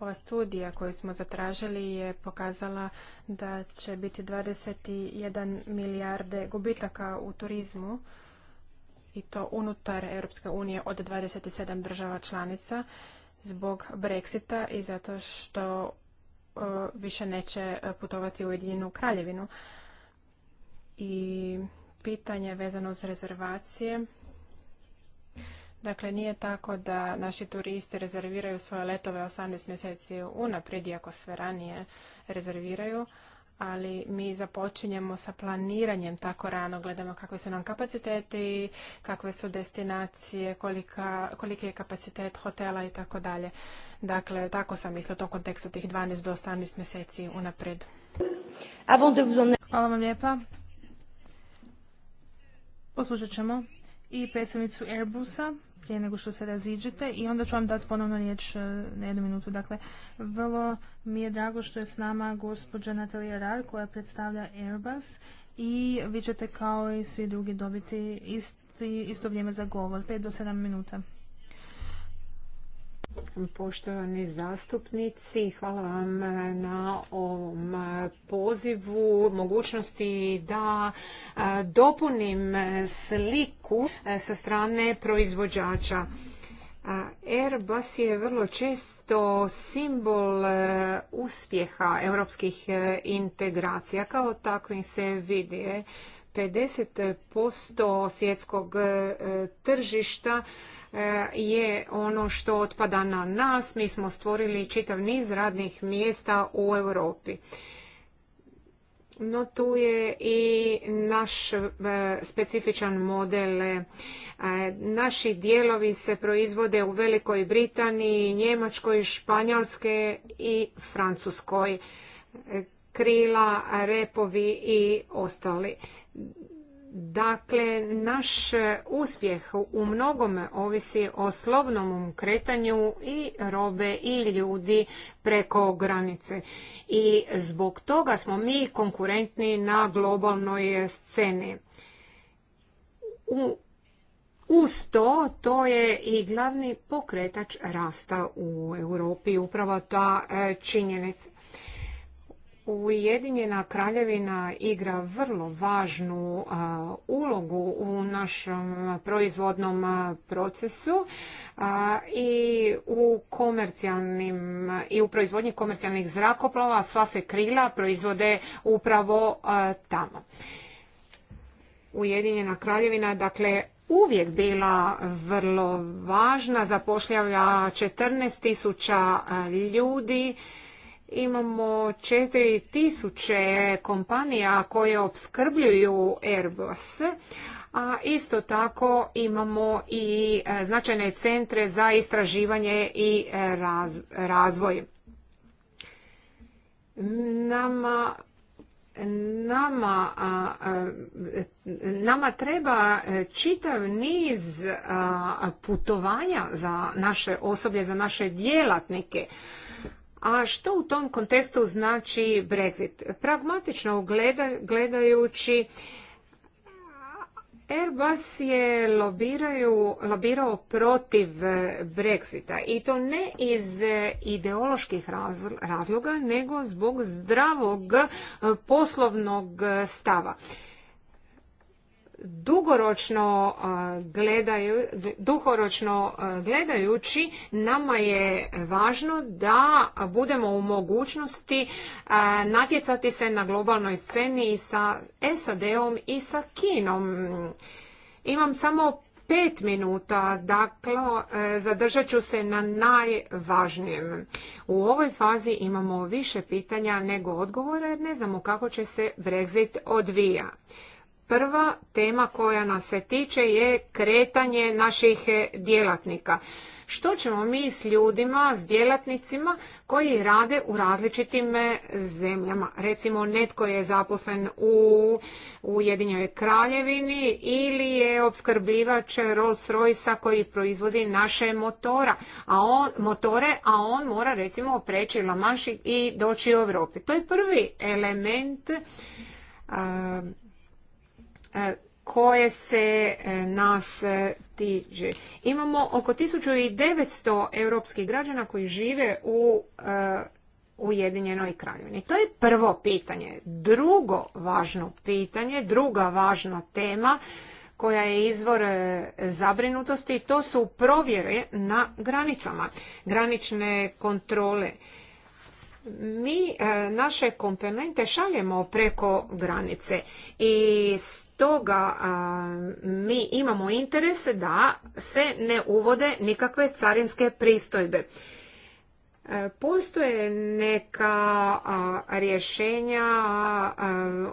Speaker 3: Ova studija koju smo zatražili je pokazala da će biti 21 milijarde gubitaka u turizmu i to unutar Europske unije od 27 država članica zbog Brexita i zato što E, više neće e, putovati u Ujedinjenu kraljevinu. I pitanje vezano uz rezervacije. Dakle, nije tako da naši turisti rezerviraju svoje letove 18 mjeseci unaprijed, iako sve ranije rezerviraju, ali mi započinjemo sa planiranjem tako rano, gledamo kakve su nam kapaciteti, kakve su destinacije, kolika, koliki je kapacitet hotela i tako dalje. Dakle, tako sam mislila u tom kontekstu tih 12 do 18 mjeseci unaprijed.
Speaker 1: Hvala vam lijepa. Poslušat ćemo i predstavnicu Airbusa prije nego što se raziđete i onda ću vam dati ponovno riječ e, na jednu minutu. Dakle, vrlo mi je drago što je s nama gospođa Natalija Rar koja predstavlja Airbus i vi ćete kao i svi drugi dobiti isto vrijeme za govor, 5 do sedam minuta. Poštovani zastupnici,
Speaker 2: hvala vam na ovom pozivu, mogućnosti da dopunim sliku sa strane proizvođača. Airbus je vrlo često simbol uspjeha europskih integracija, kao takvim se vidi 50% svjetskog e, tržišta e, je ono što otpada na nas. Mi smo stvorili čitav niz radnih mjesta u Europi. No tu je i naš e, specifičan model. naši dijelovi se proizvode u Velikoj Britaniji, Njemačkoj, Španjolske i Francuskoj. krila, repovi i ostali. Dakle, naš uspjeh u mnogome ovisi o slovnom kretanju i robe i ljudi preko granice. I zbog toga smo mi konkurentni na globalnoj sceni. U uz to, to je i glavni pokretač rasta u Europi, upravo ta e, činjenica. Ujedinjena kraljevina igra vrlo važnu ulogu u našem proizvodnom procesu i u komercijalnim i u proizvodnji komercijalnih zrakoplova sva se krila proizvode upravo tamo. Ujedinjena kraljevina dakle uvijek bila vrlo važna, zapošljava 14.000 ljudi Imamo tisuće kompanija koje opskrbljuju Airbus, a isto tako imamo i e, značajne centre za istraživanje i e, razvoj. Nama Nama, nama treba e, čitav niz putovanja za naše osoblje, za naše djelatnike. A što u tom kontekstu znači Brexit? Pragmatično gledajući, Airbus je lobiraju, lobirao protiv eh, Brexita i to ne iz eh, ideoloških razloga, nego zbog zdravog eh, poslovnog stava dugoročno, gledaju, dugoročno gledajući nama je važno da budemo u mogućnosti natjecati se na globalnoj sceni i sa SAD-om i sa Kinom. Imam samo pet minuta, dakle e, zadržat ću se na najvažnijem. U ovoj fazi imamo više pitanja nego odgovore jer ne znamo kako će se Brexit odvija. Prva tema koja nas se tiče je kretanje naših e, djelatnika. Što ćemo mi s ljudima, s djelatnicima koji rade u različitim e, zemljama? Recimo netko je zaposlen u Ujedinjenoj kraljevini ili je opskrbljivač Rolls Royce koji proizvodi naše motora, a on, motore, a on mora recimo preći Lamanši i doći u Europi. To je prvi element e, E, koje se e, nas e, tiče. Imamo oko 1900 europskih građana koji žive u Ujedinjenoj kraljevini. To je prvo pitanje. Drugo važno pitanje, druga važna tema koja je izvor zabrinutosti, to su provjere na granicama, granične kontrole. Mi naše komponente šaljemo preko granice i toga mi imamo interes da se ne uvode nikakve carinske pristojbe. E, postoje neka rješenja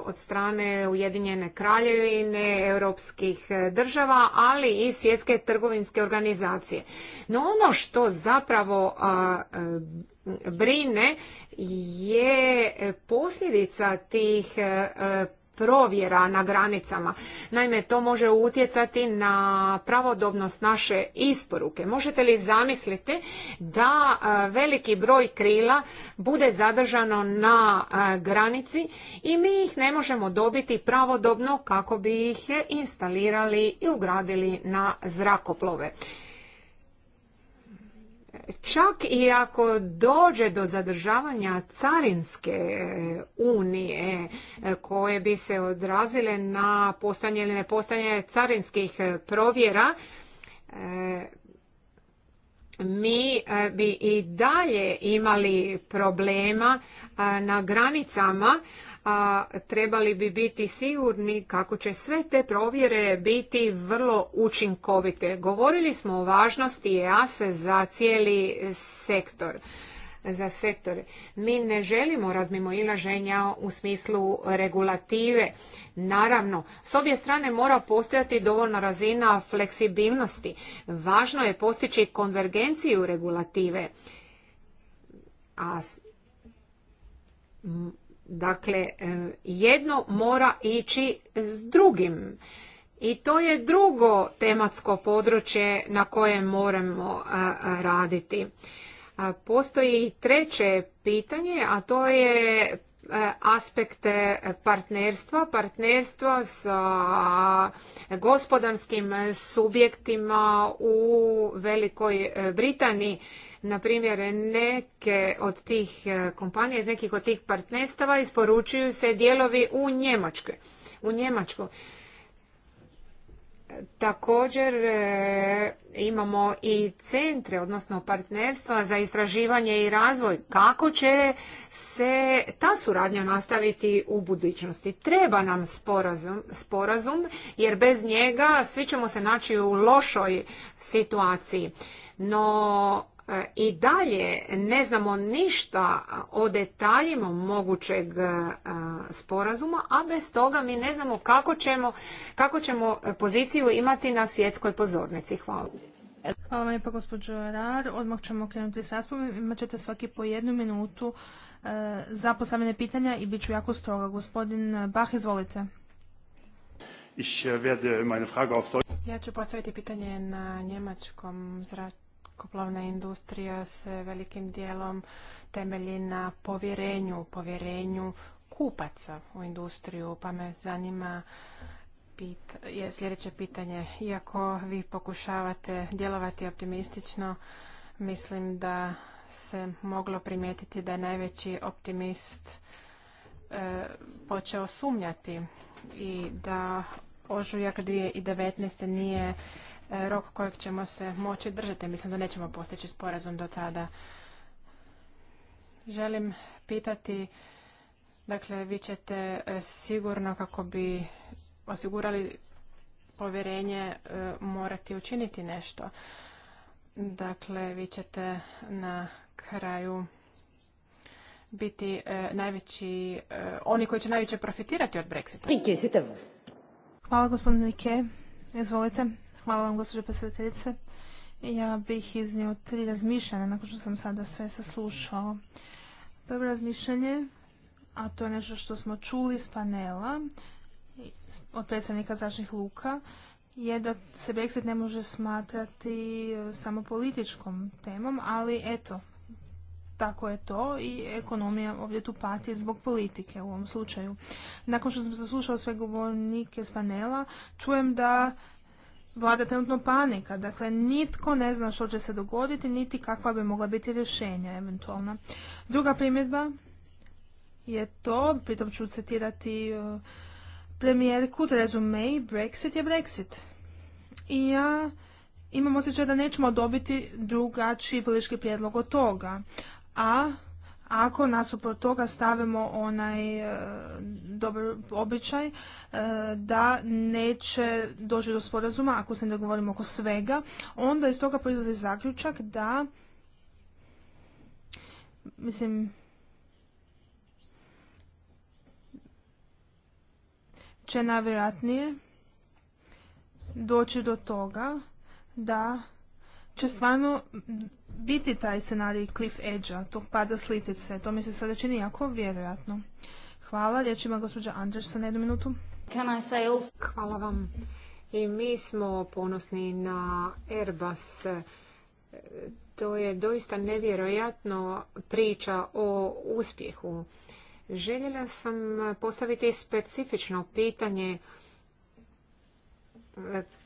Speaker 2: od strane Ujedinjene kraljevine, europskih država, ali i svjetske trgovinske organizacije. No ono što zapravo brine je posljedica tih e, provjera na granicama. Naime, to može utjecati na pravodobnost naše isporuke. Možete li zamisliti da e, veliki broj krila bude zadržano na e, granici i mi ih ne možemo dobiti pravodobno kako bi ih instalirali i ugradili na zrakoplove. Čak i ako dođe do zadržavanja carinske e, unije e, koje bi se odrazile na postanje ili carinskih e, provjera, mi e, bi i dalje imali problema e, na granicama, e, trebali bi biti sigurni kako će sve te provjere biti vrlo učinkovite. Govorili smo o važnosti EASE za cijeli sektor za sektor. Mi ne želimo razmimoilaženja u smislu regulative. Naravno, s obje strane mora postojati dovoljna razina fleksibilnosti. Važno je postići konvergenciju regulative. A Dakle, e, jedno mora ići s drugim. I to je drugo tematsko područje na kojem moramo raditi. Postoji treće pitanje, a to je e, aspekte partnerstva, partnerstva sa gospodarskim subjektima u Velikoj e, Britaniji. Na primjer, neke od tih e, kompanija, iz nekih od tih partnerstava isporučuju se dijelovi u Njemačkoj. U Njemačkoj. Također e, imamo i centre, odnosno partnerstva za istraživanje i razvoj. Kako će se ta suradnja nastaviti u budućnosti? Treba nam sporazum, sporazum jer bez njega svi ćemo se naći u lošoj situaciji. No E, i dalje ne znamo ništa o detaljima mogućeg e, sporazuma, a bez toga mi ne znamo kako ćemo, kako ćemo poziciju imati na svjetskoj pozornici. Hvala.
Speaker 1: Hvala vam lijepa gospođo Rar. Odmah ćemo krenuti s raspravom. Imat ćete svaki po jednu minutu e, za postavljene pitanja i bit ću jako stroga. Gospodin Bach, izvolite. Äh, ja ću postaviti pitanje na
Speaker 3: njemačkom zraču zrakoplovna industrija se velikim dijelom temelji na povjerenju, povjerenju kupaca u industriju, pa me zanima je sljedeće pitanje. Iako vi pokušavate djelovati optimistično, mislim da se moglo primijetiti da je najveći optimist e, počeo sumnjati i da ožujak 2019. nije E, rok kojeg ćemo se moći držati. Mislim da nećemo postići sporazum do tada. Želim pitati, dakle, vi ćete e, sigurno kako bi osigurali povjerenje e, morati učiniti nešto. Dakle, vi ćete na kraju biti najveći, oni koji će najveće profitirati od Brexita.
Speaker 1: Hvala gospodine Nike. Izvolite. Hvala vam, gospođo predsjedateljice. Ja bih iznio tri razmišljanja nakon što sam sada sve saslušao. Prvo razmišljanje, a to je nešto što smo čuli s panela od predstavnika zračnih luka, je da se Brexit ne može smatrati e, samo političkom temom, ali eto, tako je to i ekonomija ovdje tu pati zbog politike u ovom slučaju. Nakon što sam saslušao sve govornike s panela, čujem da vlada trenutno panika. Dakle, nitko ne zna što će se dogoditi, niti kakva bi mogla biti rješenja eventualna. Druga primjedba je to, pritom ću citirati e, premijerku Theresa May, Brexit je Brexit. I ja imam osjećaj da nećemo dobiti drugačiji politički prijedlog od toga. A ako nasuprot toga stavimo onaj e, dobar običaj e, da neće doći do sporazuma ako se ne dogovorimo oko svega, onda iz toga proizlazi zaključak da mislim će najvjerojatnije doći do toga da će stvarno biti taj scenarij cliff edge-a, tog pada slitice? To mi se sada čini jako vjerojatno. Hvala, riječ ima gospođa Anderson, jednu minutu. Hvala vam. I mi smo
Speaker 2: ponosni na Airbus. To je doista nevjerojatno priča o uspjehu. Željela sam postaviti specifično pitanje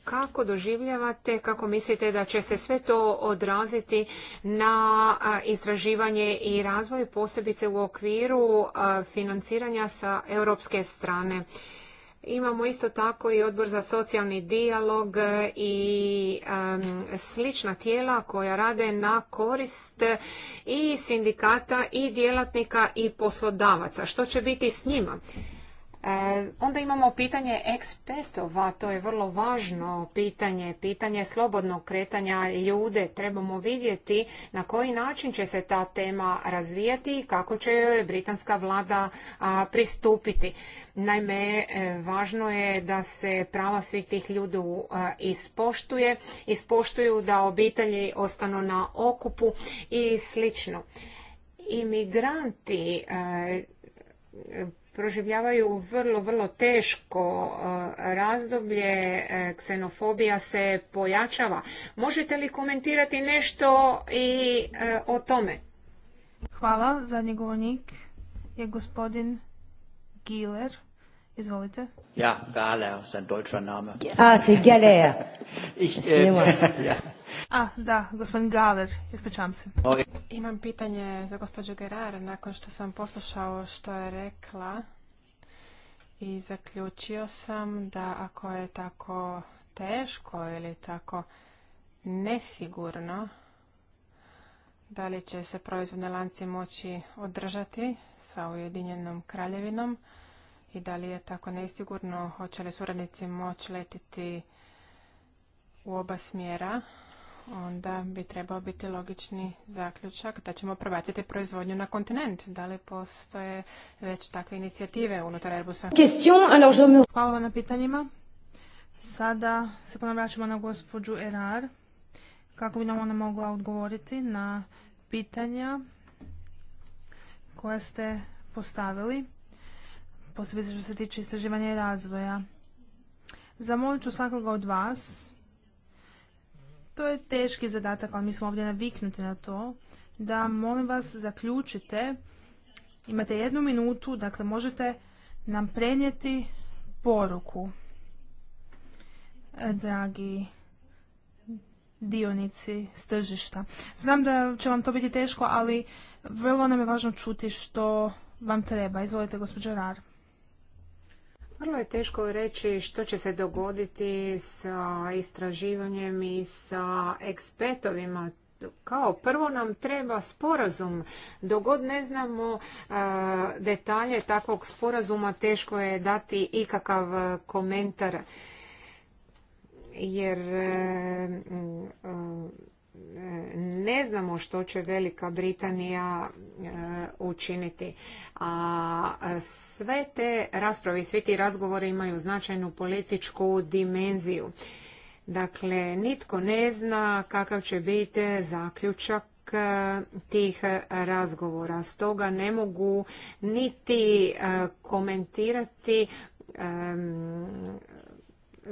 Speaker 2: kako doživljavate, kako mislite da će se sve to odraziti na istraživanje i razvoj, posebice u okviru financiranja sa europske strane? Imamo isto tako i odbor za socijalni dijalog i slična tijela koja rade na korist i sindikata i djelatnika i poslodavaca. Što će biti s njima? E, onda imamo pitanje ekspetova, to je vrlo važno pitanje, pitanje slobodnog kretanja ljude. Trebamo vidjeti na koji način će se ta tema razvijati i kako će joj britanska vlada pristupiti. Naime, e, važno je da se prava svih tih ljudi ispoštuje, ispoštuju da obitelji ostanu na okupu i slično. Imigranti e, proživljavaju vrlo, vrlo teško e, razdoblje, e, ksenofobija se pojačava. Možete
Speaker 1: li komentirati nešto i e, o tome? Hvala. Zadnji govornik je gospodin Giler. Izvolite. Ja, Galer, sam deutscher nama. A, ah, si äh, A, da, gospodin Galer, ispričavam se. Imam pitanje za gospođu Gerar
Speaker 3: nakon što sam poslušao što je rekla i zaključio sam da ako je tako teško ili tako nesigurno, da li će se proizvodne lanci moći održati sa Ujedinjenom kraljevinom, i da li je tako nesigurno, hoće li suradnici moći letiti u oba smjera, onda bi trebao biti logični zaključak da ćemo prebaciti proizvodnju na kontinent. Da li postoje već takve inicijative unutar Airbusa?
Speaker 1: Hvala vam na pitanjima. Sada se ponovraćamo na gospođu Erar kako bi nam ona mogla odgovoriti na pitanja koje ste postavili posebice što se tiče istraživanja i razvoja. Zamolit ću svakoga od vas, to je teški zadatak, ali mi smo ovdje naviknuti na to, da molim vas zaključite, imate jednu minutu, dakle možete nam prenijeti poruku, e, dragi dionici s tržišta. Znam da će vam to biti teško, ali vrlo nam je važno čuti što vam treba. Izvolite, gospođo Rar. Vrlo je teško
Speaker 2: reći što će se dogoditi sa istraživanjem i sa ekspetovima. kao prvo nam treba sporazum. Dogod ne znamo e, detalje takvog sporazuma, teško je dati ikakav komentar jer e, e, ne znamo što će Velika Britanija e, učiniti. A e, sve te rasprave i svi ti razgovori imaju značajnu političku dimenziju. Dakle, nitko ne zna kakav će biti zaključak e, tih razgovora. Stoga ne mogu niti komentirati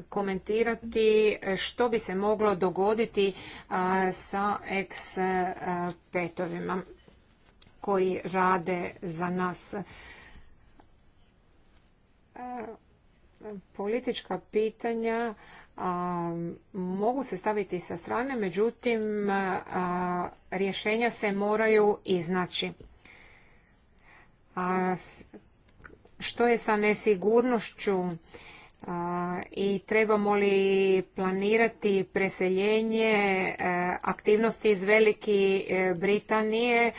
Speaker 2: komentirati što bi se moglo dogoditi sa ex petovima koji rade za nas. Politička pitanja mogu se staviti sa strane, međutim rješenja se moraju iznaći. A, što je sa nesigurnošću i trebamo li planirati preseljenje e, aktivnosti iz Velike e, Britanije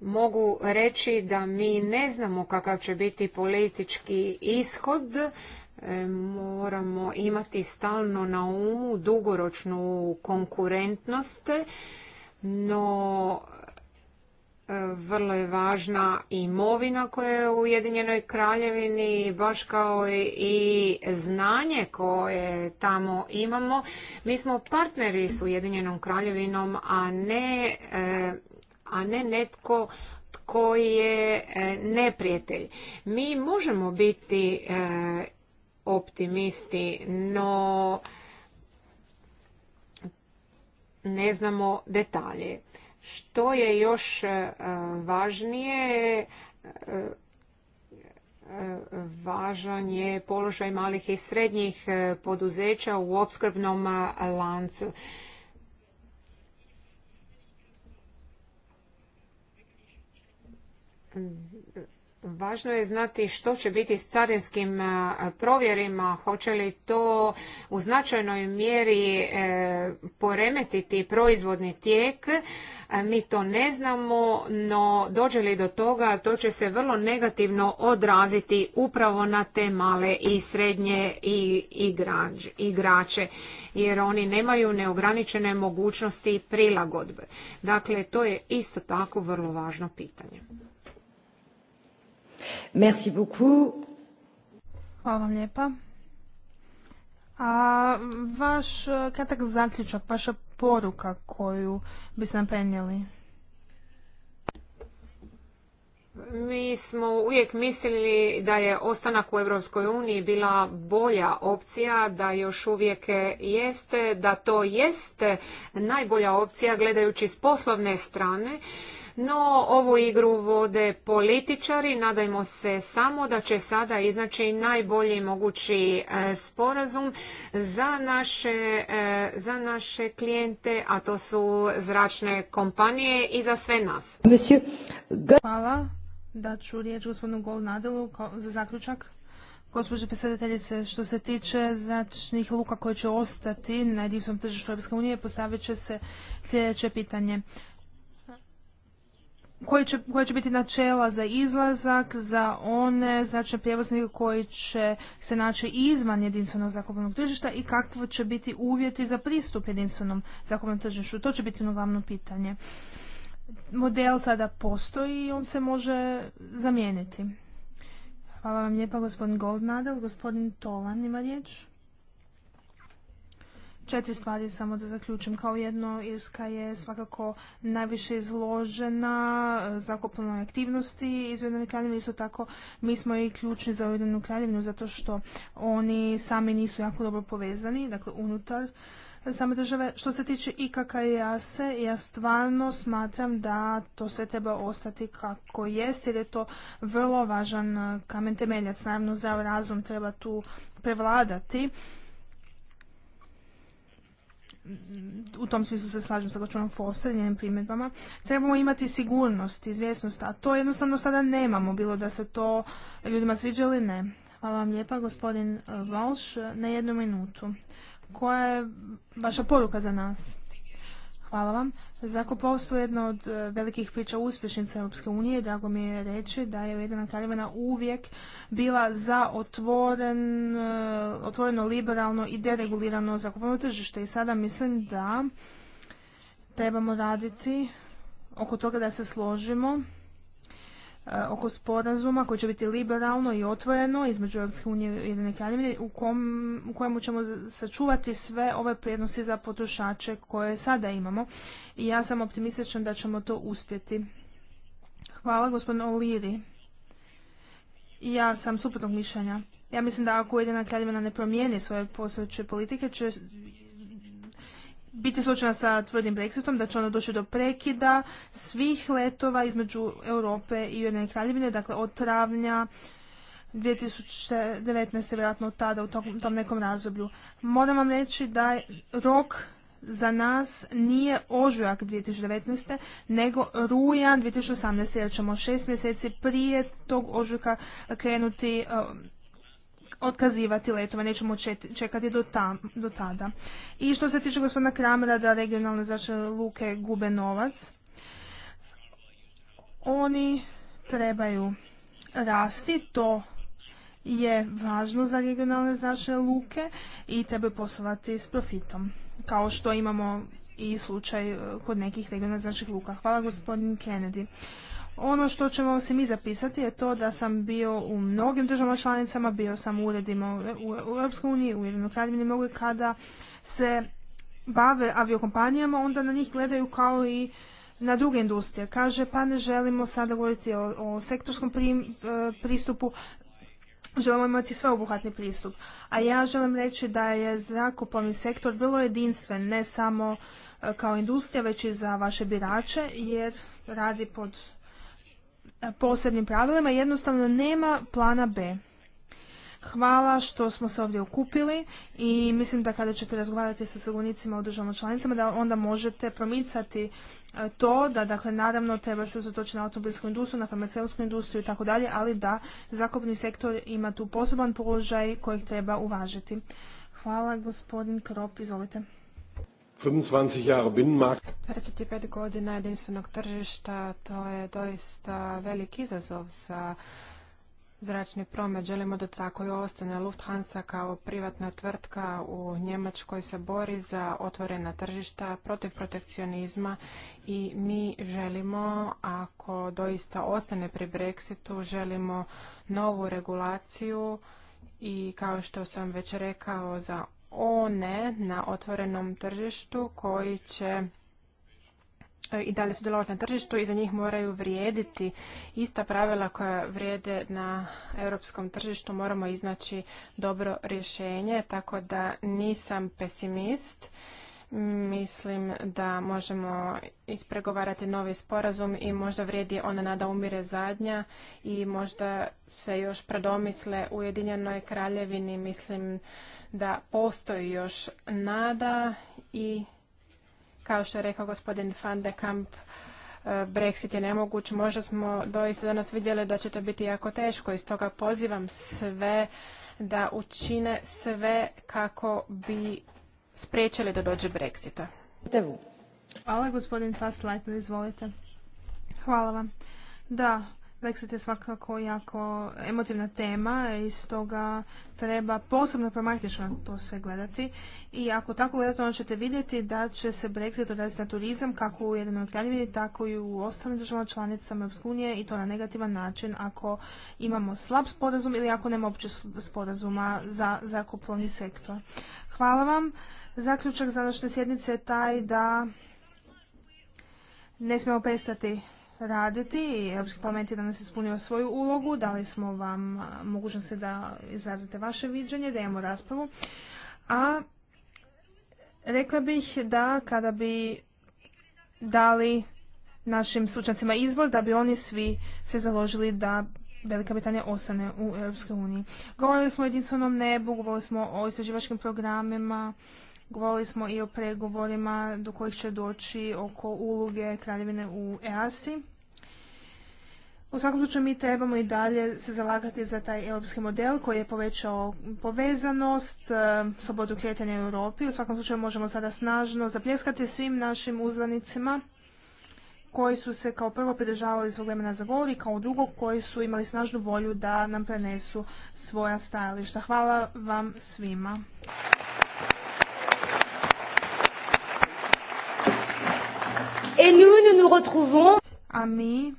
Speaker 2: mogu reći da mi ne znamo kakav će biti politički ishod e, moramo imati stalno na umu dugoročnu konkurentnost no E, vrlo je važna imovina koja je u Ujedinjenoj kraljevini, baš kao i znanje koje tamo imamo. Mi smo partneri s Ujedinjenom kraljevinom, a ne, e, a ne netko tko je e, neprijatelj. Mi možemo biti optimisti, no ne znamo detalje. Što je još e, važnije, e, e, važan je položaj malih i srednjih poduzeća u opskrbnom lancu. Važno je znati što će biti s carinskim e, provjerima, hoće li to u značajnoj mjeri e, poremetiti proizvodni tijek. E, mi to ne znamo, no dođe li do toga, to će se vrlo negativno odraziti upravo na te male i srednje igrače, jer oni nemaju neograničene mogućnosti prilagodbe. Dakle, to je isto tako vrlo važno pitanje.
Speaker 1: Merci beaucoup. Hvala vam lijepa. A vaš kratak zaključak, vaša poruka koju bi nam prenijeli?
Speaker 2: Mi smo uvijek mislili da je ostanak u Europskoj uniji bila bolja opcija, da još uvijek jeste, da to jeste najbolja opcija gledajući s poslovne strane. No, ovu igru vode političari. Nadajmo se samo da će sada iznaći najbolji mogući e, sporazum za naše, e, za naše klijente, a to su zračne kompanije i za sve nas.
Speaker 1: Hvala. Da ću riječ gospodinu Golnadelu za zaključak. Gospođo predsjedateljice, što se tiče zračnih luka koje će ostati na jedinstvenom tržištu eu unije, postavit će se sljedeće pitanje koji će, koja će biti načela za izlazak za one znači prijevoznike koji će se naći izvan jedinstvenog zakupnog tržišta i kakvo će biti uvjeti za pristup jedinstvenom zakupnom tržištu. To će biti jedno glavno pitanje. Model sada postoji i on se može zamijeniti. Hvala vam lijepa gospodin Goldnadel. Gospodin Tolan ima riječ. Četiri stvari samo da zaključim. Kao jedno, Irska je svakako najviše izložena eh, zakopljenoj aktivnosti iz Ujedinjene kraljevine. Isto tako, mi smo i ključni za Ujedinjenu kraljevinu zato što oni sami nisu jako dobro povezani, dakle unutar same države. Što se tiče IKK i JASE, e ja stvarno smatram da to sve treba ostati kako jest, jer je to vrlo važan eh, kamen temeljac. Naravno, zdrav razum treba tu prevladati Mm, u tom smislu se slažem sa gospođom Foster primjedbama, trebamo imati sigurnost, izvjesnost, a to jednostavno sada nemamo, bilo da se to ljudima sviđa ili ne. Hvala vam lijepa, gospodin Valš, na jednu minutu. Koja je vaša poruka za nas? Hvala vam. je jedna od e, velikih priča uspješnica Europske unije. Drago mi je reći da je Ujedina kraljevina uvijek bila za e, otvoreno, liberalno i deregulirano zakupno tržište. I sada mislim da trebamo raditi oko toga da se složimo Eh, oko sporazuma koji će biti liberalno i otvoreno između Europske unije i Ujedinjene kraljevine u, kom, u kojemu ćemo sačuvati sve ove prijednosti za potrošače koje sada imamo i ja sam optimističan da ćemo to uspjeti. Hvala gospodinu Oliri. Ja sam suprotnog mišljenja. Ja mislim da ako Ujedina kraljevina ne promijeni svoje postojeće politike, će biti suočena sa tvrdim Brexitom, da će ono doći do prekida svih letova između Europe i Ujedinjene kraljevine, dakle od travnja 2019. vjerojatno od tada u tom, nekom razdoblju. Moram vam reći da je rok za nas nije ožujak 2019. nego rujan 2018. jer ćemo šest mjeseci prije tog ožujka krenuti otkazivati letova. nećemo čekati do, do tada. I što se tiče gospodina Kramera da regionalne zračne luke gube novac, oni trebaju rasti, to je važno za regionalne zračne luke i trebaju poslovati s profitom, kao što imamo i slučaj eh, kod nekih regionalnih zračnih luka. Hvala gospodin Kennedy. Ono što ćemo se mi zapisati je to da sam bio u mnogim državama članicama, bio sam u uredima u Europskoj uniji, u Ujedinjenoj kraljevini mogli kada se bave aviokompanijama, onda na njih gledaju kao i na druge industrije. Kaže, pa ne želimo sada govoriti o, sektorskom e, pristupu, želimo imati sveobuhvatni pristup. A ja želim reći da je zrakoplovni sektor vrlo jedinstven, ne samo e, kao industrija, već i za vaše birače, jer radi pod posebnim pravilima jednostavno nema plana B. Hvala što smo se ovdje okupili i mislim da kada ćete razgovarati sa sagunicima u državama članicama da onda možete promicati e, to da dakle naravno treba se zatočiti na automobilsku industriju, na farmaceutsku industriju i tako dalje, ali da zakupni sektor ima tu poseban položaj kojeg treba uvažiti. Hvala gospodin Krop, izvolite. 25
Speaker 3: godina jedinstvenog tržišta, to je doista velik izazov za zračni promet. Želimo da tako i ostane. Lufthansa kao privatna tvrtka u Njemačkoj se bori za otvorena tržišta protiv protekcionizma i mi želimo, ako doista ostane pri Brexitu, želimo novu regulaciju i kao što sam već rekao za one na otvorenom tržištu koji će e, i dalje sudjelovati na tržištu i za njih moraju vrijediti ista pravila koja vrijede na europskom tržištu. Moramo iznaći dobro rješenje, tako da nisam pesimist. Mislim da možemo ispregovarati novi sporazum i možda vrijedi ona nada umire zadnja i možda se još predomisle Ujedinjenoj kraljevini. Mislim da postoji još nada i kao što je rekao gospodin Van de Kamp, e, Brexit je nemoguć. Možda smo doista danas vidjeli da će to biti jako teško i stoga pozivam sve da učine sve kako bi spriječili da dođe Brexita.
Speaker 1: Hvala gospodin izvolite. Hvala vam. Da, Brexit je svakako jako emotivna tema i stoga treba posebno pragmatično to sve gledati. I ako tako gledate, onda ćete vidjeti da će se Brexit odraziti na turizam kako u jednom kraljevini, tako i u ostalim državama članicama EU i to na negativan način ako imamo slab sporazum ili ako nema općeg sporazuma za zrakoplovni sektor. Hvala vam. Zaključak za današnje sjednice je taj da ne smijemo prestati raditi Europski parlament je danas ispunio svoju ulogu, dali smo vam mogućnosti da izrazite vaše viđenje, da imamo raspravu. A rekla bih da kada bi dali našim stručnjacima izbor, da bi oni svi se založili da Velika Britanija ostane u Europskoj uniji. Govorili smo o jedinstvenom nebu, govorili smo o istraživačkim programima, Govorili smo i o pregovorima do kojih će doći oko uloge kraljevine u EASI. U svakom slučaju mi trebamo i dalje se zalagati za taj europski model koji je povećao povezanost, e, slobodu kretanja u Europi. U svakom slučaju možemo sada snažno zapljeskati svim našim uzvanicima koji su se kao prvo pridržavali svog vremena za govor i kao drugo koji su imali snažnu volju da nam prenesu svoja stajališta. Hvala vam svima. Et nous, nous nous retrouvons... A Mi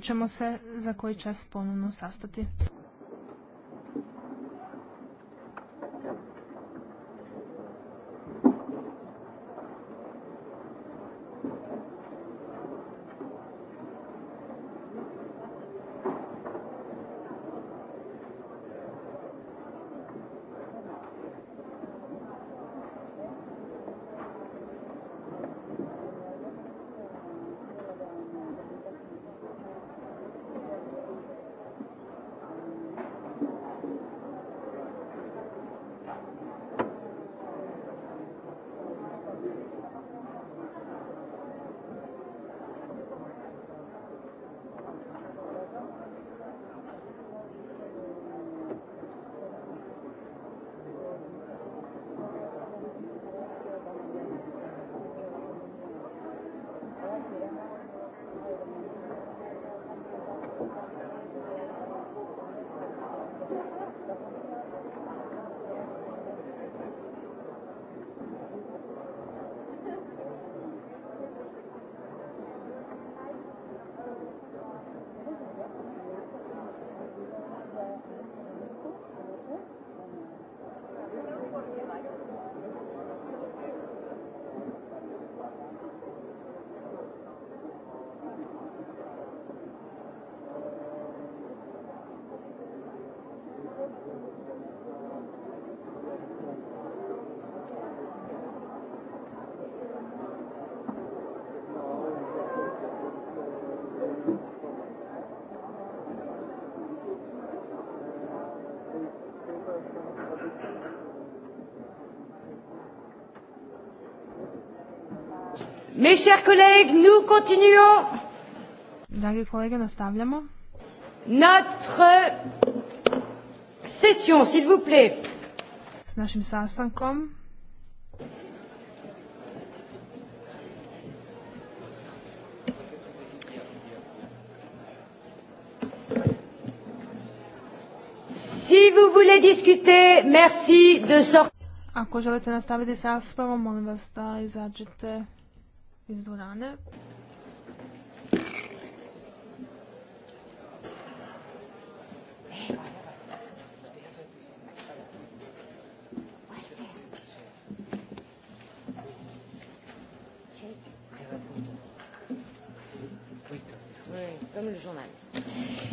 Speaker 1: ćemo se za koji čas ponovno sastati. Mes chers collègues, nous continuons. Dragi kolege, nastavljamo. Notre session, s'il vous plaît. S našim sastankom. Si vous voulez discuter, merci de sortir. Ako želite nastaviti s raspravom, molim vas da izađete iz dvorane.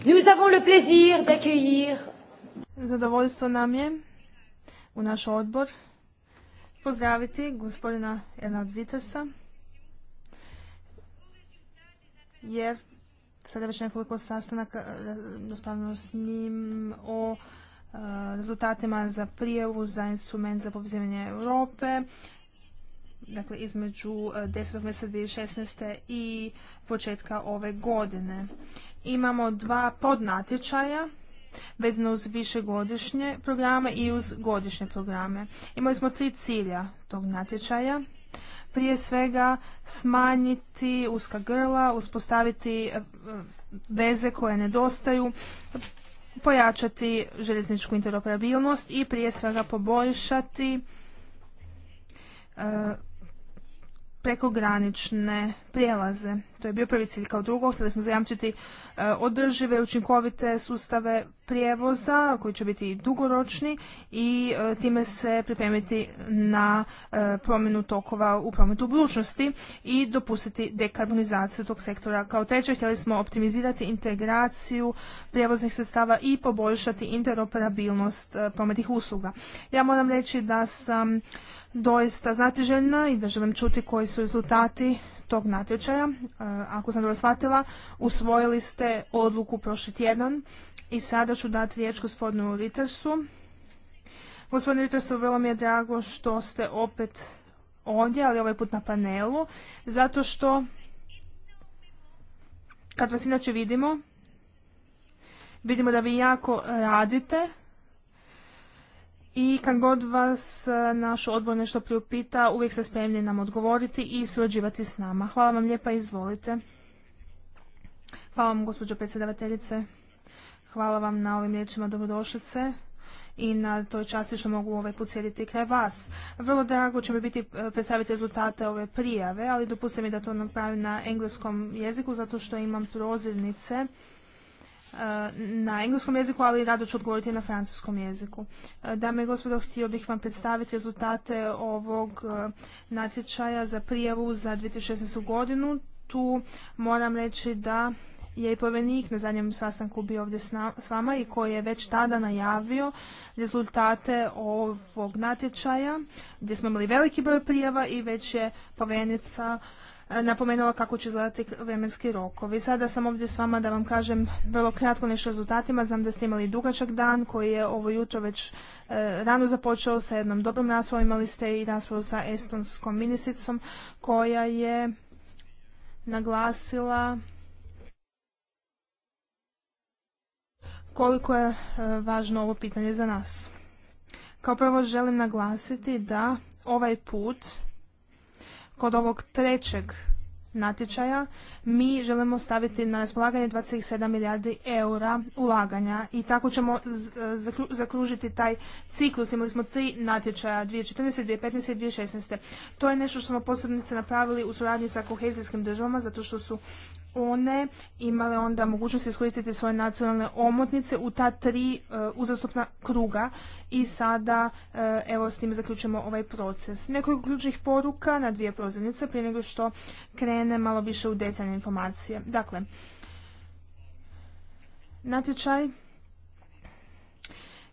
Speaker 1: Nous avons le plaisir d'accueillir. Zadovoljstvo nam je u naš odbor pozdraviti gospodina Elad Vitasa, jer sada već nekoliko sastanaka eh, raspravljamo s njim o eh, rezultatima za prijevu za instrument za povezivanje Europe dakle između 10. Eh, mjeseca 2016. i početka ove godine. Imamo dva podnatječaja vezano uz višegodišnje programe i uz godišnje programe. Imali smo tri cilja tog natječaja prije svega smanjiti uska grla, uspostaviti e, veze koje nedostaju, pojačati željezničku interoperabilnost i prije svega poboljšati e, prekogranične prijelaze. To je bio prvi cilj. Kao drugo, htjeli smo zajamčiti e, održive, učinkovite sustave prijevoza koji će biti dugoročni i e, time se pripremiti na e, promjenu tokova u prometu u budućnosti i dopustiti dekarbonizaciju tog sektora. Kao treće, htjeli smo optimizirati integraciju prijevoznih sredstava i poboljšati interoperabilnost prometnih usluga. Ja moram reći da sam doista znatiželjna i da želim čuti koji su rezultati tog natječaja. E, ako sam dobro shvatila, usvojili ste odluku prošli tjedan i sada ću dati riječ gospodinu Ritersu. Gospodinu Ritersu, vrlo mi je drago što ste opet ovdje, ali ovaj put na panelu, zato što kad vas inače vidimo, vidimo da vi jako radite i kad god vas e, naš odbor nešto priupita, uvijek se spremni nam odgovoriti i surađivati s nama. Hvala vam lijepa, izvolite. Hvala vam, gospođo predsjedavateljice. Hvala vam na ovim riječima dobrodošlice i na toj časti što mogu ovaj put sjediti kraj vas. Vrlo drago će mi biti e, predstaviti rezultate ove prijave, ali dopustite mi da to napravim na engleskom jeziku zato što imam prozirnice na engleskom jeziku, ali rado ću odgovoriti na francuskom jeziku. E, dame i gospodo, htio bih vam predstaviti rezultate ovog e, natječaja za prijavu za 2016. godinu. Tu moram reći da je i povjerenik na zadnjem sastanku bio ovdje s vama i koji je već tada najavio rezultate ovog natječaja gdje smo imali veliki broj prijava i već je povenica napomenula kako će izgledati vremenski rokovi. Sada sam ovdje s vama da vam kažem vrlo kratko nešto rezultatima. Znam da ste imali dugačak dan koji je ovo jutro već e, rano započeo sa jednom dobrom raspravom. Imali ste i raspravu sa estonskom ministricom koja je naglasila koliko je e, važno ovo pitanje za nas. Kao prvo želim naglasiti da ovaj put Kod ovog trećeg natječaja mi želimo staviti na raspolaganje 27 milijardi eura ulaganja i tako ćemo zakružiti taj ciklus. Imali smo tri natječaja 2014, 2015 i 2016. To je nešto što smo posebnice napravili u suradnji sa kohezijskim državama zato što su one imale onda mogućnost iskoristiti svoje nacionalne omotnice u ta tri e, uzastopna kruga i sada e, evo s tim zaključujemo ovaj proces. Nekoliko ključnih poruka na dvije prozirnice prije nego što krene malo više u detaljne informacije. Dakle, natječaj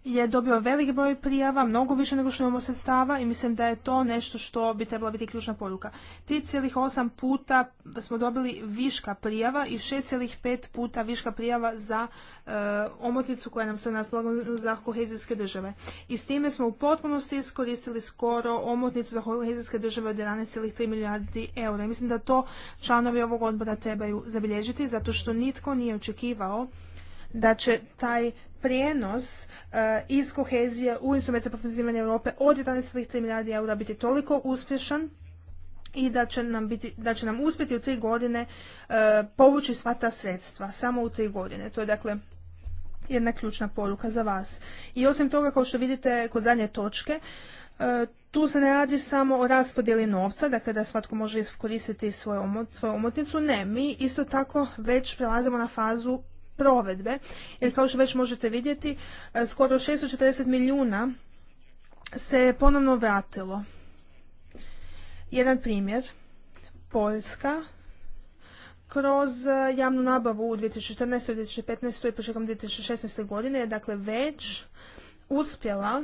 Speaker 1: je dobio velik broj prijava, mnogo više nego što imamo sredstava i mislim da je to nešto što bi trebala biti ključna poruka. 3,8 puta smo dobili viška prijava i 6,5 puta viška prijava za eh, omotnicu koja nam stoji na raspolaganju za kohezijske države. I s time smo u potpunosti iskoristili skoro omotnicu za kohezijske države od 11,3 milijardi eura. I mislim da to članovi ovog odbora trebaju zabilježiti zato što nitko nije očekivao da će taj prijenos e, iz kohezije u instrument za povezivanje Europe od 11,3 milijardi eura biti toliko uspješan i da će nam, biti, da će nam uspjeti u tri godine e, povući sva ta sredstva, samo u tri godine. To je dakle jedna ključna poruka za vas. I osim toga, kao što vidite kod zadnje točke, e, tu se ne radi samo o raspodjeli novca, dakle da svatko može iskoristiti svoju omotnicu. Ne, mi isto tako već prelazimo na fazu provedbe. Jer kao što već možete vidjeti, e, skoro 640 milijuna se ponovno vratilo. Jedan primjer, Poljska kroz e, javnu nabavu u 2014. 2015. i početkom 2016. godine je dakle već uspjela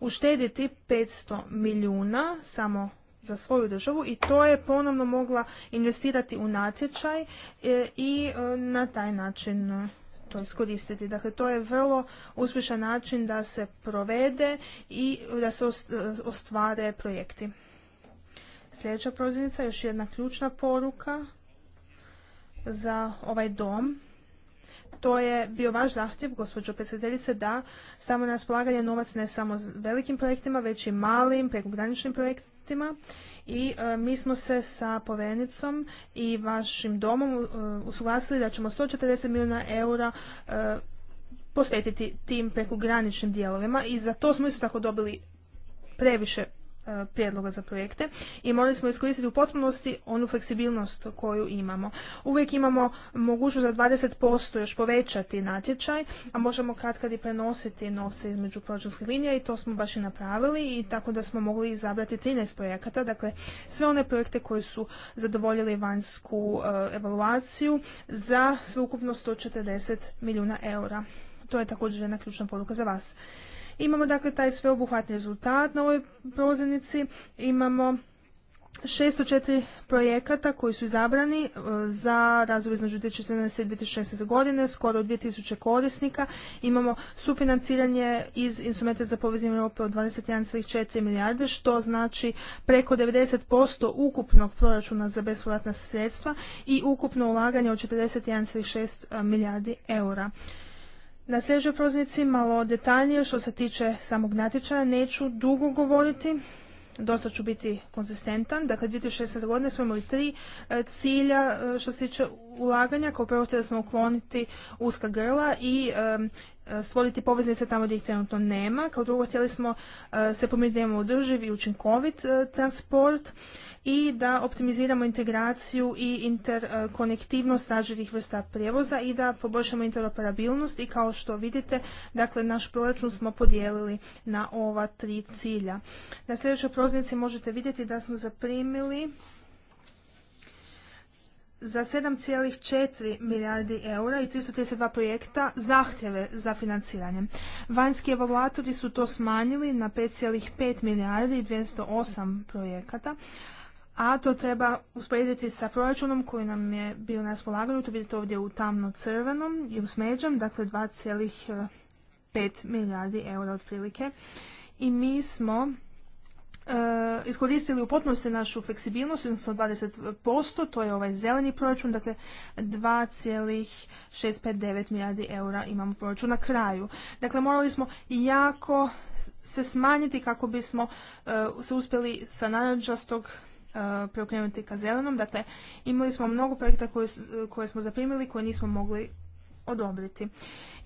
Speaker 1: uštediti 500 milijuna samo za svoju državu i to je ponovno mogla investirati u natječaj e, i e, na taj način e, to iskoristiti. Dakle, to je vrlo uspješan način da se provede i da se ostvare projekti. Sljedeća prozirnica, još jedna ključna poruka za ovaj dom. To je bio vaš zahtjev, gospođo predsjedeljice da samo na raspolaganje novac ne samo velikim projektima, već i malim, prekograničnim projektima i e, mi smo se sa povenicom i vašim domom e, usuglasili da ćemo 140 milijuna eura e, posvetiti tim prekograničnim dijelovima i za to smo isto tako dobili previše E, prijedloga za projekte i morali smo iskoristiti u potpunosti onu fleksibilnost koju imamo. Uvijek imamo mogućnost za 20% još povećati natječaj, a možemo kad i prenositi novce između proračunskih linija i to smo baš i napravili i tako da smo mogli izabrati 13 projekata, dakle sve one projekte koji su zadovoljili vanjsku e, evaluaciju za sveukupno 140 milijuna eura. To je također jedna ključna poruka za vas. Imamo dakle taj sveobuhvatni rezultat na ovoj prozirnici, imamo 604 projekata koji su izabrani e, za razvoj između 2014. i 2016. godine, skoro 2000 korisnika. Imamo sufinanciranje iz instrumenta za povezivanje Europe od 21,4 milijarde, što znači preko 90% ukupnog proračuna za bespovratna sredstva i ukupno ulaganje od 41,6 milijardi eura na sljedećoj proznici malo detaljnije što se tiče samog natječaja. Neću dugo govoriti, dosta ću biti konzistentan. Dakle, 2016. godine smo imali tri e, cilja e, što se tiče ulaganja. Kao prvo htjeli smo ukloniti uska grla i e, stvoriti poveznice tamo gdje ih trenutno nema. Kao drugo, htjeli smo e, se pomiriti da imamo održiv i učinkovit e, transport i da optimiziramo integraciju i interkonektivnost različitih vrsta prijevoza i da poboljšamo interoperabilnost i kao što vidite, dakle, naš proračun smo podijelili na ova tri cilja. Na sljedećoj proznici možete vidjeti da smo zaprimili za 7,4 milijardi eura i 332 projekta zahtjeve za financiranje. Vanjski evaluatori su to smanjili na 5,5 milijardi i 208 projekata, a to treba usporediti sa proračunom koji nam je bio na raspolaganju, to vidite ovdje u tamno crvenom i u smeđom. dakle 2,5 milijardi eura otprilike. I mi smo E, iskoristili u potpunosti našu fleksibilnost, odnosno 20%, to je ovaj zeleni proračun, dakle 2,659 milijardi eura imamo proračun na kraju. Dakle, morali smo jako se smanjiti kako bismo e, se uspjeli sa naranđastog e, preokrenuti ka zelenom. Dakle, imali smo mnogo projekta koje smo zaprimili koje nismo mogli odobriti.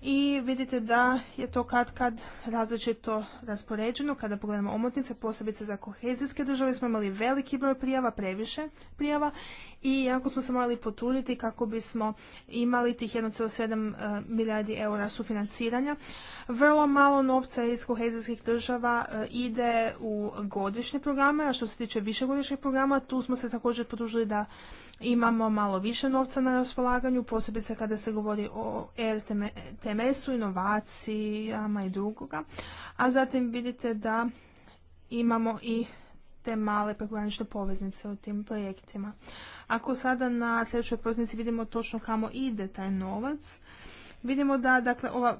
Speaker 1: I vidite da je to kad kad različito raspoređeno. Kada pogledamo omotnice, posebice za kohezijske države, smo imali veliki broj prijava, previše prijava i jako smo se morali potruditi kako bismo imali tih 1,7 eh, milijardi eura sufinanciranja. Vrlo malo novca iz kohezijskih država eh, ide u godišnje programe, a što se tiče višegodišnjih programa, tu smo se također potužili da imamo malo više novca na raspolaganju, posebice kada se govori o RTMS-u, inovacijama i drugoga. A zatim vidite da imamo i te male prekogranične poveznice u tim projektima. Ako sada na sljedećoj proznici vidimo točno kamo ide taj novac, vidimo da dakle, ova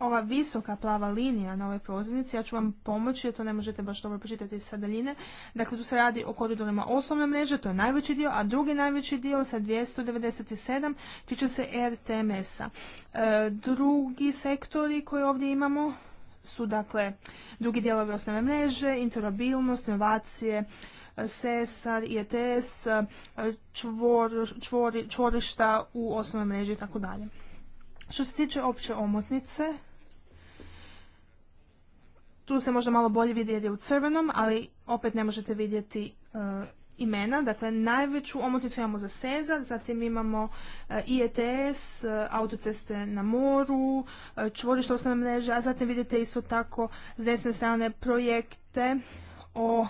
Speaker 1: ova visoka plava linija na ovoj prozirnici, ja ću vam pomoći jer to ne možete baš dobro pročitati sa daljine. Dakle, tu se radi o koridorima osnovne mreže, to je najveći dio, a drugi najveći dio sa 297 tiče se RTMS-a. E, drugi sektori koje ovdje imamo su dakle drugi dijelovi osnovne mreže, interobilnost, inovacije, SESAR, IETS, čvorišta u osnovnoj mreži i tako dalje. Što se tiče opće omotnice, tu se možda malo bolje vidi jer je u crvenom, ali opet ne možete vidjeti eh, imena. Dakle, najveću omotnicu imamo za Seza, zatim imamo eh, IETS, eh, autoceste na moru, čvorište osnovne mreže, a zatim vidite isto tako s desne strane projekte o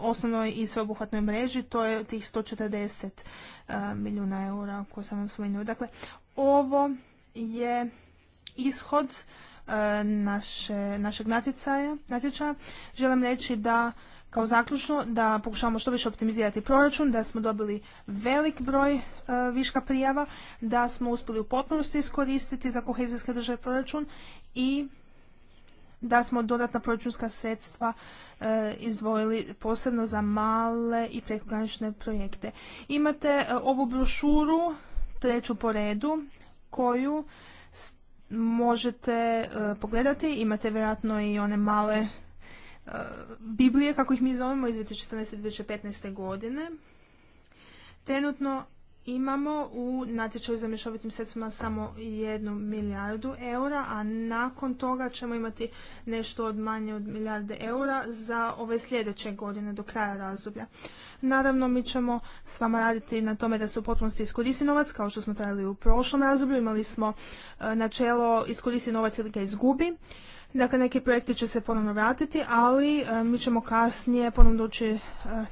Speaker 1: osnovnoj i sveobuhvatnoj mreži, to je tih 140 milijuna eura koje sam vam spomenula. Dakle, ovo je ishod naše, našeg natjecaja, natječaja, želim reći da kao zaključno da pokušavamo što više optimizirati proračun, da smo dobili velik broj e, viška prijava, da smo uspjeli u potpunosti iskoristiti za kohezijske države proračun i da smo dodatna proračunska sredstva e, izdvojili posebno za male i prekogranične projekte. Imate e, ovu brošuru, treću po redu, koju možete e, pogledati. Imate vjerojatno i one male e, Biblije, kako ih mi zovemo, iz 2014. 2015. godine. Trenutno imamo u natječaju za mješovitim sredstvima samo jednu milijardu eura, a nakon toga ćemo imati nešto od manje od milijarde eura za ove sljedeće godine do kraja razdoblja. Naravno, mi ćemo s vama raditi na tome da se u potpunosti iskoristi novac, kao što smo trajali u prošlom razdoblju. Imali smo e, načelo iskoristi novac ili ga izgubi. Dakle, neki projekti će se ponovno vratiti, ali e, mi ćemo kasnije ponovno doći e,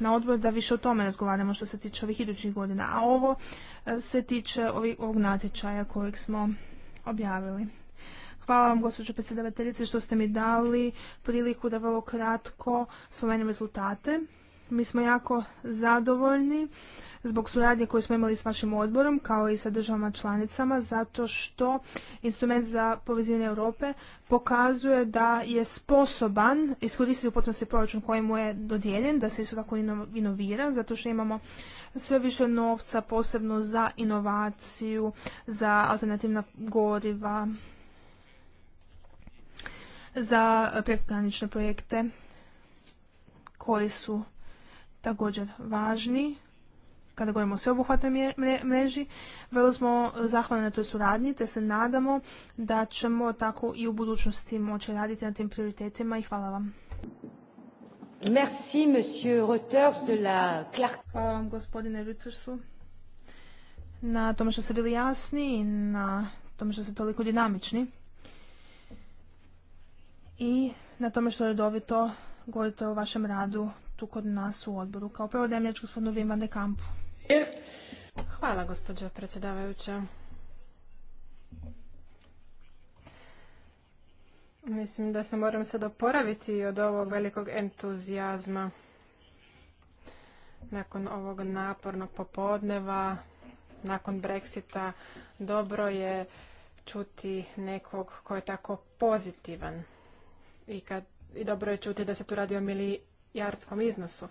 Speaker 1: na odbor da više o tome razgovaramo što se tiče ovih idućih godina. A ovo e, se tiče ovog natječaja kojeg smo objavili. Hvala vam, gospođo predsjedavateljice, što ste mi dali priliku da vrlo kratko spomenem rezultate. Mi smo jako zadovoljni zbog suradnje koju smo imali s vašim odborom kao i sa državama članicama zato što instrument za povezivanje Europe pokazuje da je sposoban iskoristiti u potpunosti proračun koji mu je dodijeljen, da se isto tako inovira zato što imamo sve više novca posebno za inovaciju, za alternativna goriva, za prekogranične projekte koji su također važni kada govorimo o sveobuhvatnoj mreži, vrlo smo zahvalni na toj suradnji, te se nadamo da ćemo tako i u budućnosti moći raditi na tim prioritetima i hvala vam. Merci, monsieur Reuters de la Hvala vam, gospodine Reutersu, na tome što ste bili jasni i na tome što ste toliko dinamični i na tome što redovito govorite o vašem radu tu kod nas u odboru. Kao prvo dajem gospodinu Vim van de Kampu.
Speaker 3: Hvala, gospođo predsjedavajuća. Mislim da se moram sad oporaviti od ovog velikog entuzijazma nakon ovog napornog popodneva, nakon Brexita. Dobro je čuti nekog ko je tako pozitivan i, kad, i dobro je čuti da se tu radi o milijardskom iznosu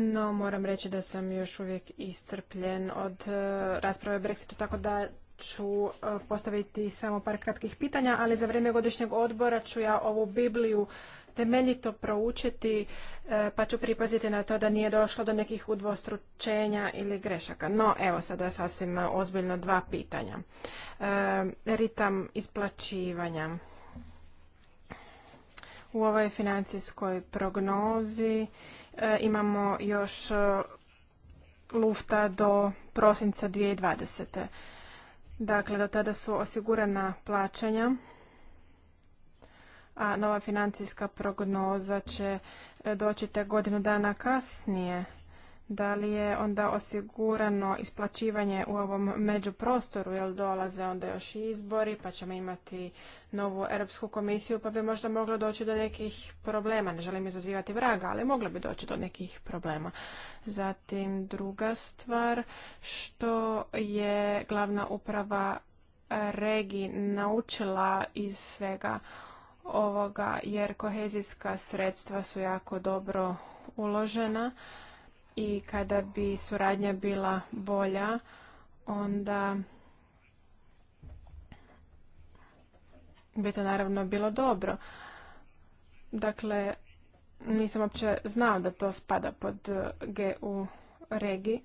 Speaker 3: no moram reći da sam još uvijek iscrpljen od e, rasprave o Brexitu, tako da ću e, postaviti samo par kratkih pitanja, ali za vrijeme godišnjeg odbora ću ja ovu Bibliju temeljito proučiti, e, pa ću pripaziti na to da nije došlo do nekih udvostručenja ili grešaka. No, evo sada sasvim ozbiljno dva pitanja. Ritam isplaćivanja. U ovoj financijskoj prognozi E, imamo još e, lufta do prosinca 2020. Dakle, do tada su osigurana plaćanja, a nova financijska prognoza će e, doći te godinu dana kasnije da li je onda osigurano isplaćivanje u ovom međuprostoru, jer dolaze onda još i izbori, pa ćemo imati novu Europsku komisiju, pa bi možda moglo doći do nekih problema. Ne želim izazivati vraga, ali moglo bi doći do nekih problema. Zatim druga stvar, što je glavna uprava regi naučila iz svega ovoga, jer kohezijska sredstva su jako dobro uložena i kada bi suradnja bila bolja, onda bi to naravno bilo dobro. Dakle, nisam uopće znao da to spada pod e, GU regi,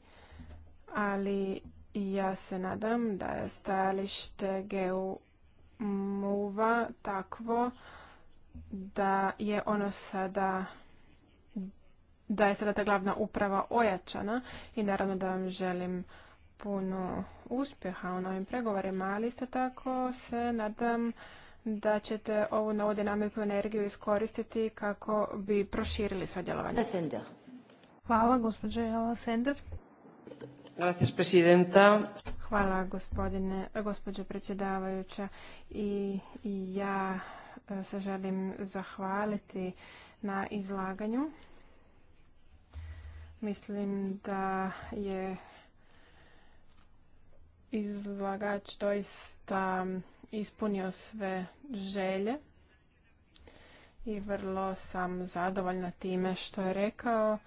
Speaker 3: ali ja se nadam da je stajalište GU muva takvo da je ono sada da je sada ta glavna uprava ojačana i naravno da vam želim puno uspjeha u novim pregovorima, ali isto tako se nadam da ćete ovu novu dinamiku i energiju iskoristiti kako bi proširili svoje djelovanje.
Speaker 1: Hvala, gospođo Jela Sender.
Speaker 3: Gracias, presidenta. Hvala, gospodine, gospođo predsjedavajuća. I, i ja e, se želim zahvaliti na izlaganju. Mislim da je izlagač doista ispunio sve želje i vrlo sam zadovoljna time što je rekao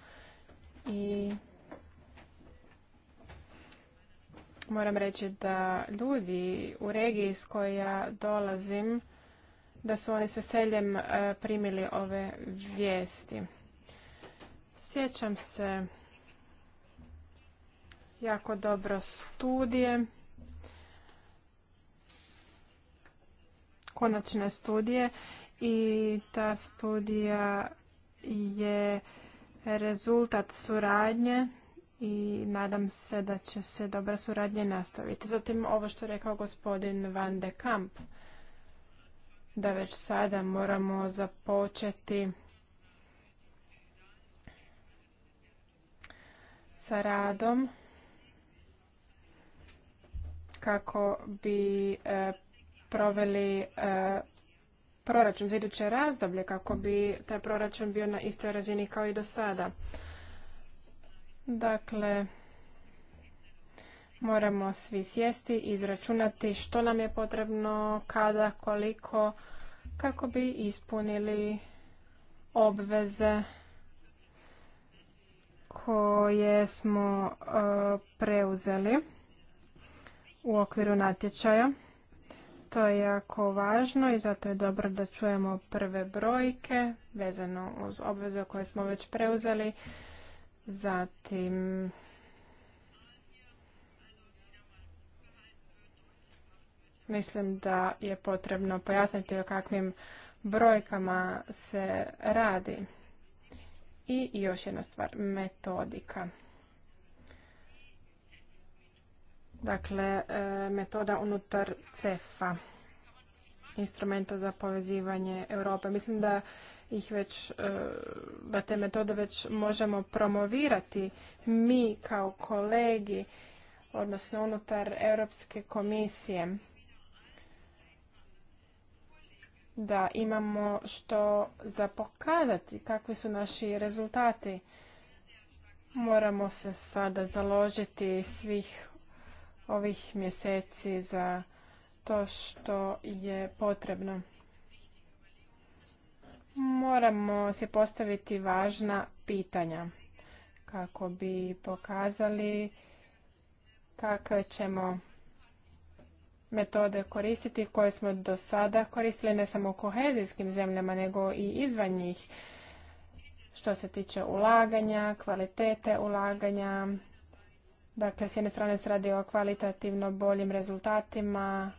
Speaker 3: i moram reći da ljudi u regiji iz koje ja dolazim da su oni s veseljem e, primili ove vijesti. Sjećam se jako dobro studije, konačne studije i ta studija je rezultat suradnje i nadam se da će se dobra suradnja nastaviti. Zatim ovo što je rekao gospodin Van de Kamp, da već sada moramo započeti sa radom kako bi e, proveli e, proračun za iduće razdoblje, kako bi taj proračun bio na istoj razini kao i do sada. Dakle, moramo svi sjesti i izračunati što nam je potrebno, kada, koliko, kako bi ispunili obveze koje smo e, preuzeli u okviru natječaja. To je jako važno i zato je dobro da čujemo prve brojke vezano uz obveze koje smo već preuzeli. Zatim mislim da je potrebno pojasniti o kakvim brojkama se radi. I još jedna stvar, metodika. Dakle, e, metoda unutar CEFA, instrumenta za povezivanje Europe. Mislim da ih već, e, da te metode već možemo promovirati mi kao kolegi, odnosno unutar Europske komisije da imamo što za pokazati, kakvi su naši rezultati. Moramo se sada založiti svih ovih mjeseci za to što je potrebno. Moramo se postaviti važna pitanja kako bi pokazali kakve ćemo metode koristiti koje smo do sada koristili ne samo u kohezijskim zemljama nego i izvan njih što se tiče ulaganja, kvalitete ulaganja. Dakle, s jedne strane se radi o kvalitativno boljim rezultatima,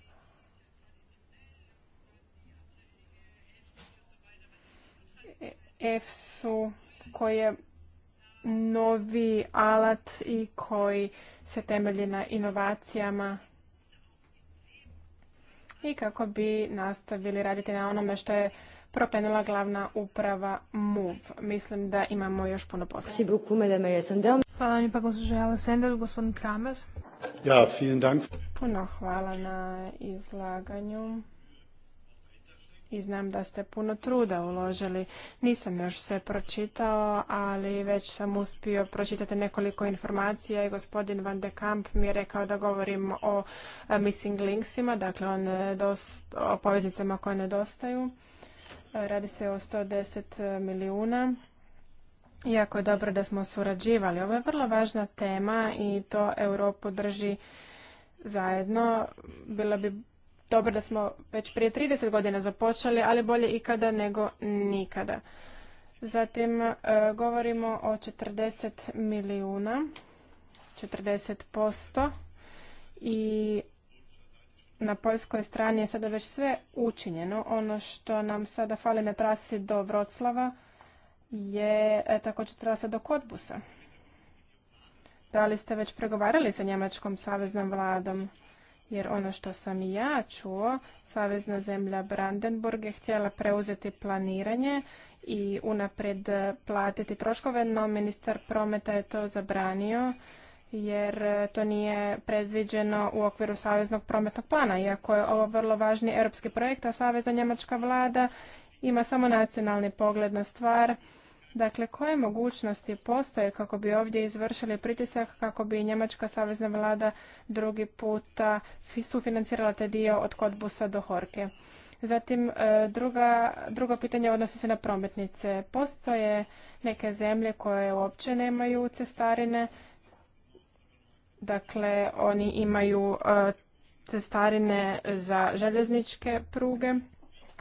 Speaker 3: EFSU koji je novi alat i koji se temelji na inovacijama i kako bi nastavili raditi na onome što je propenula glavna uprava MUV. Mislim da imamo još puno posla.
Speaker 1: Hvala mi pa gospođa
Speaker 3: Sender, gospodin Kramer.
Speaker 1: Ja, vielen Dank.
Speaker 3: Puno hvala na izlaganju i znam da ste puno truda uložili. Nisam još sve pročitao, ali već sam uspio pročitati nekoliko informacija i gospodin Van de Kamp mi je rekao da govorim o e, missing linksima, dakle on e, o poveznicama koje nedostaju. E, radi se o 110 milijuna. Iako je dobro da smo surađivali. Ovo je vrlo važna tema i to Europu drži zajedno. Bilo bi dobro da smo već prije 30 godina započeli, ali bolje ikada nego nikada. Zatim e, govorimo o 40 milijuna, 40% i na poljskoj strani je sada već sve učinjeno. Ono što nam sada fali na trasi do Vroclava je e, također trasa do Kotbusa. Da li ste već pregovarali sa Njemačkom saveznom vladom? jer ono što sam i ja čuo, Savezna zemlja Brandenburg je htjela preuzeti planiranje i unaprijed platiti troškove, no ministar prometa je to zabranio jer to nije predviđeno u okviru Saveznog prometnog plana, iako je ovo vrlo važni europski projekt, a Savezna njemačka vlada ima samo nacionalni pogled na stvar Dakle, koje mogućnosti postoje kako bi ovdje izvršili pritisak, kako bi Njemačka savezna vlada drugi puta sufinancirala te dio od Kodbusa do Horke? Zatim, e, druga, drugo pitanje odnosi se na prometnice. Postoje neke zemlje koje uopće nemaju cestarine, dakle, oni imaju e, cestarine za željezničke pruge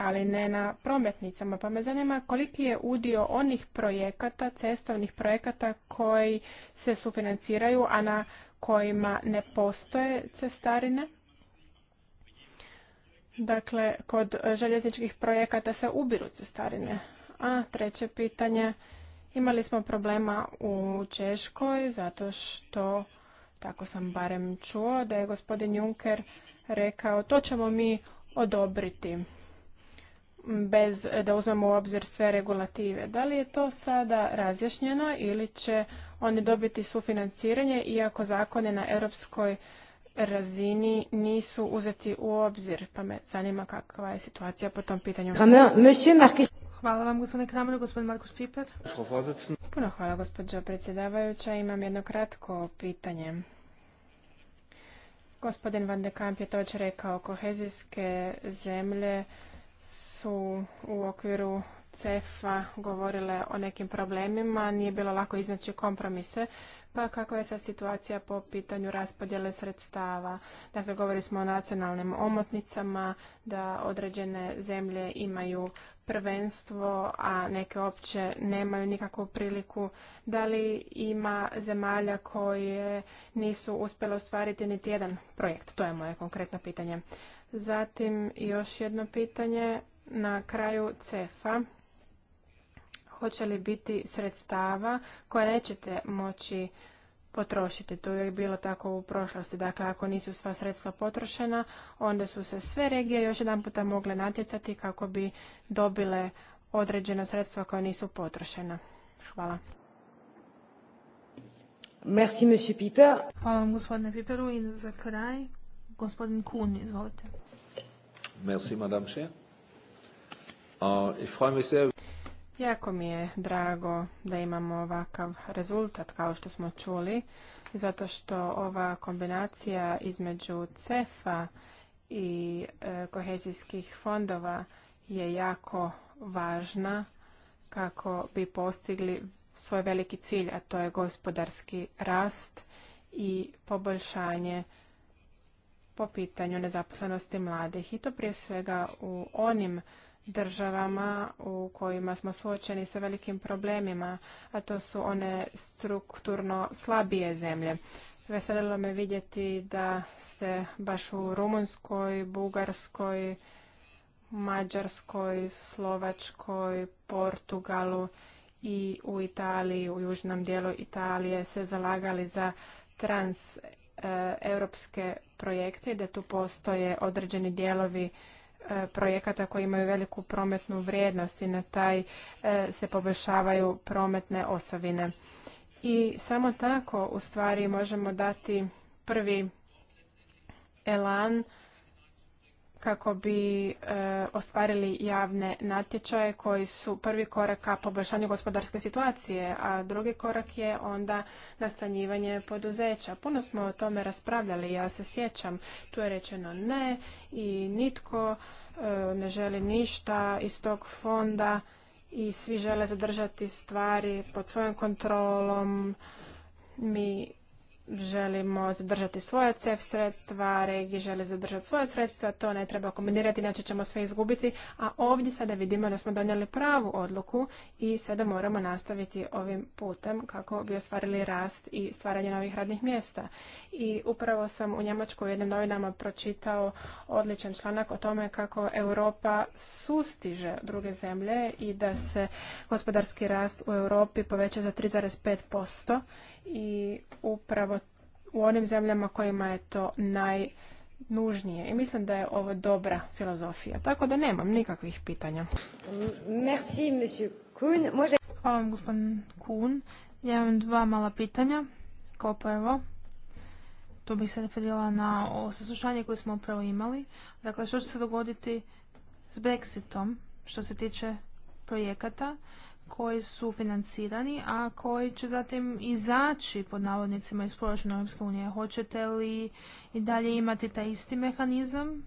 Speaker 3: ali ne na prometnicama. Pa me zanima koliki je udio onih projekata, cestovnih projekata koji se sufinanciraju, a na kojima ne postoje cestarine. Dakle, kod željezničkih projekata se ubiru cestarine. A treće pitanje, imali smo problema u Češkoj zato što, tako sam barem čuo, da je gospodin Juncker rekao to ćemo mi odobriti bez da uzmemo u obzir sve regulative. Da li je to sada razjašnjeno ili će oni dobiti sufinanciranje iako zakone na europskoj razini nisu uzeti u obzir? Pa me zanima kakva je situacija po tom pitanju.
Speaker 1: Hvala vam gospodine Kramer,
Speaker 3: gospodin Markus Piper. Puno hvala gospođo predsjedavajuća. Imam jedno kratko pitanje. Gospodin Van de Kamp je to rekao, kohezijske zemlje su u okviru CEFA govorile o nekim problemima, nije bilo lako iznaći kompromise. Pa kakva je sad situacija po pitanju raspodjele sredstava? Dakle, govorili smo o nacionalnim omotnicama, da određene zemlje imaju prvenstvo, a neke opće nemaju nikakvu priliku. Da li ima zemalja koje nisu uspjele ostvariti niti jedan projekt? To je moje konkretno pitanje. Zatim još jedno pitanje na kraju CEFA. Hoće li biti sredstava koja nećete moći potrošiti. To je bilo tako u prošlosti. Dakle, ako nisu sva sredstva potrošena, onda su se sve regije još jedan puta mogle natjecati kako bi dobile određena sredstva koja
Speaker 1: nisu potrošena. Hvala. Merci, monsieur Piper. Hvala vam, gospodine Piperu. I za kraj, gospodin Kun, izvolite. Merci, Madame euh, Jako
Speaker 3: mi je drago da imamo ovakav rezultat kao što smo čuli, zato što ova kombinacija između CEFA i e, kohezijskih fondova je jako važna kako bi postigli svoj veliki cilj, a to je gospodarski rast i poboljšanje po pitanju nezaposlenosti mladih i to prije svega u onim državama u kojima smo suočeni sa velikim problemima, a to su one strukturno slabije zemlje. Veselilo me vidjeti da ste baš u Rumunskoj, Bugarskoj, Mađarskoj, Slovačkoj, Portugalu i u Italiji, u južnom dijelu Italije se zalagali za trans E, europske projekte i da tu postoje određeni dijelovi e, projekata koji imaju veliku prometnu vrijednost i na taj e, se poboljšavaju prometne osovine. I samo tako u stvari možemo dati prvi elan kako bi e, ostvarili javne natječaje koji su prvi korak ka poboljšanju gospodarske situacije, a drugi korak je onda nastanjivanje poduzeća. Puno smo o tome raspravljali, ja se sjećam, tu je rečeno ne i nitko e, ne želi ništa iz tog fonda i svi žele zadržati stvari pod svojom kontrolom. Mi želimo zadržati svoja CEF sredstva, regije žele zadržati svoja sredstva, to ne treba kombinirati, inače ćemo sve izgubiti, a ovdje sada vidimo da smo donijeli pravu odluku i sada moramo nastaviti ovim putem kako bi ostvarili rast i stvaranje novih radnih mjesta. I upravo sam u Njemačkoj u jednim novinama pročitao odličan članak o tome kako Europa sustiže druge zemlje i da se gospodarski rast u Europi poveća za 3,5% i upravo u onim zemljama kojima je to najnužnije. I mislim da je ovo dobra filozofija. Tako da nemam nikakvih pitanja.
Speaker 1: Merci, monsieur Kuhn. Može... Hvala vam, gospodin Kuhn. Ja imam dva mala pitanja. Kao prvo, tu bih se referila na ovo saslušanje koje smo upravo imali. Dakle, što će se dogoditi s Brexitom što se tiče projekata? koji su financirani, a koji će zatim izaći pod navodnicima iz proračuna Europske Hoćete li i dalje imati taj isti mehanizam?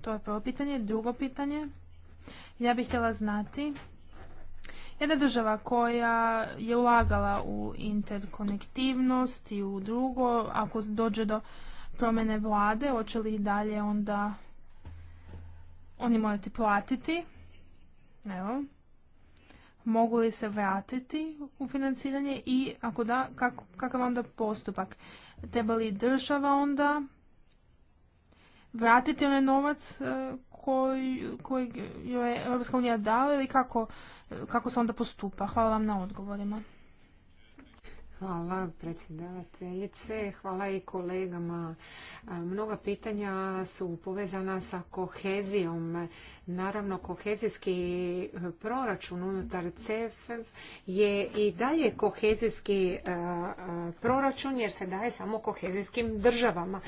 Speaker 1: To je prvo pitanje. Drugo pitanje, ja bih htjela znati jedna država koja je ulagala u interkonektivnost i u drugo, ako dođe do promjene vlade, hoće li i dalje onda oni morati platiti? Evo, mogu li se vratiti u financiranje i ako da, kakav onda postupak? Treba li država onda vratiti onaj novac e, koji, je Europska unija dala ili kako, kako se onda postupa? Hvala vam na odgovorima.
Speaker 2: Hvala predsjedavateljice, hvala i kolegama. Mnoga pitanja su povezana sa kohezijom. Naravno, kohezijski e, proračun unutar CEF je i dalje kohezijski e, e, proračun jer se daje samo kohezijskim državama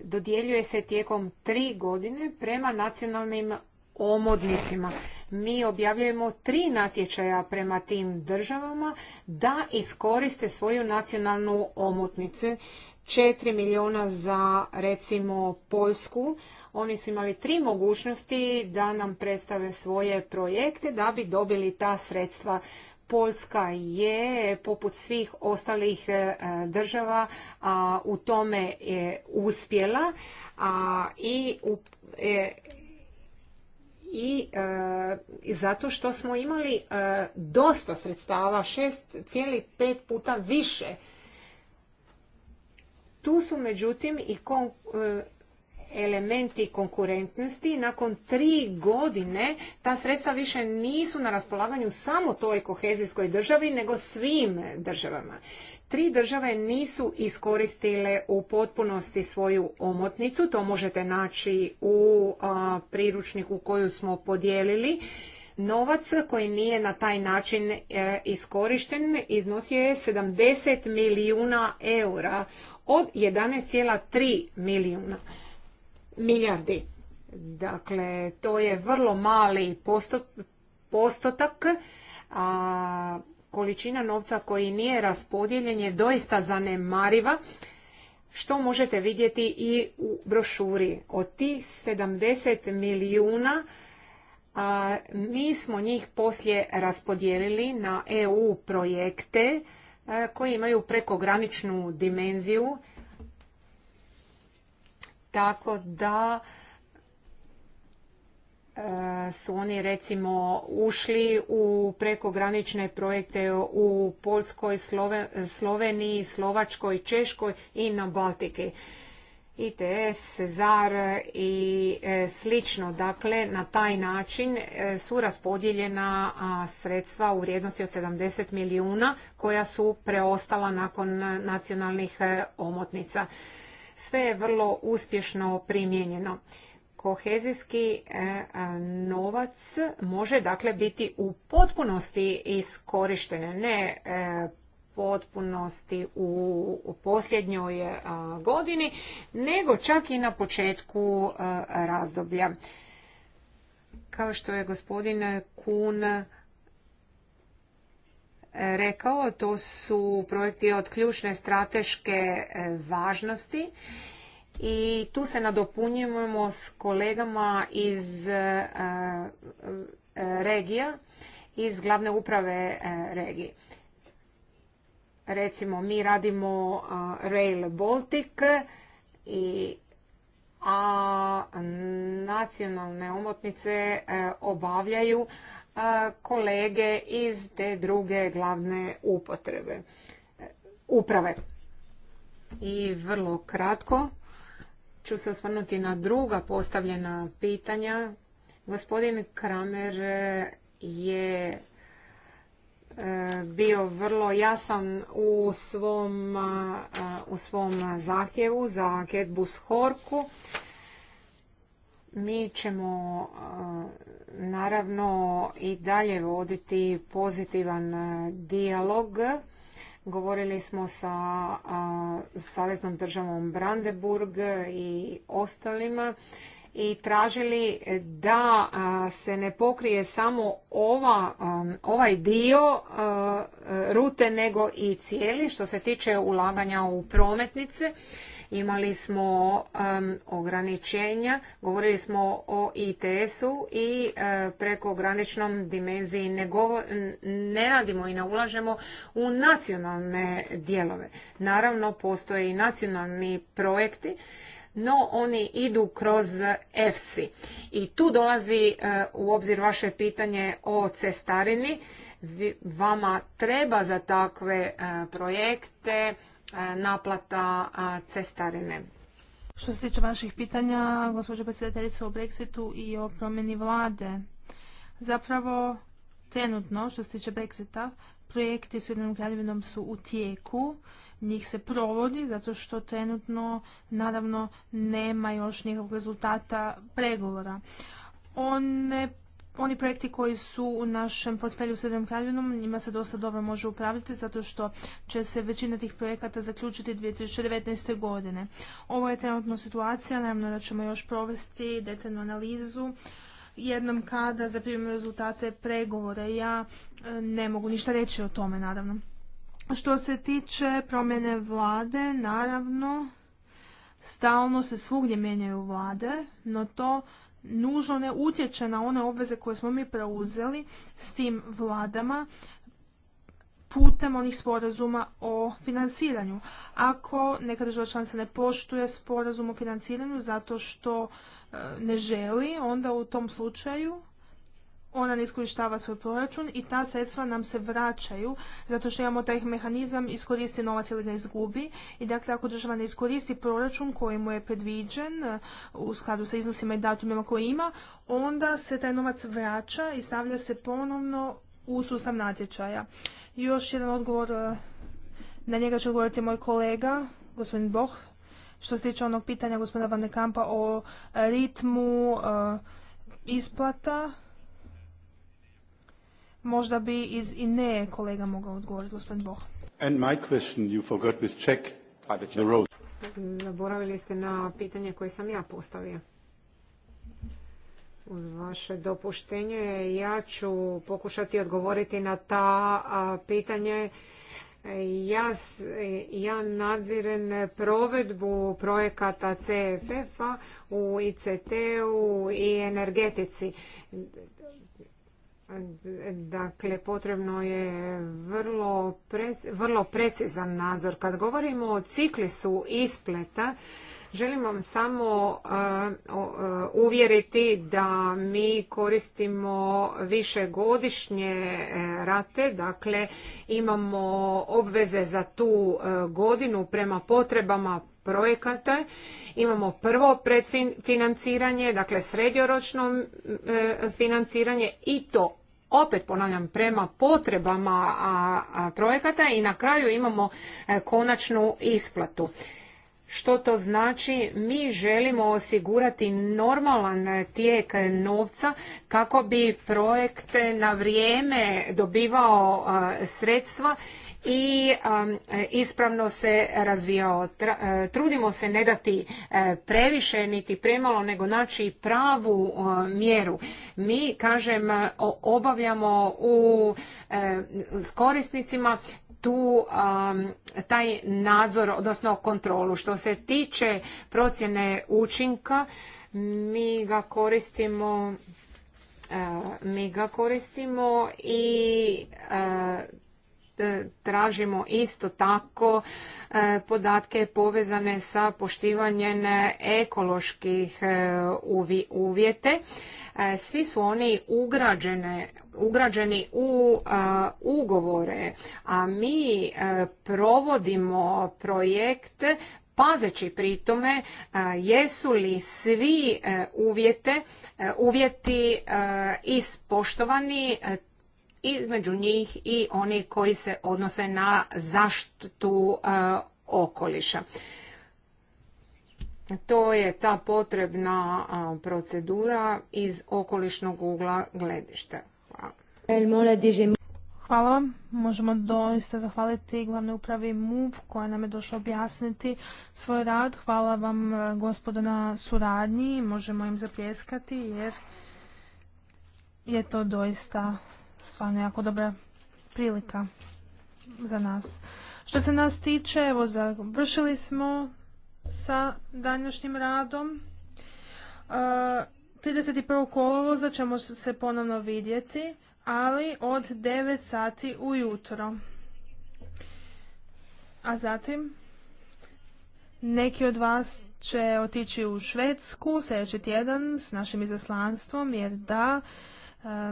Speaker 2: dodjeljuje se tijekom tri godine prema nacionalnim omodnicima. Mi objavljujemo tri natječaja prema tim državama da iskoriste svoju nacionalnu omotnicu. Četiri milijuna za recimo Poljsku. Oni su imali tri mogućnosti da nam predstave svoje projekte da bi dobili ta sredstva. Poljska je poput svih ostalih e, država a, u tome je uspjela a, i e, E, i, zato što smo imali e, dosta sredstava, 6,5 puta više. Tu su međutim i e, elementi konkurentnosti. Nakon tri godine ta sredstva više nisu na raspolaganju samo toj kohezijskoj državi, nego svim državama. Tri države nisu iskoristile u potpunosti svoju omotnicu, to možete naći u priručniku koju smo podijelili. Novac koji nije na taj način e, iskorišten iznosio je 70 milijuna eura od 11,3 milijuna milijardi. Dakle, to je vrlo mali postotak, a količina novca koji nije raspodijeljen je doista zanemariva, što možete vidjeti i u brošuri. Od tih 70 milijuna mi smo njih poslije raspodijelili na EU projekte koji imaju prekograničnu dimenziju. Tako da su oni recimo ušli u prekogranične projekte u Poljskoj, Sloveniji, Slovačkoj, Češkoj i na Baltiki. ITS, ZAR i e, slično. Dakle, na taj način e, su raspodijeljena sredstva u vrijednosti od 70 milijuna koja su preostala nakon nacionalnih e, omotnica. Sve je vrlo uspješno primijenjeno kohezijski e, novac može dakle biti u potpunosti iskorišten, ne e, potpunosti u posljednjoj e, godini, nego čak i na početku razdoblja. Kao što je gospodin Kun rekao, to su projekti od ključne strateške važnosti i tu se nadopunjujemo s kolegama iz e, e, regija, iz glavne uprave e, regije. Recimo, mi radimo Rail Baltic, i, a nacionalne omotnice obavljaju kolege iz te druge glavne upotrebe, uprave. I vrlo kratko, ću se osvrnuti na druga postavljena pitanja. Gospodin Kramer e, je e, bio vrlo jasan u svom, e, u svom zahtjevu za Ketbus Horku. Mi ćemo naravno i dalje voditi pozitivan dijalog Govorili smo sa Saveznom državom Brandeburg i ostalima i tražili da se ne pokrije samo ovaj dio rute nego i cijeli što se tiče ulaganja u prometnice Imali smo ograničenja, govorili smo o ITS-u i preko prekograničnom dimenziji ne, ne radimo i ne ulažemo u nacionalne dijelove. Naravno, postoje i nacionalni projekti no oni idu kroz EFSI. I tu dolazi e, u obzir vaše pitanje o cestarini. Vama treba za takve e,
Speaker 1: projekte E, naplata e, cestarine. Što se tiče vaših pitanja, gospođo predsjedateljice, o Brexitu i o promjeni vlade, zapravo trenutno, što se tiče Brexita, projekti s jednom kraljevinom su u tijeku, njih se provodi zato što trenutno naravno nema još nikakvog rezultata pregovora. One oni projekti koji su u našem portfelju s Srednjom njima se dosta dobro može upravljati zato što će se većina tih projekata zaključiti 2019. godine. Ovo je trenutno situacija, naravno da ćemo još provesti detaljnu analizu jednom kada zaprimimo rezultate pregovore. Ja e, ne mogu ništa reći o tome, naravno. Što se tiče promjene vlade, naravno, stalno se svugdje mijenjaju vlade, no to nužno ne utječe na one obveze koje smo mi preuzeli s tim vladama putem onih sporazuma o financiranju. Ako neka država članica ne poštuje sporazum o financiranju zato što e, ne želi, onda u tom slučaju ona ne iskorištava svoj proračun i ta sredstva nam se vraćaju zato što imamo taj mehanizam iskoristi novac ili ga izgubi i dakle ako država ne iskoristi proračun koji mu je predviđen uh, u skladu sa iznosima i datumima koje ima onda se taj novac vraća i stavlja se ponovno u sustav natječaja. Još jedan odgovor uh, na njega će odgovoriti moj kolega, gospodin Boh, što se tiče onog pitanja gospodina Van Kampa o uh, ritmu isplata Možda bi iz INE kolega mogao odgovoriti, gospodin Boh. And my question, you forgot with check the road.
Speaker 2: Zaboravili ste na pitanje koje sam ja postavio. Uz vaše dopuštenje ja ću pokušati odgovoriti na ta pitanje. Ja, ja nadzirem provedbu projekata CFF-a u ICT-u i energetici. Dakle, potrebno je vrlo, vrlo precizan nazor. Kad govorimo o ciklisu ispleta, želim vam samo uvjeriti da mi koristimo višegodišnje e, rate, dakle imamo obveze za tu e, godinu prema potrebama projekata. Imamo prvo predfinanciranje, dakle srednjoročno e, financiranje i to opet ponavljam prema potrebama projekata i na kraju imamo e, konačnu isplatu. Što to znači? Mi želimo osigurati normalan tijek novca kako bi projekt na vrijeme dobivao e, sredstva i um, ispravno se razvijao. E, trudimo se ne dati e, previše niti premalo nego naći pravu mjeru. Mi, kažem, obavljamo u, e, s korisnicima tu um, taj nadzor odnosno kontrolu što se tiče procjene učinka mi ga koristimo mi ga koristimo i E, tražimo isto tako e, podatke povezane sa poštivanjem ekoloških e, uvjete. Svi su oni ugrađene, ugrađeni u ugovore, a mi provodimo projekt pazeći pri tome jesu li svi uvjete, uvjeti ispoštovani između njih i oni koji se odnose na zaštitu e, okoliša. To je ta potrebna e, procedura iz okolišnog ugla gledišta.
Speaker 1: Hvala. Hvala vam. Možemo doista zahvaliti glavnoj upravi MUP koja nam je došla objasniti svoj rad. Hvala vam e, gospodo na suradnji. Možemo im zapljeskati jer je to doista stvarno jako dobra prilika za nas. Što se nas tiče, evo, završili smo sa današnjim radom. E, 31. kolovoza ćemo se ponovno vidjeti, ali od 9 sati ujutro. A zatim, neki od vas će otići u Švedsku sljedeći tjedan s našim izaslanstvom, jer da,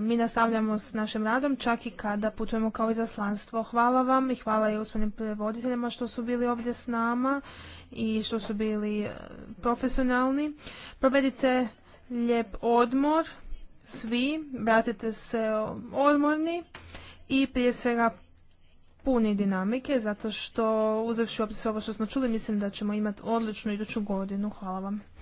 Speaker 1: mi nastavljamo s našim radom čak i kada putujemo kao izaslanstvo. Hvala vam i hvala i usmenim prevoditeljima što su bili ovdje s nama i što su bili e, profesionalni. Provedite lijep odmor svi, vratite se odmorni i prije svega puni dinamike, zato što uzavši ovo što smo čuli, mislim da ćemo imati odličnu iduću godinu. Hvala vam.